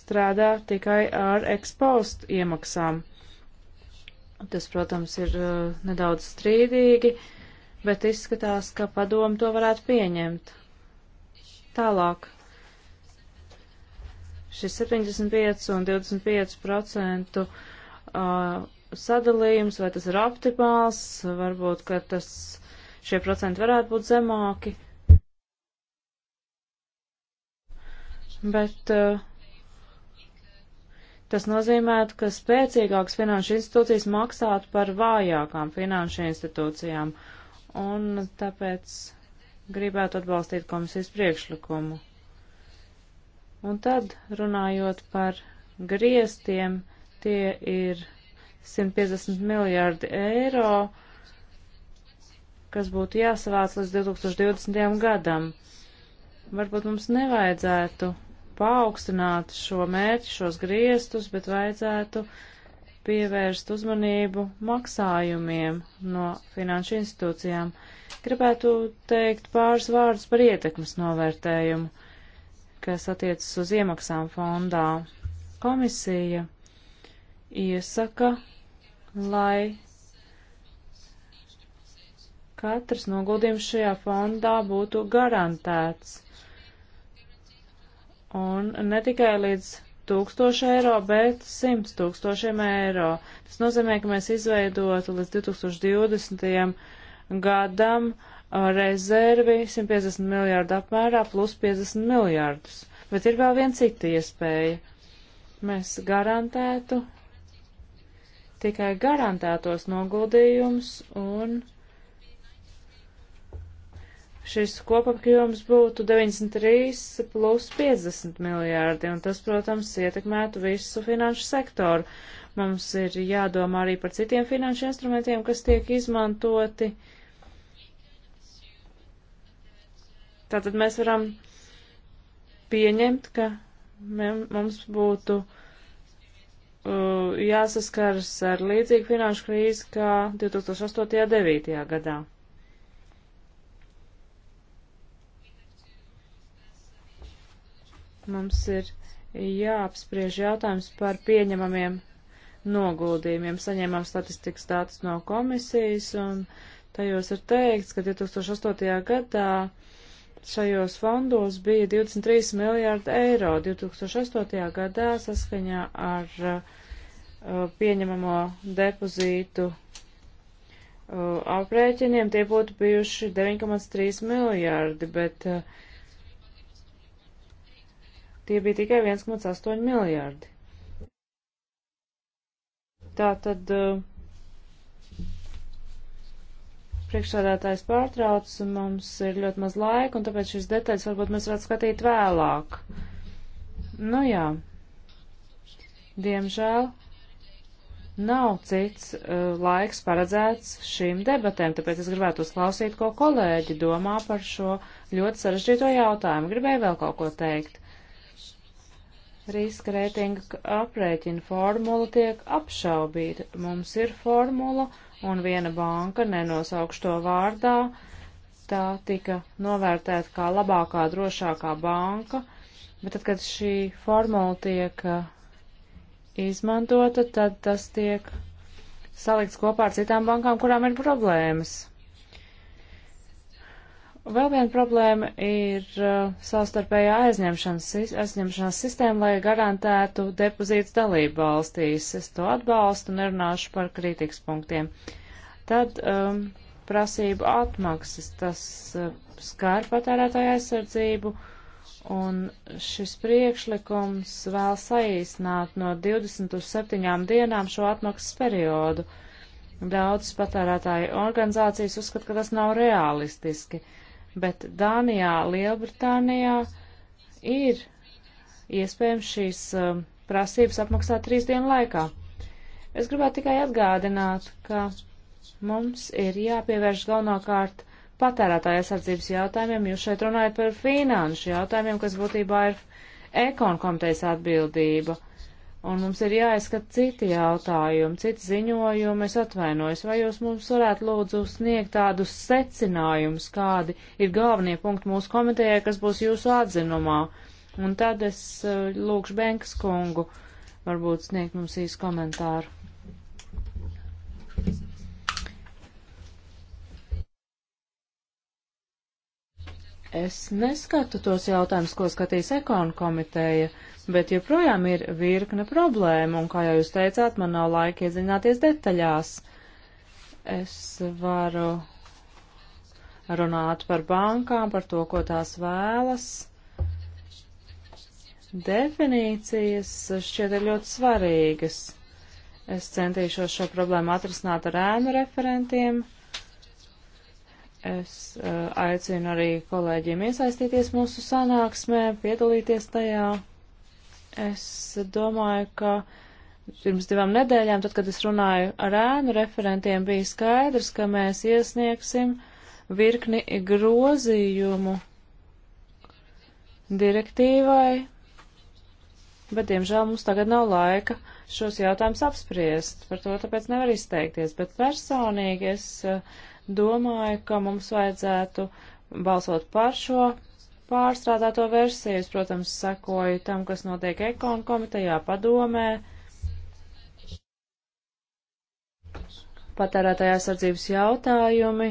strādā tikai ar ekspostu iemaksām. Tas, protams, ir uh, nedaudz strīdīgi, bet izskatās, ka padomu to varētu pieņemt. Tālāk. Šis 75 un 25 procentu uh, sadalījums, vai tas ir optimāls, varbūt, ka tas šie procenti varētu būt zemāki. Bet uh, tas nozīmētu, ka spēcīgākas finanšu institūcijas maksātu par vājākām finanšu institūcijām. Un tāpēc gribētu atbalstīt komisijas priekšlikumu. Un tad, runājot par griestiem, tie ir 150 miljārdi eiro kas būtu jāsavāc līdz 2020. gadam. Varbūt mums nevajadzētu paaugstināt šo mērķi, šos griestus, bet vajadzētu pievērst uzmanību maksājumiem no finanšu institūcijām. Gribētu teikt pāris vārdus par ietekmes novērtējumu, kas attiecas uz iemaksām fondā. Komisija iesaka, lai katrs noguldījums šajā fondā būtu garantēts. Un ne tikai līdz 1000 eiro, bet 100 tūkstošiem eiro. Tas nozīmē, ka mēs izveidotu līdz 2020. gadam uh, rezervi 150 miljārdu apmērā plus 50 miljārdus. Bet ir vēl viena cita iespēja. Mēs garantētu tikai garantētos noguldījums un šis kopapjoms būtu 93 plus 50 miljārdi, un tas, protams, ietekmētu visu finanšu sektoru. Mums ir jādomā arī par citiem finanšu instrumentiem, kas tiek izmantoti. Tātad mēs varam pieņemt, ka mums būtu uh, jāsaskaras ar līdzīgu finanšu krīzi kā 2008. un 2009. gadā. Mums ir jāapspriež jautājums par pieņemamiem noguldījumiem. Saņēmām statistikas datus no komisijas, un tajos ir teikts, ka 2008. gadā šajos fondos bija 23 miljārdi eiro. 2008. gadā saskaņā ar uh, pieņemamo depozītu uh, aprēķiniem tie būtu bijuši 9,3 miljārdi, bet uh, Tie bija tikai 1,8 miljārdi. Tā tad eh, priekšsādātājs pārtrauc, mums ir ļoti maz laika, un tāpēc šīs detaļas varbūt mēs varētu skatīt vēlāk. Nu jā, diemžēl nav cits uh, laiks paredzēts šīm debatēm, tāpēc es gribētu uzklausīt, ko kolēģi domā par šo ļoti sarežģīto jautājumu. Gribēju vēl kaut ko teikt riska reitinga aprēķina formula tiek apšaubīta. Mums ir formula, un viena banka, nenosaukšu to vārdā, tā tika novērtēta kā labākā, drošākā banka, bet tad, kad šī formula tiek eh, izmantota, tad tas tiek salikts kopā ar citām bankām, kurām ir problēmas. Vēl viena problēma ir uh, savstarpējā aizņemšanas, aizņemšanās sistēma, lai garantētu depozītus dalību valstīs. Es to atbalstu un nerunāšu par kritikas punktiem. Tad um, prasību atmaksas, tas uh, skar patērētāju aizsardzību, un šis priekšlikums vēl saīsnāt no 20 uz 7 dienām šo atmaksas periodu. Daudzas patērētāju organizācijas uzskata, ka tas nav realistiski. Uh, bet Dānijā, Lielbritānijā ir iespējams šīs uh, prasības apmaksāt trīs dienu laikā. Es gribētu tikai atgādināt, ka mums ir jāpievērš galvenokārt patērētāja aizsardzības jautājumiem. Jūs šeit runājat par finanšu jautājumiem, kas būtībā ir ekonu komitejas atbildība. Uh, un mums ir jāizskat citi jautājumi, citi ziņojumi, es atvainojos, vai jūs mums varētu lūdzu sniegt tādus secinājumus, kādi ir galvenie punkti mūsu komitejai, kas būs jūsu atzinumā, un tad es eh, lūkšu Benkas kungu varbūt sniegt mums īsu komentāru. Es neskatu tos jautājumus, ko skatīs ekonu komiteja. Uh, bet joprojām ir virkne problēma, un kā jau jūs teicāt, man nav laika iedziļināties detaļās. Es varu runāt par bankām, par to, ko tās vēlas. Definīcijas šķiet ir ļoti svarīgas. Es centīšos šo problēmu atrisināt ar ēnu referentiem. Es uh, aicinu arī kolēģiem iesaistīties mūsu sanāksmē, piedalīties tajā. Es domāju, ka pirms divām nedēļām, tad, kad es runāju ar ēnu referentiem, bija skaidrs, ka mēs iesniegsim virkni grozījumu direktīvai, bet, diemžēl, mums tagad nav laika šos jautājumus apspriest, par to tāpēc nevar izteikties, bet personīgi es eh, domāju, ka mums vajadzētu balsot par šo pārstrādāto versiju. Es, protams, sekoju tam, kas notiek ekonu komitejā padomē. Patērētāja aizsardzības jautājumi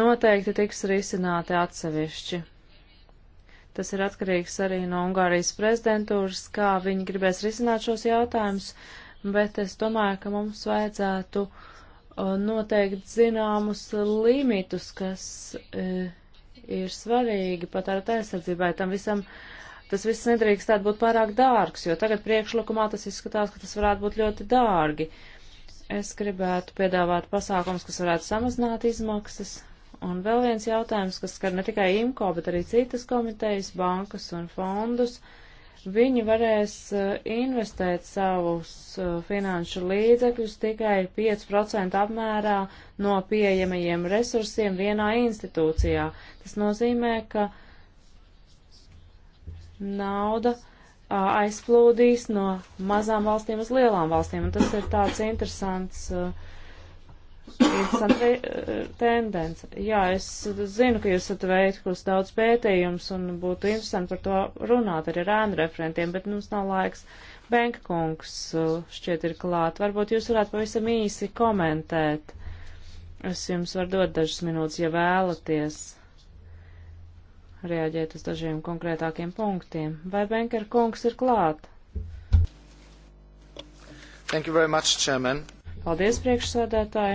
noteikti tiks risināti atsevišķi. Tas ir atkarīgs arī no Ungārijas prezidentūras, kā viņi gribēs risināt šos jautājumus, bet es domāju, ka mums vajadzētu uh, noteikt zināmus limitus, kas. E, ir svarīgi patērēt aizsardzībai. Tam visam tas viss nedrīkst būt pārāk dārgs, jo tagad priekšlikumā tas izskatās, ka tas varētu būt ļoti dārgi. Es gribētu piedāvāt pasākums, kas varētu samazināt izmaksas. Un vēl viens jautājums, kas skar ne tikai IMCO, bet arī citas komitejas, bankas un fondus. Uh, Viņi varēs eh, investēt savus eh, finanšu līdzekļus tikai 5% apmērā no pieejamajiem resursiem vienā institūcijā. Tas nozīmē, ka nauda eh, aizplūdīs no mazām valstīm uz lielām valstīm, un tas ir tāds interesants uh, interesanta eh, tendence. Jā, es zinu, ka jūs esat veikusi daudz pētījums un būtu interesanti par to runāt arī ar ēnu referentiem, bet mums nav laiks. Benka kungs eh, šķiet ir klāt. Varbūt jūs varētu pavisam īsi komentēt. Es jums varu dot dažas minūtes, ja vēlaties reaģēt uz dažiem konkrētākiem punktiem. Vai Benker kungs ir klāt? Thank you very much, Chairman. Paldies, priekšsēdētāji.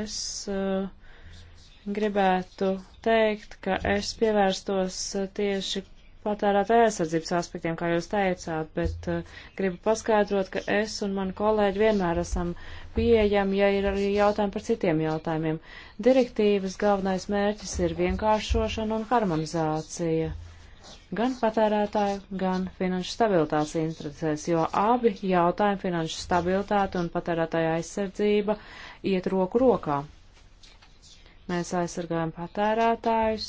Es uh, gribētu teikt, ka es pievērstos eh, tieši patērētāja aizsardzības aspektiem, kā jūs teicāt, bet uh, gribu paskaidrot, ka es un mani kolēģi vienmēr esam pieejami, ja ir arī jautājumi par citiem jautājumiem. Direktīvas galvenais mērķis ir vienkāršošana un harmonizācija. Uh, gan patērētāju, gan finanšu stabilitātes interesēs, jo abi jautājumi finanšu stabilitāte un patērētāja aizsardzība iet roku rokā. Mēs aizsargājam patērētājus,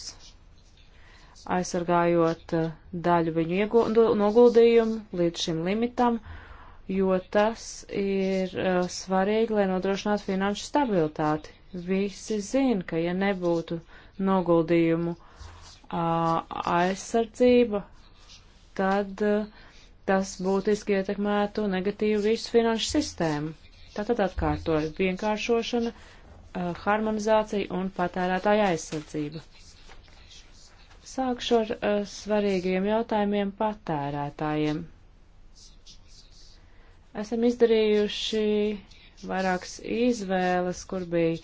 aizsargājot eh, daļu viņu noguldījumu līdz šim limitam, jo tas ir eh, svarīgi, lai nodrošinātu finanšu stabilitāti. Visi zina, ka ja nebūtu noguldījumu, uh, aizsardzība, tad tas būtiski ietekmētu negatīvi visu finanšu sistēmu. Tātad atkārtoju vienkāršošana, harmonizācija un patērētāja aizsardzība. Sākšu ar uh, svarīgiem jautājumiem patērētājiem. Esam izdarījuši vairākas izvēles, kur bija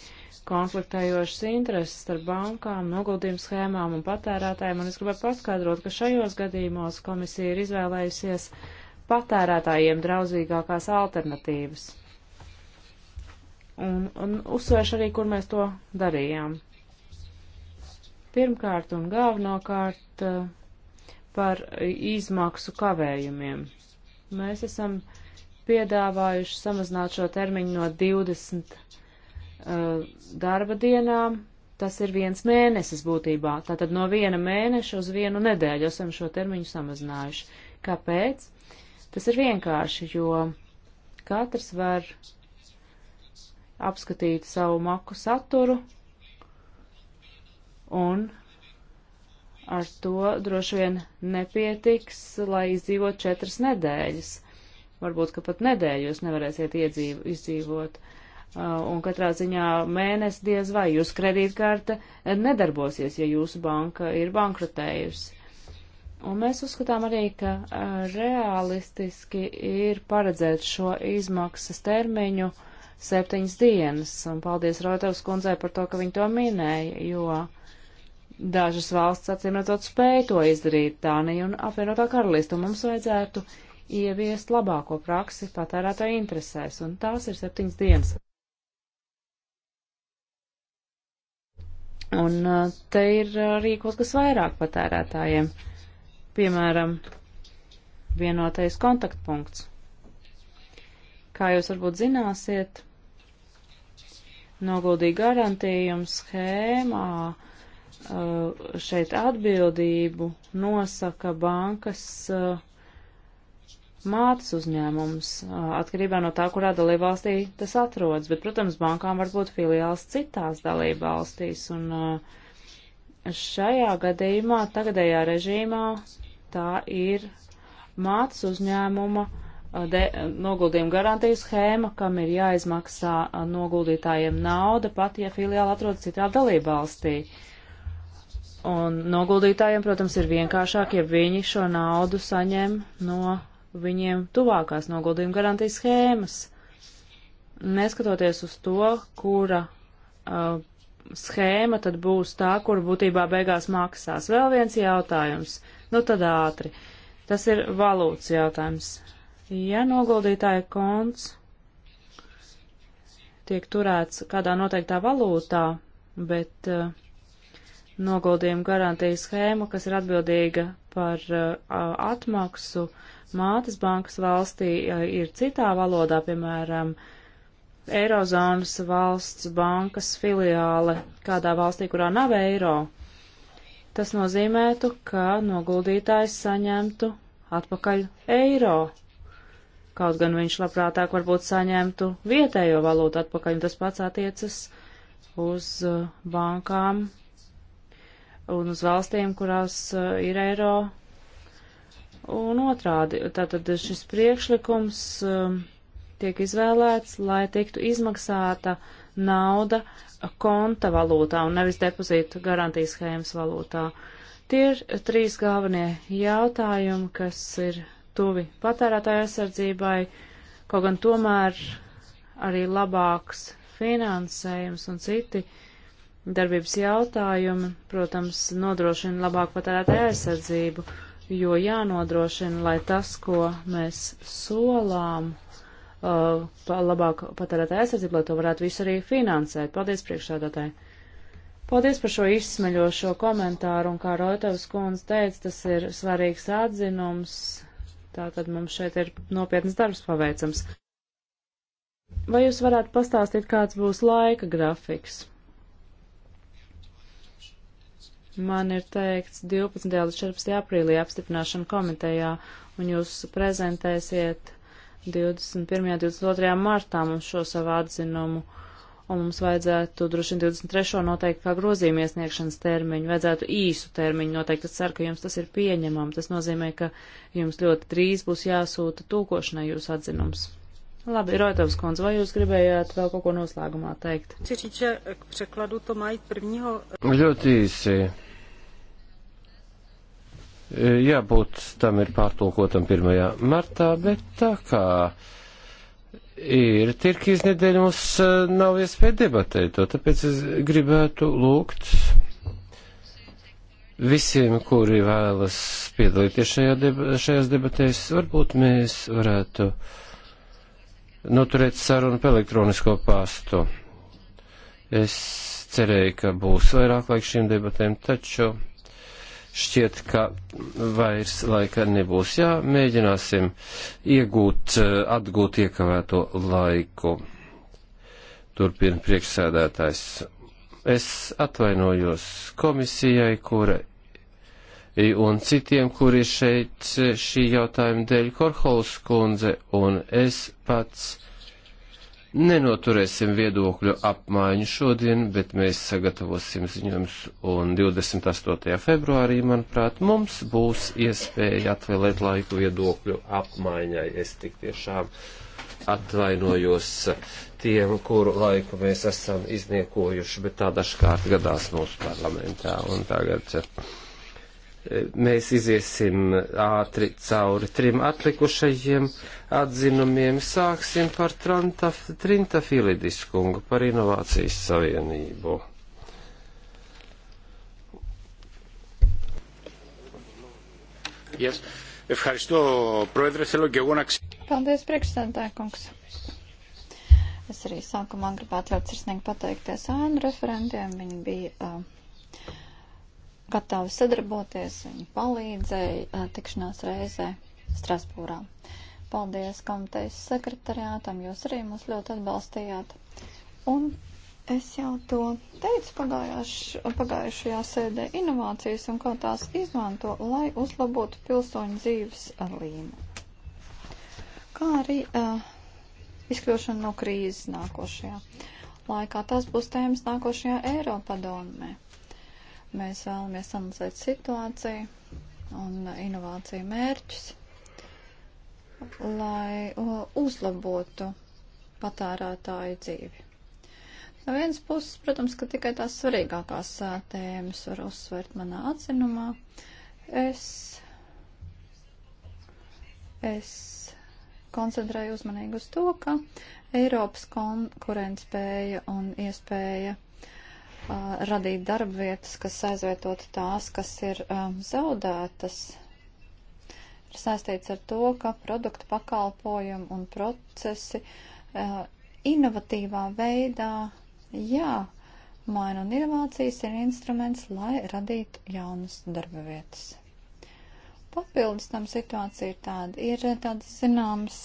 konfliktējošas intereses starp bankām, noguldījuma schēmām un patērētājiem, un es gribētu paskaidrot, ka šajos gadījumos komisija ir izvēlējusies patērētājiem draudzīgākās alternatīvas. Un, un uzsvērš arī, kur mēs to darījām. Pirmkārt un galvenokārt eh, par izmaksu kavējumiem. Mēs esam piedāvājuši samazināt šo termiņu no 20 Uh, darba dienām, tas ir viens mēnesis būtībā. Tātad no viena mēneša uz vienu nedēļu esam šo termiņu samazinājuši. Kāpēc? Tas ir vienkārši, jo katrs var apskatīt savu maku saturu un ar to droši vien nepietiks, lai izdzīvot četras nedēļas. Varbūt, ka pat nedēļu jūs nevarēsiet iedzīvo, izdzīvot. Uh, Uh, un katrā ziņā mēnesis diez vai jūsu kredītkarte nedarbosies, ja jūsu banka ir bankrotējusi. Un mēs uzskatām arī, ka uh, realistiski ir paredzēt šo izmaksas termiņu septiņas dienas, un paldies Rotovas kundzei par to, ka viņa to minēja, jo dažas valsts acīmredzot spēja to izdarīt, Dānija un apvienotā karalista, un mums vajadzētu ieviest labāko praksi patērētāju interesēs, un tās ir septiņas dienas. Un uh, te ir uh, arī kaut kas vairāk patērētājiem. Piemēram, vienotais kontaktpunkts. Kā jūs varbūt zināsiet, noguldīja garantījumu schēmā uh, šeit atbildību nosaka bankas uh, mātes uzņēmums, atkarībā no tā, kurā dalībvalstī tas atrodas. Bet, protams, bankām var būt filiāls citās dalībvalstīs, un šajā gadījumā, tagadējā režīmā, tā ir mātes uzņēmuma de, noguldījuma garantijas schēma, kam ir jāizmaksā noguldītājiem nauda, pat ja filiāli atrodas citā dalībvalstī. Un noguldītājiem, protams, ir vienkāršāk, ja viņi šo naudu saņem no viņiem tuvākās noguldījuma garantijas schēmas. Neskatoties uz to, kura uh, schēma tad būs tā, kur būtībā beigās maksās. Vēl viens jautājums. Nu tad ātri. Tas ir valūtas jautājums. Ja noguldītāja konts tiek turēts kādā noteiktā valūtā, bet uh, noguldījumu garantiju schēmu, kas ir atbildīga par uh, atmaksu mātes bankas valstī, uh, ir citā valodā, piemēram, Eirozonas valsts bankas filiāle kādā valstī, kurā nav eiro. Tas nozīmētu, ka noguldītājs saņemtu atpakaļ eiro. Kaut gan viņš labprātāk varbūt saņemtu vietējo valūtu atpakaļ, un tas pats attiecas uz uh, bankām un uz valstīm, kurās eh, ir eiro un otrādi. Tātad šis priekšlikums eh, tiek izvēlēts, lai tiktu izmaksāta nauda konta valūtā un nevis depozītu garantijas schēmas valūtā. Tie ir trīs galvenie jautājumi, kas ir tuvi patērētāju aizsardzībai, kaut gan tomēr arī labāks finansējums un citi uh, darbības jautājumi, protams, nodrošina labāku patērētāju aizsardzību, jo jānodrošina, lai tas, ko mēs solām, uh, labāk patērētāju aizsardzību, lai to varētu visu arī finansēt. Paldies priekšādātāji! Paldies par šo izsmeļošo komentāru, un kā Roitavs kundze teica, tas ir svarīgs atzinums, tātad mums šeit ir nopietnas darbs paveicams. Vai jūs varētu pastāstīt, kāds būs laika grafiks? Man ir teikts 12. līdz 14. aprīlī apstiprināšana komitejā, un jūs prezentēsiet 21. un 22. martā mums šo savu atzinumu, un mums vajadzētu droši vien 23. noteikti kā grozījuma iesniegšanas termiņu, vajadzētu īsu termiņu noteikti. Es ceru, ka jums tas ir pieņemam. Tas nozīmē, ka jums ļoti drīz būs jāsūta tūkošanai jūs atzinums. Labi, Rotovs kundze, vai jūs gribējāt vēl kaut ko noslēgumā teikt? Ļoti īsi jābūt tam ir pārtulkotam 1. martā, bet tā kā ir Tirkijas nedēļa, mums eh, nav iespēja debatēt to, tāpēc es gribētu lūgt visiem, kuri vēlas piedalīties šajā deba šajās debatēs, varbūt mēs varētu noturēt sarunu pa elektronisko pastu. Es cerēju, ka būs vairāk laika šīm debatēm, taču šķiet, ka vairs laika nebūs. Jā, mēģināsim iegūt, eh, atgūt iekavēto laiku. Turpina priekšsēdētājs. Es atvainojos komisijai, kura un citiem, kuri šeit eh, šī jautājuma dēļ Korholas kundze un es pats nenoturēsim viedokļu apmaiņu šodien, bet mēs sagatavosim ziņojums un 28. februārī, manuprāt, mums būs iespēja atvēlēt laiku viedokļu apmaiņai. Es tik tiešām atvainojos tiem, kuru laiku mēs esam izniekojuši, bet tā dažkārt gadās mūsu parlamentā. Un tagad. Ja mēs iziesim ātri cauri trim atlikušajiem atzinumiem. Sāksim par Trantaf, Trinta Filidiskungu, par Inovācijas Savienību. Yes. Paldies, priekšsēdētāj, kungs. Es arī sākumā gribētu ļoti sirsnīgi pateikties ēnu referentiem. Viņi bija uh, gatavi sadarboties, viņi palīdzēja tikšanās reizē Strasbūrā. Paldies komitejas sekretariātam, jūs arī mūs ļoti atbalstījāt. Un es jau to teicu pagājuš, pagājušajā sēdē inovācijas un kā tās izmanto, lai uzlabotu pilsoņu dzīves līmeni. Kā arī uh, izkļūšana no krīzes nākošajā laikā. Tas būs tēmas nākošajā Eiropadomē. Mēs vēlamies analizēt situāciju un inovāciju mērķus, lai uzlabotu patērētāju dzīvi. No vienas puses, protams, ka tikai tās svarīgākās tēmas var uzsvērt manā atzinumā. Es, es koncentrēju uzmanīgi uz to, ka Eiropas konkurentspēja un iespēja radīt darba vietas, kas aizvietot tās, kas ir um, zaudētas, ir saistīts ar to, ka produktu pakalpojumi un procesi uh, inovatīvā veidā jāmaina, un inovācijas ir instruments, lai radītu jaunas darba vietas. Papildus tam situācija ir tāda, ir tādas zināmas,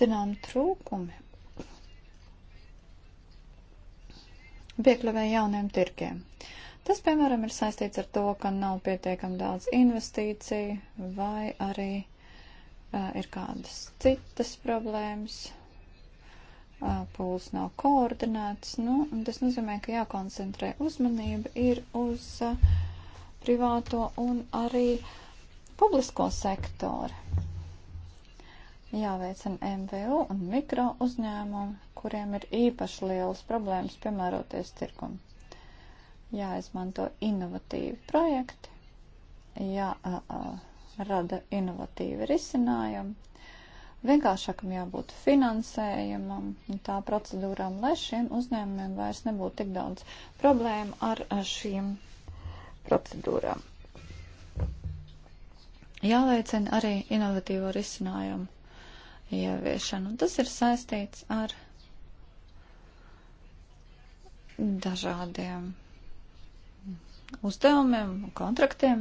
zinām trūkumi piekļuvē jauniem tirkiem. Tas, piemēram, ir saistīts ar to, ka nav pietiekami daudz investīciju vai arī uh, ir kādas citas problēmas, uh, pūles nav koordinētas. Nu, tas nozīmē, ka jākoncentrē uzmanība ir uz uh, privāto un arī publisko sektoru. Jāveicina MVU un mikro uzņēmumi, kuriem ir īpaši lielas problēmas piemēroties tirkumu. Jāizmanto inovatīvi projekti, jārada inovatīvi risinājumi, vienkāršākam jābūt finansējumam un tā procedūrām, lai šiem uzņēmumiem vairs nebūtu tik daudz problēmu ar šīm procedūrām. Jāveicina arī inovatīvo risinājumu ieviešanu. Tas ir saistīts ar dažādiem uzdevumiem un kontraktiem.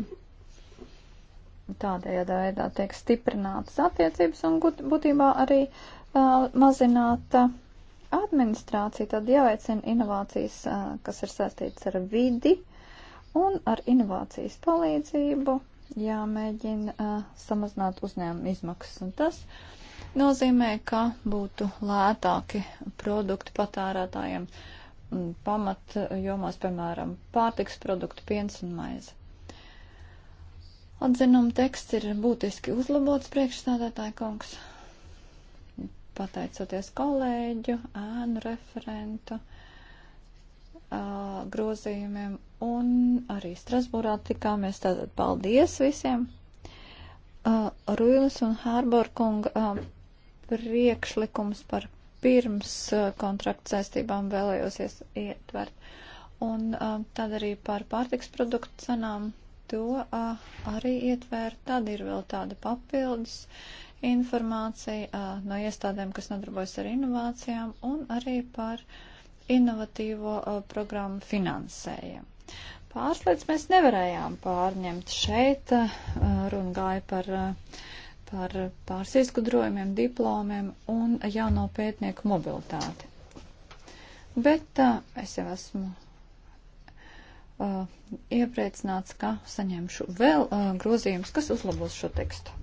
Tādējādā veidā tiek stiprinātas attiecības un būtībā arī uh, mazināta administrācija. Tad jāveicina inovācijas, uh, kas ir saistītas ar vidi un ar inovācijas palīdzību jāmēģina uh, samazināt uzņēmumu izmaksas. Un tas nozīmē, ka būtu lētāki produkti patērētājiem. Uh, pamat jomās, piemēram, pārtiks produktu, piens un maize. Atzinuma teksts ir būtiski uzlabots priekšstādātāja kungs, pateicoties kolēģu, ēnu referentu grozījumiem un arī Strasbūrā tikāmies. Tātad paldies visiem! Rūlis un Hārbor kunga priekšlikums par pirms uh, kontrakta saistībām vēlējos ietvert. Un uh, tad arī par pārtiks produktu cenām to uh, arī ietvērt. Tad ir vēl tāda papildus informācija no iestādēm, kas nodarbojas ar inovācijām un arī par inovatīvo programmu finansējumu. Pārslēdz mēs nevarējām pārņemt šeit, runa gāja par uh, par pāris izgudrojumiem, diplomiem un jauno pētnieku mobilitāti. Bet uh, es jau esmu uh, iepriecināts, ka saņemšu vēl uh, grozījumus, kas uzlabos šo tekstu.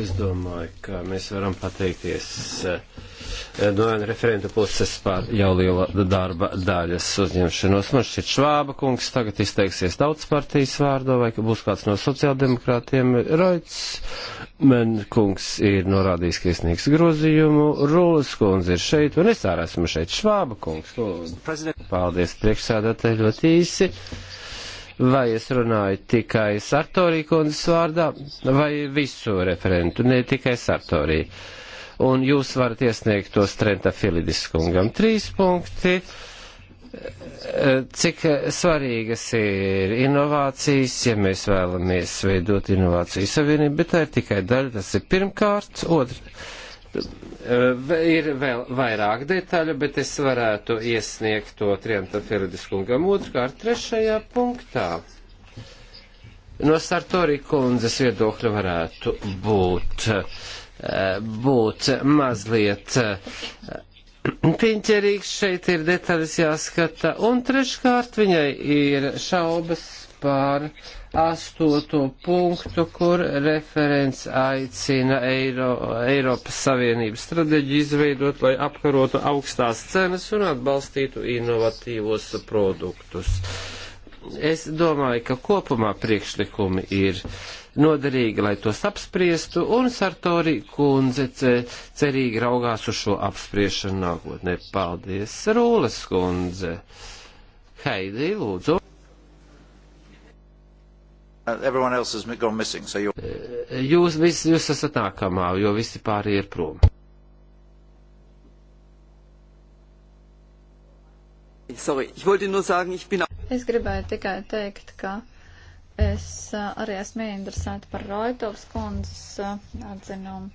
Es domāju, ka mēs varam pateikties uh, no referenta puses par jau liela darba daļas uzņemšanos. Man šķiet Švāba kungs tagad izteiksies tautas partijas vārdā, vai ka būs kāds no sociāldemokrātiem. Roits man kungs ir norādījis, ka iesniegs grozījumu. Rūlis kundze ir šeit, un es arī esmu šeit. Švāba kungs, lūdzu. Paldies priekšsēdētāji ļoti īsi vai es runāju tikai Sartorī kundzes vārdā, vai visu referentu, ne tikai Sartorī. Un jūs varat iesniegt tos Trenta Filidis kungam. Trīs punkti cik svarīgas ir inovācijas, ja mēs vēlamies veidot inovāciju savienību, bet tā ir tikai daļa, tas ir pirmkārt, otrs Ir vēl vairāk detaļu, bet es varētu iesniegt to Trienta Ferdiskungam otrkārt trešajā punktā. No Sartori kundzes viedokļa varētu būt, eh, būt mazliet eh, piņķerīgs, šeit ir detaļas jāskata, un treškārt viņai ir šaubas par astoto punktu, kur referents aicina Eiro, Eiropas Savienības strateģiju izveidot, lai apkarotu augstās cenas un atbalstītu inovatīvos produktus. Es domāju, ka kopumā priekšlikumi ir noderīgi, lai tos apspriestu, un Sartori kundze cerīgi raugās uz šo apspriešanu nākotnē. Paldies, Rūles kundze! Heidi, lūdzu! Uh, missing, so you... Eh, jūs visi jūs esat nākamā, jo visi pārējie ir prom. Sorry, ich wollte nur sagen, ich bin... Es gribēju tikai teikt, ka es eh, arī esmu ieinteresēta par Roitovs kundzes eh, atzinumu,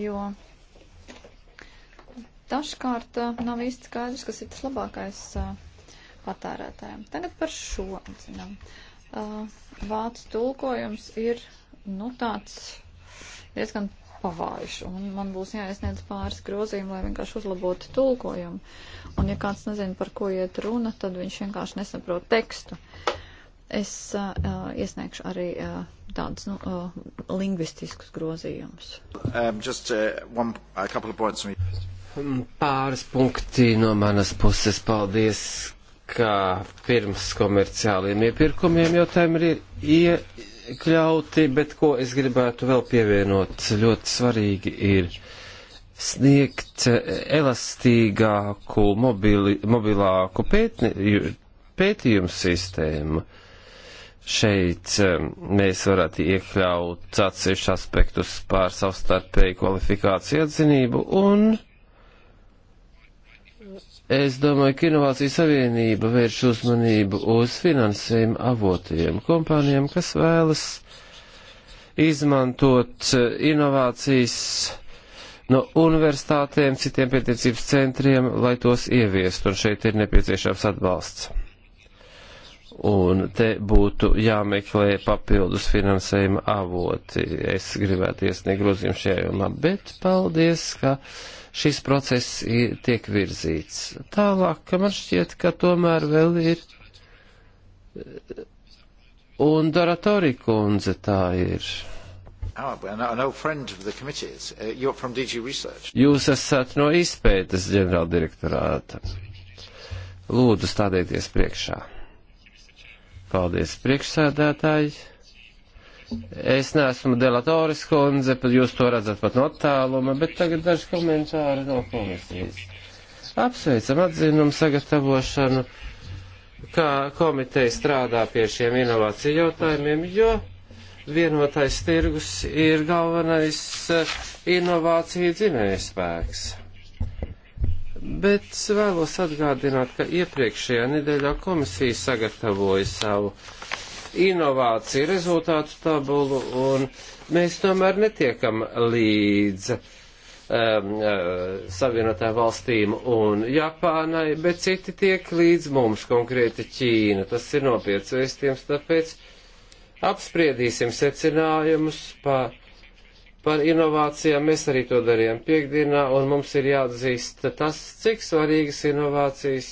jo dažkārt nav īsti skaidrs, kas ir tas labākais. Uh, patērētājiem. Tagad par šo atzinām. Vācu tulkojums ir, nu, tāds diezgan pavājuši, un man būs jāiesniedz pāris grozījumi, lai vienkārši uzlabotu tulkojumu. Un ja kāds nezina, par ko iet runa, tad viņš vienkārši nesaprot tekstu. Es uh, iesniegšu arī uh, tādus nu, uh, lingvistiskus grozījumus. Um, just, uh, one, Pāris punkti no manas puses. Paldies ka pirms komerciāliem iepirkumiem jau tam ir iekļauti, bet ko es gribētu vēl pievienot, ļoti svarīgi ir sniegt elastīgāku, mobili, mobilāku pētni, pētījumu sistēmu. Šeit um, mēs varētu iekļaut atsevišķu aspektus pār savstarpēju kvalifikāciju atzinību un Es domāju, ka Inovācija Savienība vērš uzmanību uz finansējumu avotiem kompānijām, kas vēlas izmantot eh, inovācijas no universitātēm, citiem pētniecības centriem, lai tos ieviest, un šeit ir nepieciešams atbalsts. Un te būtu jāmeklē papildus finansējuma avoti. Es gribētu iesniegt grozījumu šajā jomā, bet paldies, ka. Uh, šis process ir, tiek virzīts. Tālāk man šķiet, ka tomēr vēl ir. Un Doratori kundze tā ir. Ah, uh, Jūs esat no izpētes ģenerāldirektorāta. Lūdzu, stādieties priekšā. Paldies, priekšsēdētāji. Es neesmu Delatoris Kondze, jūs to redzat pat no attāluma, bet tagad daži komentāri no komisijas. Apsveicam atzinumu sagatavošanu, kā komiteja strādā pie šiem inovāciju jautājumiem, jo vienotais tirgus ir galvenais eh, inovāciju dzinējs spēks. Bet vēlos atgādināt, ka iepriekšējā nedēļā komisija sagatavoja savu uh, inovāciju rezultātu tabulu, un mēs tomēr netiekam līdz um, uh, Savienotā valstīm un Japānai, bet citi tiek līdz mums, konkrēti Ķīna. Tas ir nopietns vēstījums, tāpēc apspriedīsim secinājumus par par inovācijām. Mēs arī to darījām piekdienā, un mums ir jāatzīst tas, cik svarīgas inovācijas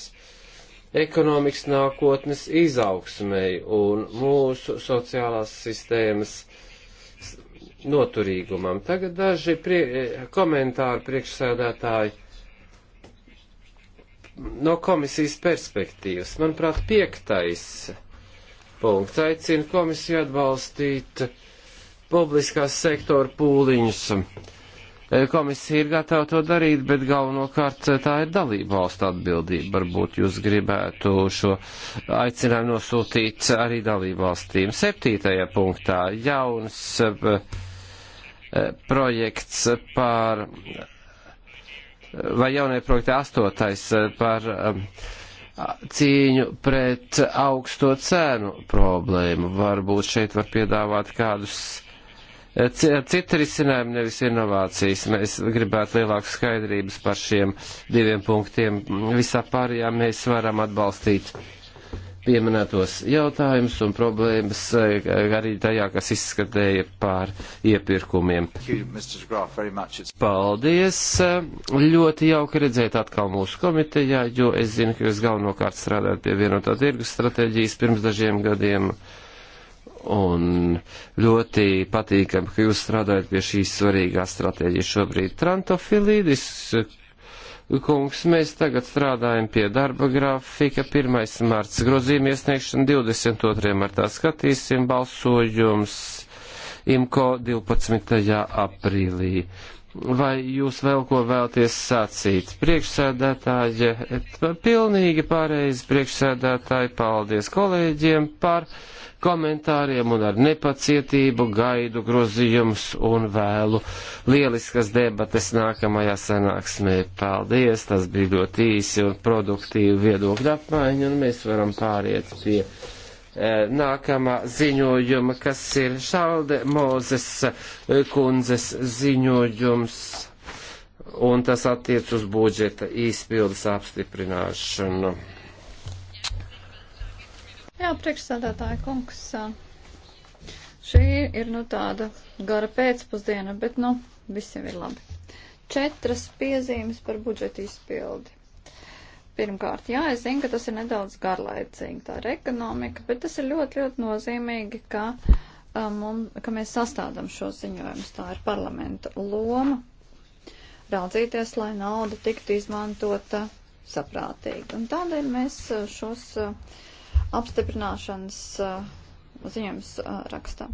ekonomikas nākotnes izaugsmēji un mūsu sociālās sistēmas noturīgumam. Tagad daži prie, komentāri priekšsēdētāji no komisijas perspektīvas. Manuprāt, piektais punkts aicina komisiju atbalstīt publiskās sektora pūliņus Eh, komisija ir gatava to darīt, bet galvenokārt eh, tā ir dalība valsts atbildība. Varbūt jūs gribētu šo aicinājumu nosūtīt arī dalību valstīm. Septītajā punktā jauns eh, projekts par, vai jaunie projekti astotais par cīņu pret augsto cēnu problēmu. Varbūt šeit var piedāvāt kādus Citi risinājumi nevis inovācijas. Mēs gribētu lielāku skaidrības par šiem diviem punktiem. Visā pārējā mēs varam atbalstīt pieminētos jautājumus un problēmas eh, arī tajā, kas izskatēja pār iepirkumiem. Paldies! Ļoti jauki redzēt atkal mūsu komitejā, jo es zinu, ka jūs galvenokārt strādājat pie vienotā tirgus stratēģijas pirms dažiem gadiem. Un ļoti patīkami, ka jūs strādājat pie šīs svarīgās stratēģijas šobrīd. Trantofilīdis, kungs, mēs tagad strādājam pie darba grafika. 1. marts grozījuma iesniegšana, 22. martā skatīsim balsojums IMCO 12. aprīlī. Vai jūs vēl ko vēlties sacīt? Priekšsēdētāji, pilnīgi pareizi priekšsēdētāji, paldies kolēģiem par komentāriem un ar nepacietību gaidu grozījumus un vēlu lieliskas debates nākamajā sanāksmē. Paldies, tas bija ļoti īsi un produktīvi viedokļu apmaiņa un mēs varam pāriet pie eh, nākamā ziņojuma, kas ir Šalde Mozes eh, kundzes ziņojums, un tas attiec uz budžeta izpildes apstiprināšanu. Jā, priekšsādātāja kungs. Šī ir nu tāda gara pēcpusdiena, bet nu visiem ir labi. Četras piezīmes par budžeta izpildi. Pirmkārt, jā, es zinu, ka tas ir nedaudz garlaicīgi, tā ir ekonomika, bet tas ir ļoti, ļoti nozīmīgi, ka, um, ka mēs sastādām šo ziņojumus. Tā ir parlamenta loma raudzīties, lai nauda tiktu izmantota saprātīgi. Un tādēļ mēs šos uh, apstiprināšanas uh, ziņojums uh, rakstā.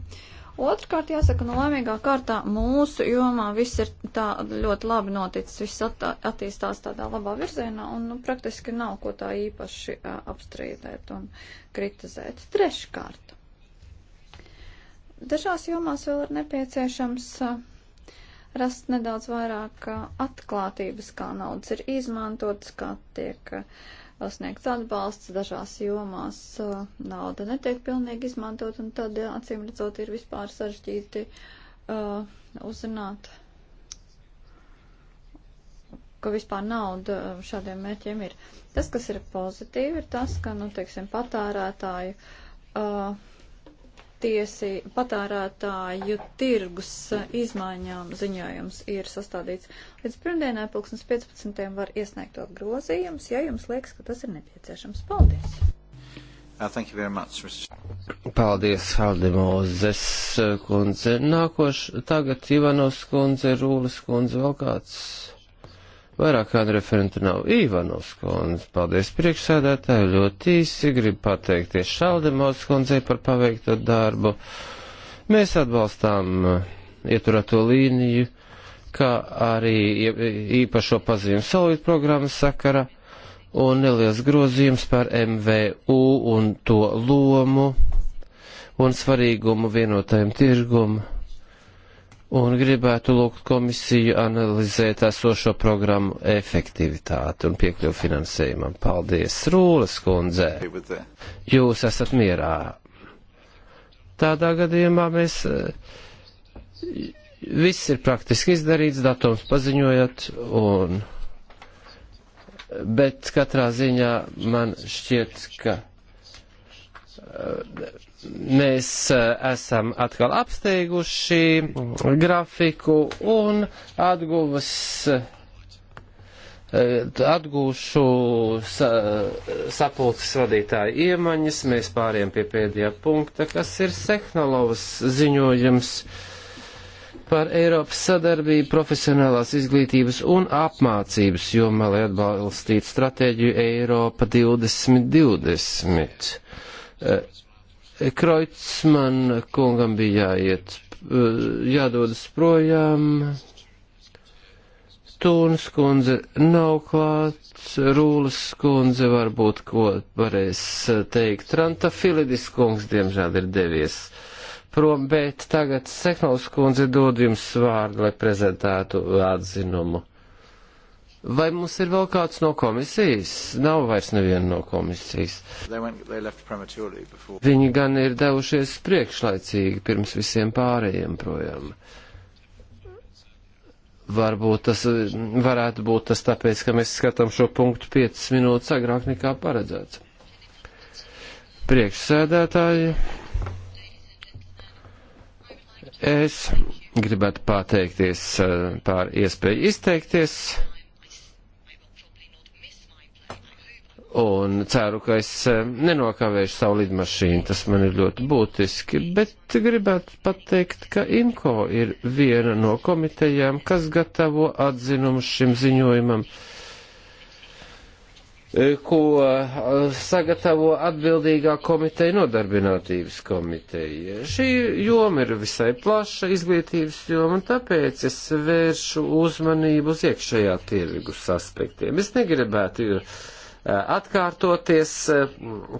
Otrkārt, jāsaka, nu, laimīgā kārtā mūsu jomā viss ir tā ļoti labi noticis, viss attā, attīstās tādā labā virzienā un, nu, praktiski nav ko tā īpaši uh, apstrīdēt un kritizēt. Treškārt, dažās jomās vēl ir nepieciešams uh, rast nedaudz vairāk uh, atklātības, kā naudas ir izmantotas, kā tiek. Uh, sniegts atbalsts, dažās jomās nauda netiek pilnīgi izmantot, un tad, acīm redzot, ir vispār sarežģīti uh, uzzināt, ka vispār nauda šādiem mērķiem ir. Tas, kas ir pozitīvi, ir tas, ka, nu, teiksim, patērētāju. Uh, tiesi patārētāju tirgus izmaiņām ziņojums ir sastādīts. Līdz pirmdienai pulksnes 15. var iesniegt vēl grozījumus, ja jums liekas, ka tas ir nepieciešams. Paldies! Uh, thank you very much, Mr. Paldies, Haldimozes kundze. Nākoš, tagad Ivanos kundze, Rūlis kundze, vēl kāds. Vairāk kāda referenta nav Īvanovs kundze. Paldies priekšsēdētāju, ļoti īsi gribu pateikties Šaldemos kundzei par paveikto darbu. Mēs atbalstām eh, ieturēto līniju, kā arī īpašo paziņu solīt programmas sakara un neliels grozījums par MVU un to lomu un svarīgumu vienotajam tirgumu un gribētu lūgt komisiju analizēt esošo programmu efektivitāti un piekļuvu finansējumam. Paldies, Rūles kundze! Jūs esat mierā. Tādā gadījumā mēs. Eh, viss ir praktiski izdarīts, datums paziņojot, un, bet katrā ziņā man šķiet, ka mēs eh, esam atkal apsteiguši grafiku un atguvis eh, atgūšu sa, sapulces vadītāju iemaņas, mēs pāriem pie pēdējā punkta, kas ir Sehnalovas ziņojums par Eiropas sadarbību profesionālās izglītības un apmācības jomā, lai atbalstītu stratēģiju Eiropa 2020. Eh, Kreutzmann kungam bija jāiet, eh, jādodas projām. Tūnas kundze nav klāts, Rūlas kundze varbūt ko varēs eh, teikt. Ranta Filidis kungs, diemžēl, ir devies prom, bet tagad Seknovs kundze dod jums vārdu, lai prezentētu atzinumu. Vai mums ir vēl kāds no komisijas? Nav vairs neviena no komisijas. They went, they Viņi gan ir devušies priekšlaicīgi pirms visiem pārējiem projām. Varbūt tas varētu būt tas tāpēc, ka mēs skatām šo punktu 5 minūtes agrāk nekā paredzēts. Priekšsēdētāji, es gribētu pateikties eh, par iespēju izteikties. un ceru, ka es eh, nenokavēšu savu lidmašīnu, tas man ir ļoti būtiski, bet gribētu pateikt, ka IMCO ir viena no komitejām, kas gatavo atzinumu šim ziņojumam, eh, ko eh, sagatavo atbildīgā komiteja nodarbinātības komiteja. Šī joma ir visai plaša izglītības joma, un tāpēc es vēršu uzmanību uz iekšējā tirgus aspektiem. Es negribētu, jo Eh, atkārtoties eh,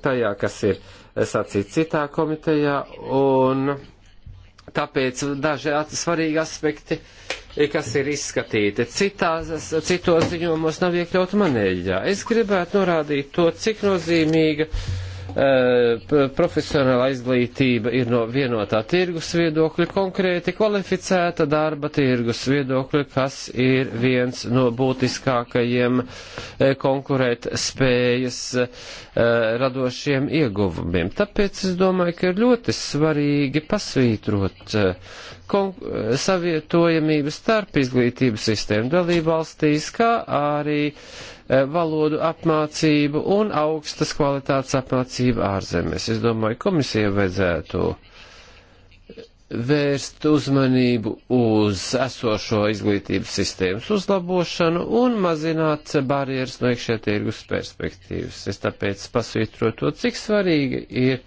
tajā, kas ir sacīts citā komitejā, un tāpēc daži svarīgi aspekti, eh, kas ir izskatīti citās, citos ziņojumos, nav iekļauti manējā. Es gribētu norādīt to, cik nozīmīga Eh, profesionāla izglītība ir no vienotā tirgus viedokļa, konkrēti kvalificēta darba tirgus viedokļa, kas ir viens no būtiskākajiem eh, konkurēt spējas eh, radošiem ieguvumiem. Tāpēc es domāju, ka ir ļoti svarīgi pasvītrot savietojamību starp izglītības sistēmu dalībvalstīs, kā arī uh, Eh, valodu apmācību un augstas kvalitātes apmācību ārzemēs. Es domāju, komisija vajadzētu vērst uzmanību uz esošo izglītības sistēmas uzlabošanu un mazināt barjeras no iekšē tirgus perspektīvas. Es tāpēc pasvītroju to, cik svarīgi ir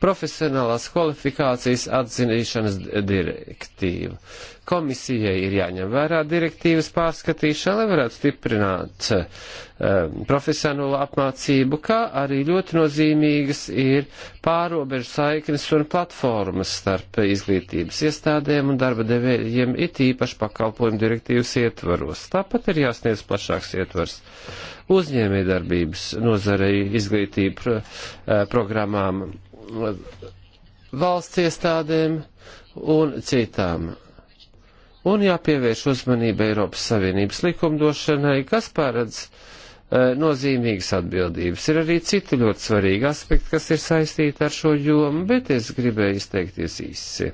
profesionālās kvalifikācijas atzīšanas direktīva. Komisijai ir jāņem vērā direktīvas pārskatīšana, lai varētu stiprināt um, profesionālo apmācību, kā arī ļoti nozīmīgas ir pārobežu saiknes un platformas starp izglītības iestādēm un darba devējiem, it īpaši pakalpojumu direktīvas ietvaros. Tāpat ir jāsniedz plašāks ietvars uzņēmējdarbības nozarei izglītību eh, programmām valsts iestādēm un citām. Un jāpievērš uzmanība Eiropas Savienības likumdošanai, kas paredz e, nozīmīgas atbildības. Ir arī citi ļoti svarīgi aspekti, kas ir saistīti ar šo jomu, bet es gribēju izteikties īsi.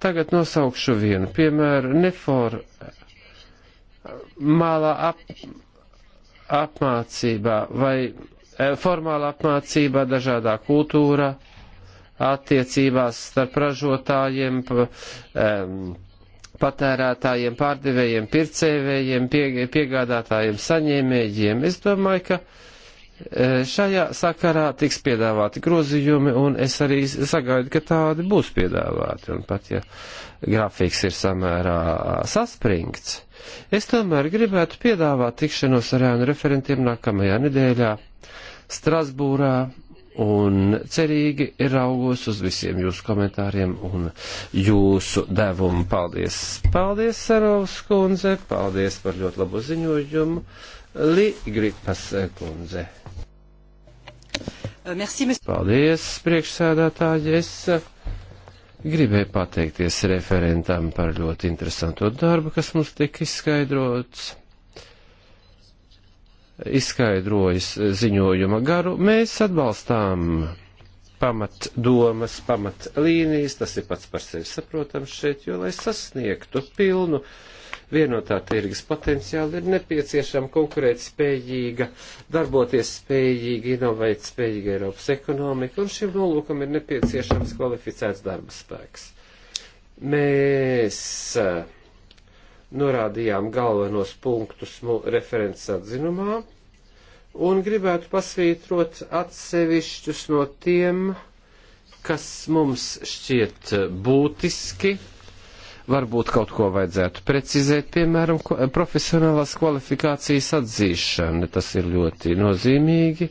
Tagad nosaukšu vienu piemēru. Nefor eh, mālā ap, apmācībā vai Eh, formāla apmācība, dažādā kultūra, attiecībās starp ražotājiem, patērētājiem, pārdevējiem, pircējiem, piegādātājiem, saņēmējiem. Es domāju, ka eh, šajā sakarā tiks piedāvāti grozījumi, un es arī sagaidu, ka tādi būs piedāvāti. Un pat ja grafiks ir samērā saspringts, es tomēr gribētu piedāvāt tikšanos ar ēnu referentiem nākamajā nedēļā Strasbūrā un cerīgi raugos uz visiem jūsu komentāriem un jūsu devumu. Paldies! Paldies, Sarovs kundze! Paldies par ļoti labu ziņojumu! Li Gripas kundze! Uh, merci, mēs... Paldies, priekšsēdētāji! Es uh, gribēju pateikties referentam par ļoti interesanto darbu, kas mums tika izskaidrots izskaidrojis ziņojuma garu, mēs atbalstām pamat domas, pamat līnijas, tas ir pats par sevi saprotams šeit, jo, lai sasniegtu pilnu vienotā tirgus potenciāli, ir nepieciešama konkurēt spējīga, darboties spējīga, inovēt spējīga Eiropas ekonomika, un šim nolūkam ir nepieciešams kvalificēts darba spēks. Mēs uh, norādījām galvenos punktus referents atzinumā un gribētu pasvītrot atsevišķus no tiem, kas mums šķiet būtiski. Varbūt kaut ko vajadzētu precizēt, piemēram, profesionālās kvalifikācijas atzīšana. Tas ir ļoti nozīmīgi.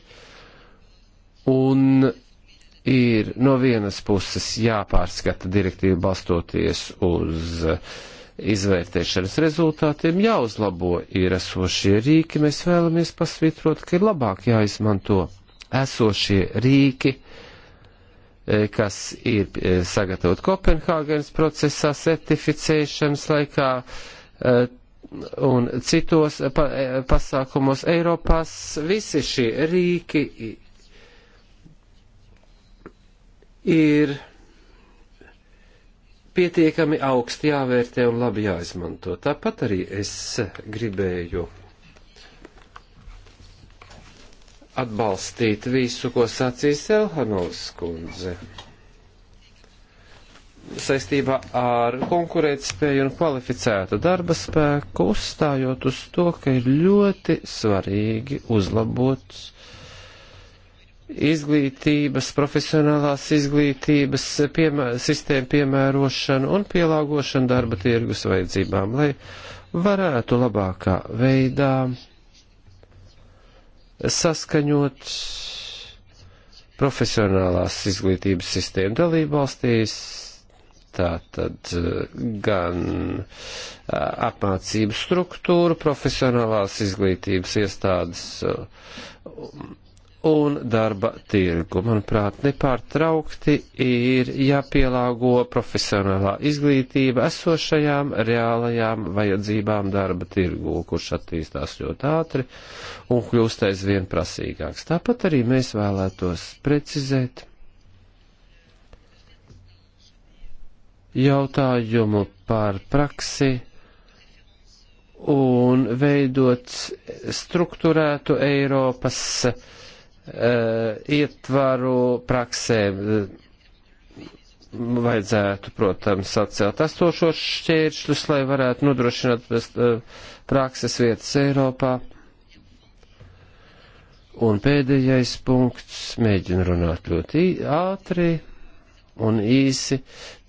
Un ir no vienas puses jāpārskata direktīva balstoties uz uh, izvērtēšanas rezultātiem jāuzlabo ir esošie rīki. Mēs vēlamies pasvītrot, ka ir labāk jāizmanto esošie rīki, e, kas ir e, sagatavot Kopenhāgenes procesā, certificēšanas laikā e, un citos pasākumos Eiropās. Visi šie rīki ir pietiekami augsti jāvērtē un labi jāizmanto. Tāpat arī es gribēju atbalstīt visu, ko sacīja Selhanovs kundze saistībā ar konkurētspēju un kvalificētu darba spēku, uzstājot uz to, ka ir ļoti svarīgi uzlabot uh, izglītības, profesionālās izglītības piemē, sistēmu piemērošanu un pielāgošanu darba tirgus vajadzībām, lai varētu labākā veidā saskaņot profesionālās izglītības sistēmu dalībvalstīs, tātad eh, gan eh, apmācību struktūru, profesionālās izglītības iestādes eh, un darba tirgu. Manuprāt, nepārtraukti ir jāpielāgo profesionālā izglītība esošajām reālajām vajadzībām darba tirgu, kurš attīstās ļoti ātri un kļūst aizvien prasīgāks. Tāpat arī mēs vēlētos precizēt jautājumu par praksi un veidot strukturētu Eiropas uh, Eh, ietvaru praksēm eh, vajadzētu, protams, atcelt astošos šķēršļus, lai varētu nodrošināt eh, prakses vietas Eiropā. Un pēdējais punkts, mēģinu runāt ļoti ātri un īsi,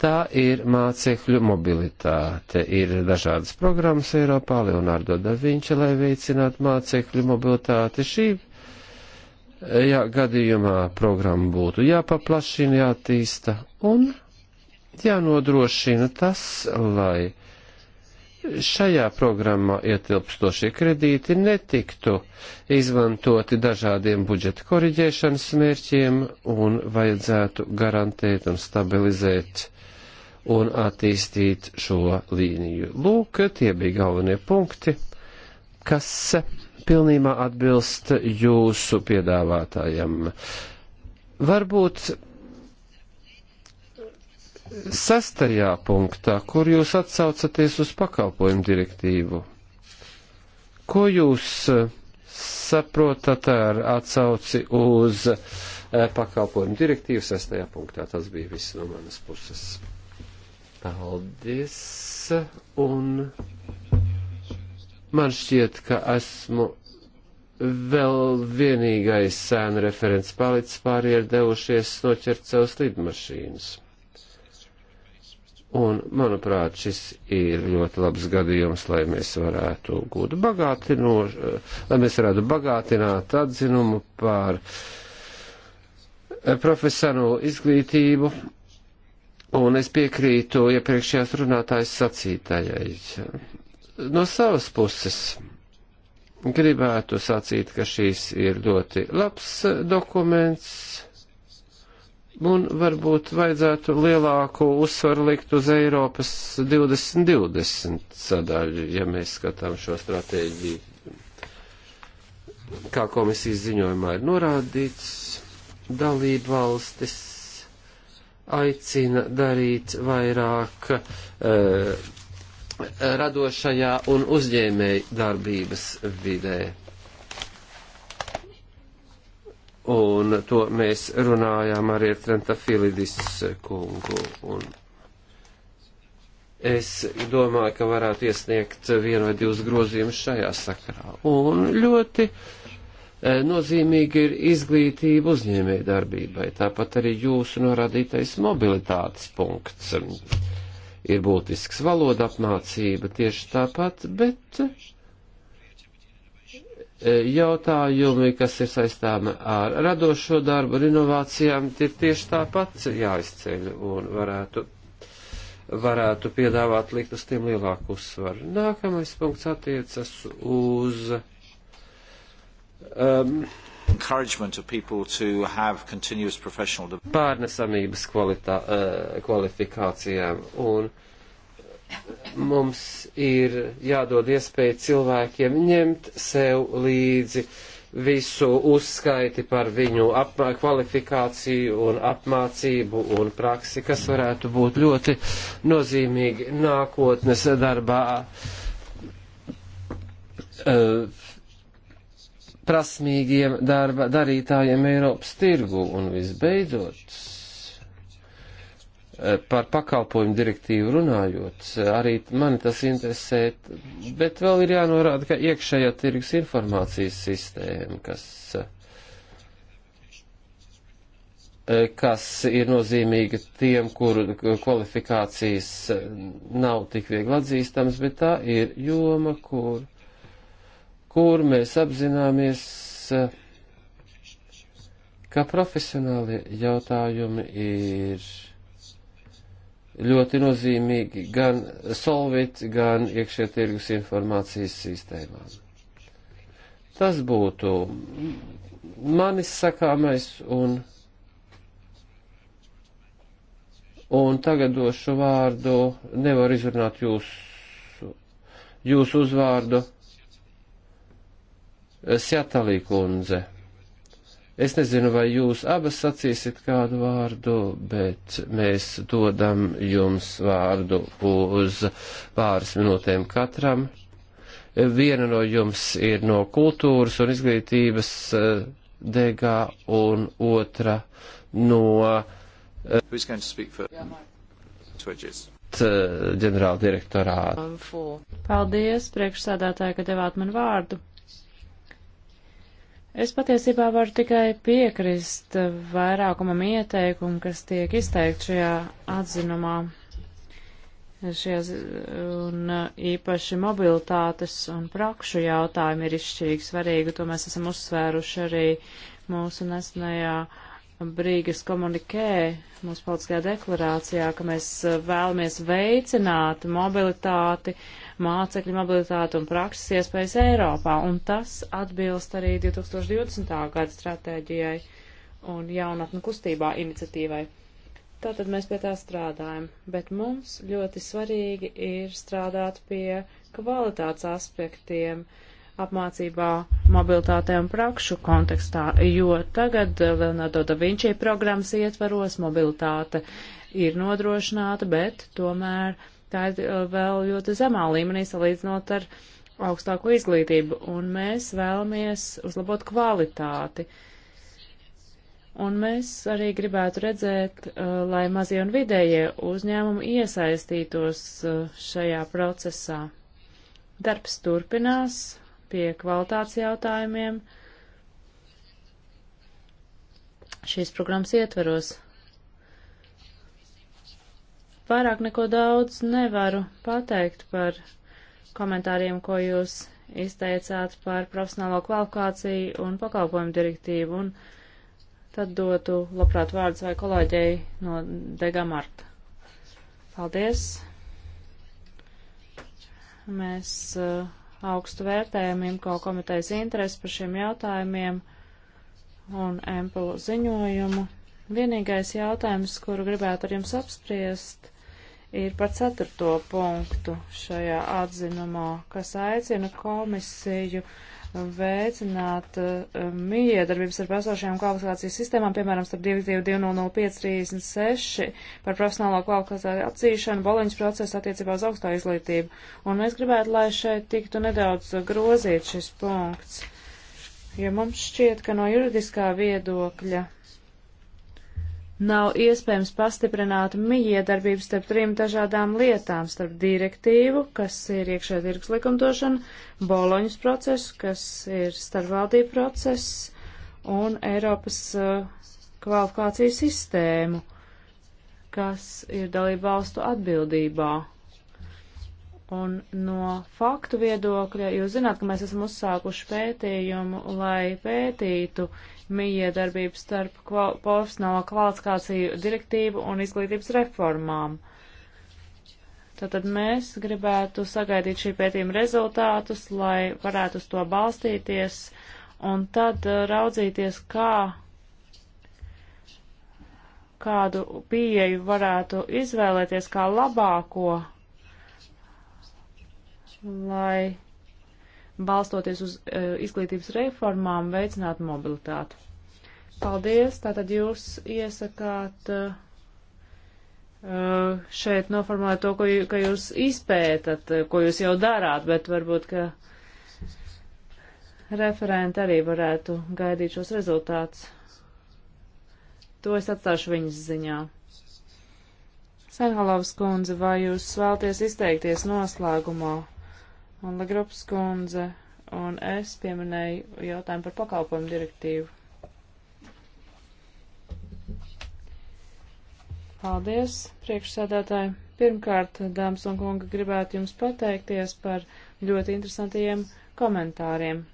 tā ir mācekļu mobilitāte. Ir dažādas programmas Eiropā, Leonardo da Vinča, lai veicinātu mācekļu mobilitāti. Šī ja gadījumā programma būtu jāpaplašina, jātīsta un jānodrošina tas, lai šajā programmā ietilpstošie kredīti netiktu izmantoti dažādiem budžeta koriģēšanas mērķiem un vajadzētu garantēt un stabilizēt un attīstīt šo līniju. Lūk, tie bija galvenie punkti, kas pilnībā atbilst jūsu piedāvātājiem. Varbūt sastajā punktā, kur jūs atsaucaties uz pakalpojumu direktīvu, ko jūs eh, saprotat ar atsauci uz eh, pakalpojumu direktīvu sastajā punktā? Tas bija viss no manas puses. Paldies un Man šķiet, ka esmu vēl vienīgais sēna referents palicis pārējie ir devušies noķert savus lidmašīnas. Un, manuprāt, šis ir ļoti labs gadījums, lai mēs varētu gūt bagātino, lai mēs varētu bagātināt atzinumu par eh, profesionālo izglītību. Un es piekrītu iepriekšējās runātājas sacītājai No savas puses gribētu sacīt, ka šīs ir ļoti labs eh, dokuments, un varbūt vajadzētu lielāku uzsvaru likt uz Eiropas 2020 sadaļu, ja mēs skatām šo stratēģiju. Kā komisijas ziņojumā ir norādīts, dalību valstis aicina darīt vairāk. Uh, radošajā un uzņēmēju darbības vidē. Un to mēs runājām arī ar Trenta Filidis kungu. Un es domāju, ka varētu iesniegt vienu vai divus grozījumus šajā sakarā. Un ļoti e, nozīmīgi ir izglītība uzņēmējdarbībai, tāpat arī jūsu norādītais mobilitātes punkts ir būtisks valoda apmācība tieši tāpat, bet e, jautājumi, kas ir saistāmi ar radošo darbu un inovācijām, ir tieši tāpat jāizceļ un varētu, varētu piedāvāt likt uz tiem lielāku uzsvaru. Nākamais punkts attiecas uz. Um, pārnesamības kvalitā, eh, kvalifikācijām. Un mums ir jādod iespēja cilvēkiem ņemt sev līdzi visu uzskaiti par viņu kvalifikāciju un apmācību un praksi, kas varētu būt ļoti nozīmīgi nākotnes darbā. Uh, prasmīgiem darba darītājiem Eiropas tirgu un visbeidzot eh, par pakalpojumu direktīvu runājot, arī mani tas interesē, bet vēl ir jānorāda, ka iekšējā tirgus informācijas sistēma, kas, eh, kas ir nozīmīga tiem, kuru kvalifikācijas eh, nav tik viegli atzīstams, bet tā ir joma, kur kur mēs apzināmies, eh, ka profesionālie jautājumi ir ļoti nozīmīgi gan solvit, gan iekšē tirgus informācijas sistēmām. Tas būtu manis sakāmais un, un tagad došu vārdu, nevar izrunāt jūsu, jūsu uzvārdu. Sjatalī kundze. Es nezinu, vai jūs abas sacīsiet kādu vārdu, bet mēs dodam jums vārdu uz pāris minūtēm katram. Viena no jums ir no kultūras un izglītības eh, degā un otra no. Eh, eh, ģenerāldirektorāta. Paldies, priekšsādātāji, ka devāt man vārdu. Es patiesībā varu tikai piekrist vairākumam ieteikumu, kas tiek izteikt šajā atzinumā, šajā, un uh, īpaši mobilitātes un prakšu jautājumi ir izšķirīgi svarīgi, to mēs esam uzsvēruši arī mūsu nesenajā brīgas komunikē, mūsu politiskajā deklarācijā, ka mēs uh, vēlamies veicināt mobilitāti mācekļu mobilitāti un prakses iespējas Eiropā, un tas atbilst arī 2020. gada stratēģijai un jaunatnu kustībā iniciatīvai. Tātad mēs pie tā strādājam, bet mums ļoti svarīgi ir strādāt pie kvalitātes aspektiem apmācībā, mobilitātē un prakšu kontekstā, jo tagad Leonardo da Vinci programmas ietvaros mobilitāte ir nodrošināta, bet tomēr tā ir uh, vēl ļoti zemā līmenī salīdzinot ar augstāko izglītību, un mēs vēlamies uzlabot kvalitāti. Un mēs arī gribētu redzēt, uh, lai mazie un vidējie uzņēmumi iesaistītos uh, šajā procesā. Darbs turpinās pie kvalitātes jautājumiem šīs programmas ietveros. Vairāk neko daudz nevaru pateikt par komentāriem, ko jūs izteicāt par profesionālo kvalifikāciju un pakalpojumu direktīvu, un tad dotu labprāt vārdus vai kolēģei no Dega Marta. Paldies! Mēs uh, augstu vērtējam IMCO komitejas interesi par šiem jautājumiem un Empelu ziņojumu. Vienīgais jautājums, kuru gribētu ar jums apspriest, ir par ceturto punktu šajā atzinumā, kas aicina komisiju veicināt uh, mijiedarbības ar pasaušajām kvalifikācijas sistēmām, piemēram, starp 22.005.36 par profesionālo kvalifikāciju atzīšanu, boliņas procesu attiecībā uz augstā izglītību. Un es gribētu, lai šeit tiktu nedaudz grozīt šis punkts, jo ja mums šķiet, ka no juridiskā viedokļa nav iespējams pastiprināt mijiedarbību starp trim dažādām lietām - starp direktīvu, kas ir iekšē tirgus likumdošana, boloņas procesu, kas ir starpvaldību process un Eiropas uh, eh, kvalifikāciju sistēmu, kas ir dalību valstu atbildībā. Un no faktu viedokļa, jūs zināt, ka mēs esam uzsākuši pētījumu, lai pētītu uh, mijiedarbību starp kval profesionālo kvalifikāciju direktīvu un izglītības reformām. Tātad mēs gribētu sagaidīt šī pētījuma rezultātus, lai varētu uz to balstīties un tad uh, raudzīties, kā, kādu pieeju varētu izvēlēties kā labāko, lai balstoties uz uh, izglītības reformām, veicināt mobilitāti. Paldies! Tātad jūs iesakāt uh, šeit noformulēt to, ko, jū, ko jūs izpētat, ko jūs jau darāt, bet varbūt, ka referenti arī varētu gaidīt šos rezultātus. To es atstāšu viņas ziņā. Senhalovs kundze, vai jūs vēlties izteikties noslēgumā? Un Legrups kundze un es pieminēju jautājumu par pakalpojumu direktīvu. Paldies, priekšsēdētāji. Pirmkārt, dāmas un kungi, gribētu jums pateikties par ļoti interesantajiem komentāriem.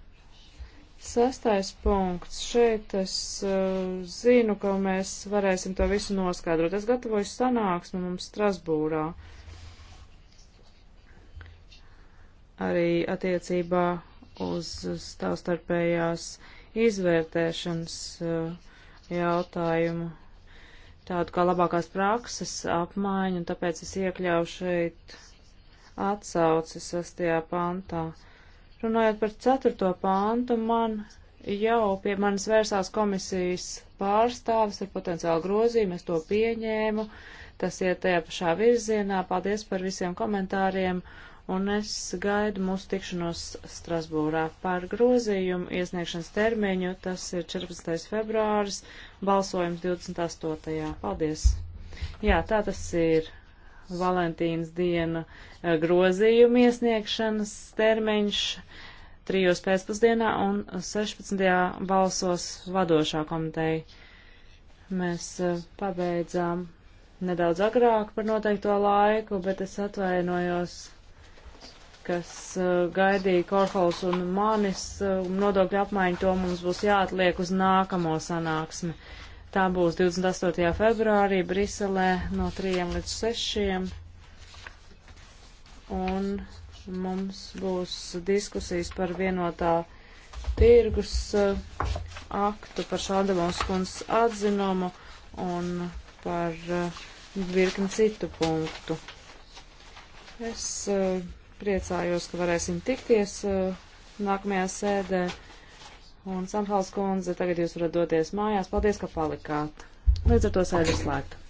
Sastais punkts. Šeit es uh, zinu, ka mēs varēsim to visu noskaidrot. Es gatavoju sanāksmi mums Strasbūrā. Uh, arī attiecībā uz savstarpējās izvērtēšanas uh, jautājumu, tādu kā labākās prakses apmaiņu, un tāpēc es iekļauju šeit atsauci sastajā pantā. Runājot par ceturto pantu, man jau pie manis vērsās komisijas pārstāvis ar potenciālu grozījumu, es to pieņēmu, tas iet tajā pašā virzienā, paldies par visiem komentāriem un es gaidu mūsu tikšanos Strasbūrā par grozījumu iesniegšanas termiņu. Tas ir 14. februāris, balsojums 28. Paldies! Jā, tā tas ir. Valentīnas diena eh, grozījuma iesniegšanas termiņš trijos pēcpusdienā un 16. balsos vadošā komiteja. Mēs eh, pabeidzām nedaudz agrāk par noteikto laiku, bet es atvainojos kas eh, gaidīja Korhols un manis eh, nodokļu apmaiņu, to mums būs jāatliek uz nākamo sanāksmi. Tā būs 28. februārī Briselē no 3 līdz 6. Un mums būs diskusijas par vienotā tirgus eh, aktu, par šādamos kundzes atzinumu un par virkni citu punktu. Es uh, Priecājos, ka varēsim tikties uh, nākamajā sēdē. Un Samhals kundze, tagad jūs varat doties mājās. Paldies, ka palikāt. Līdz ar to sēdi slēgta.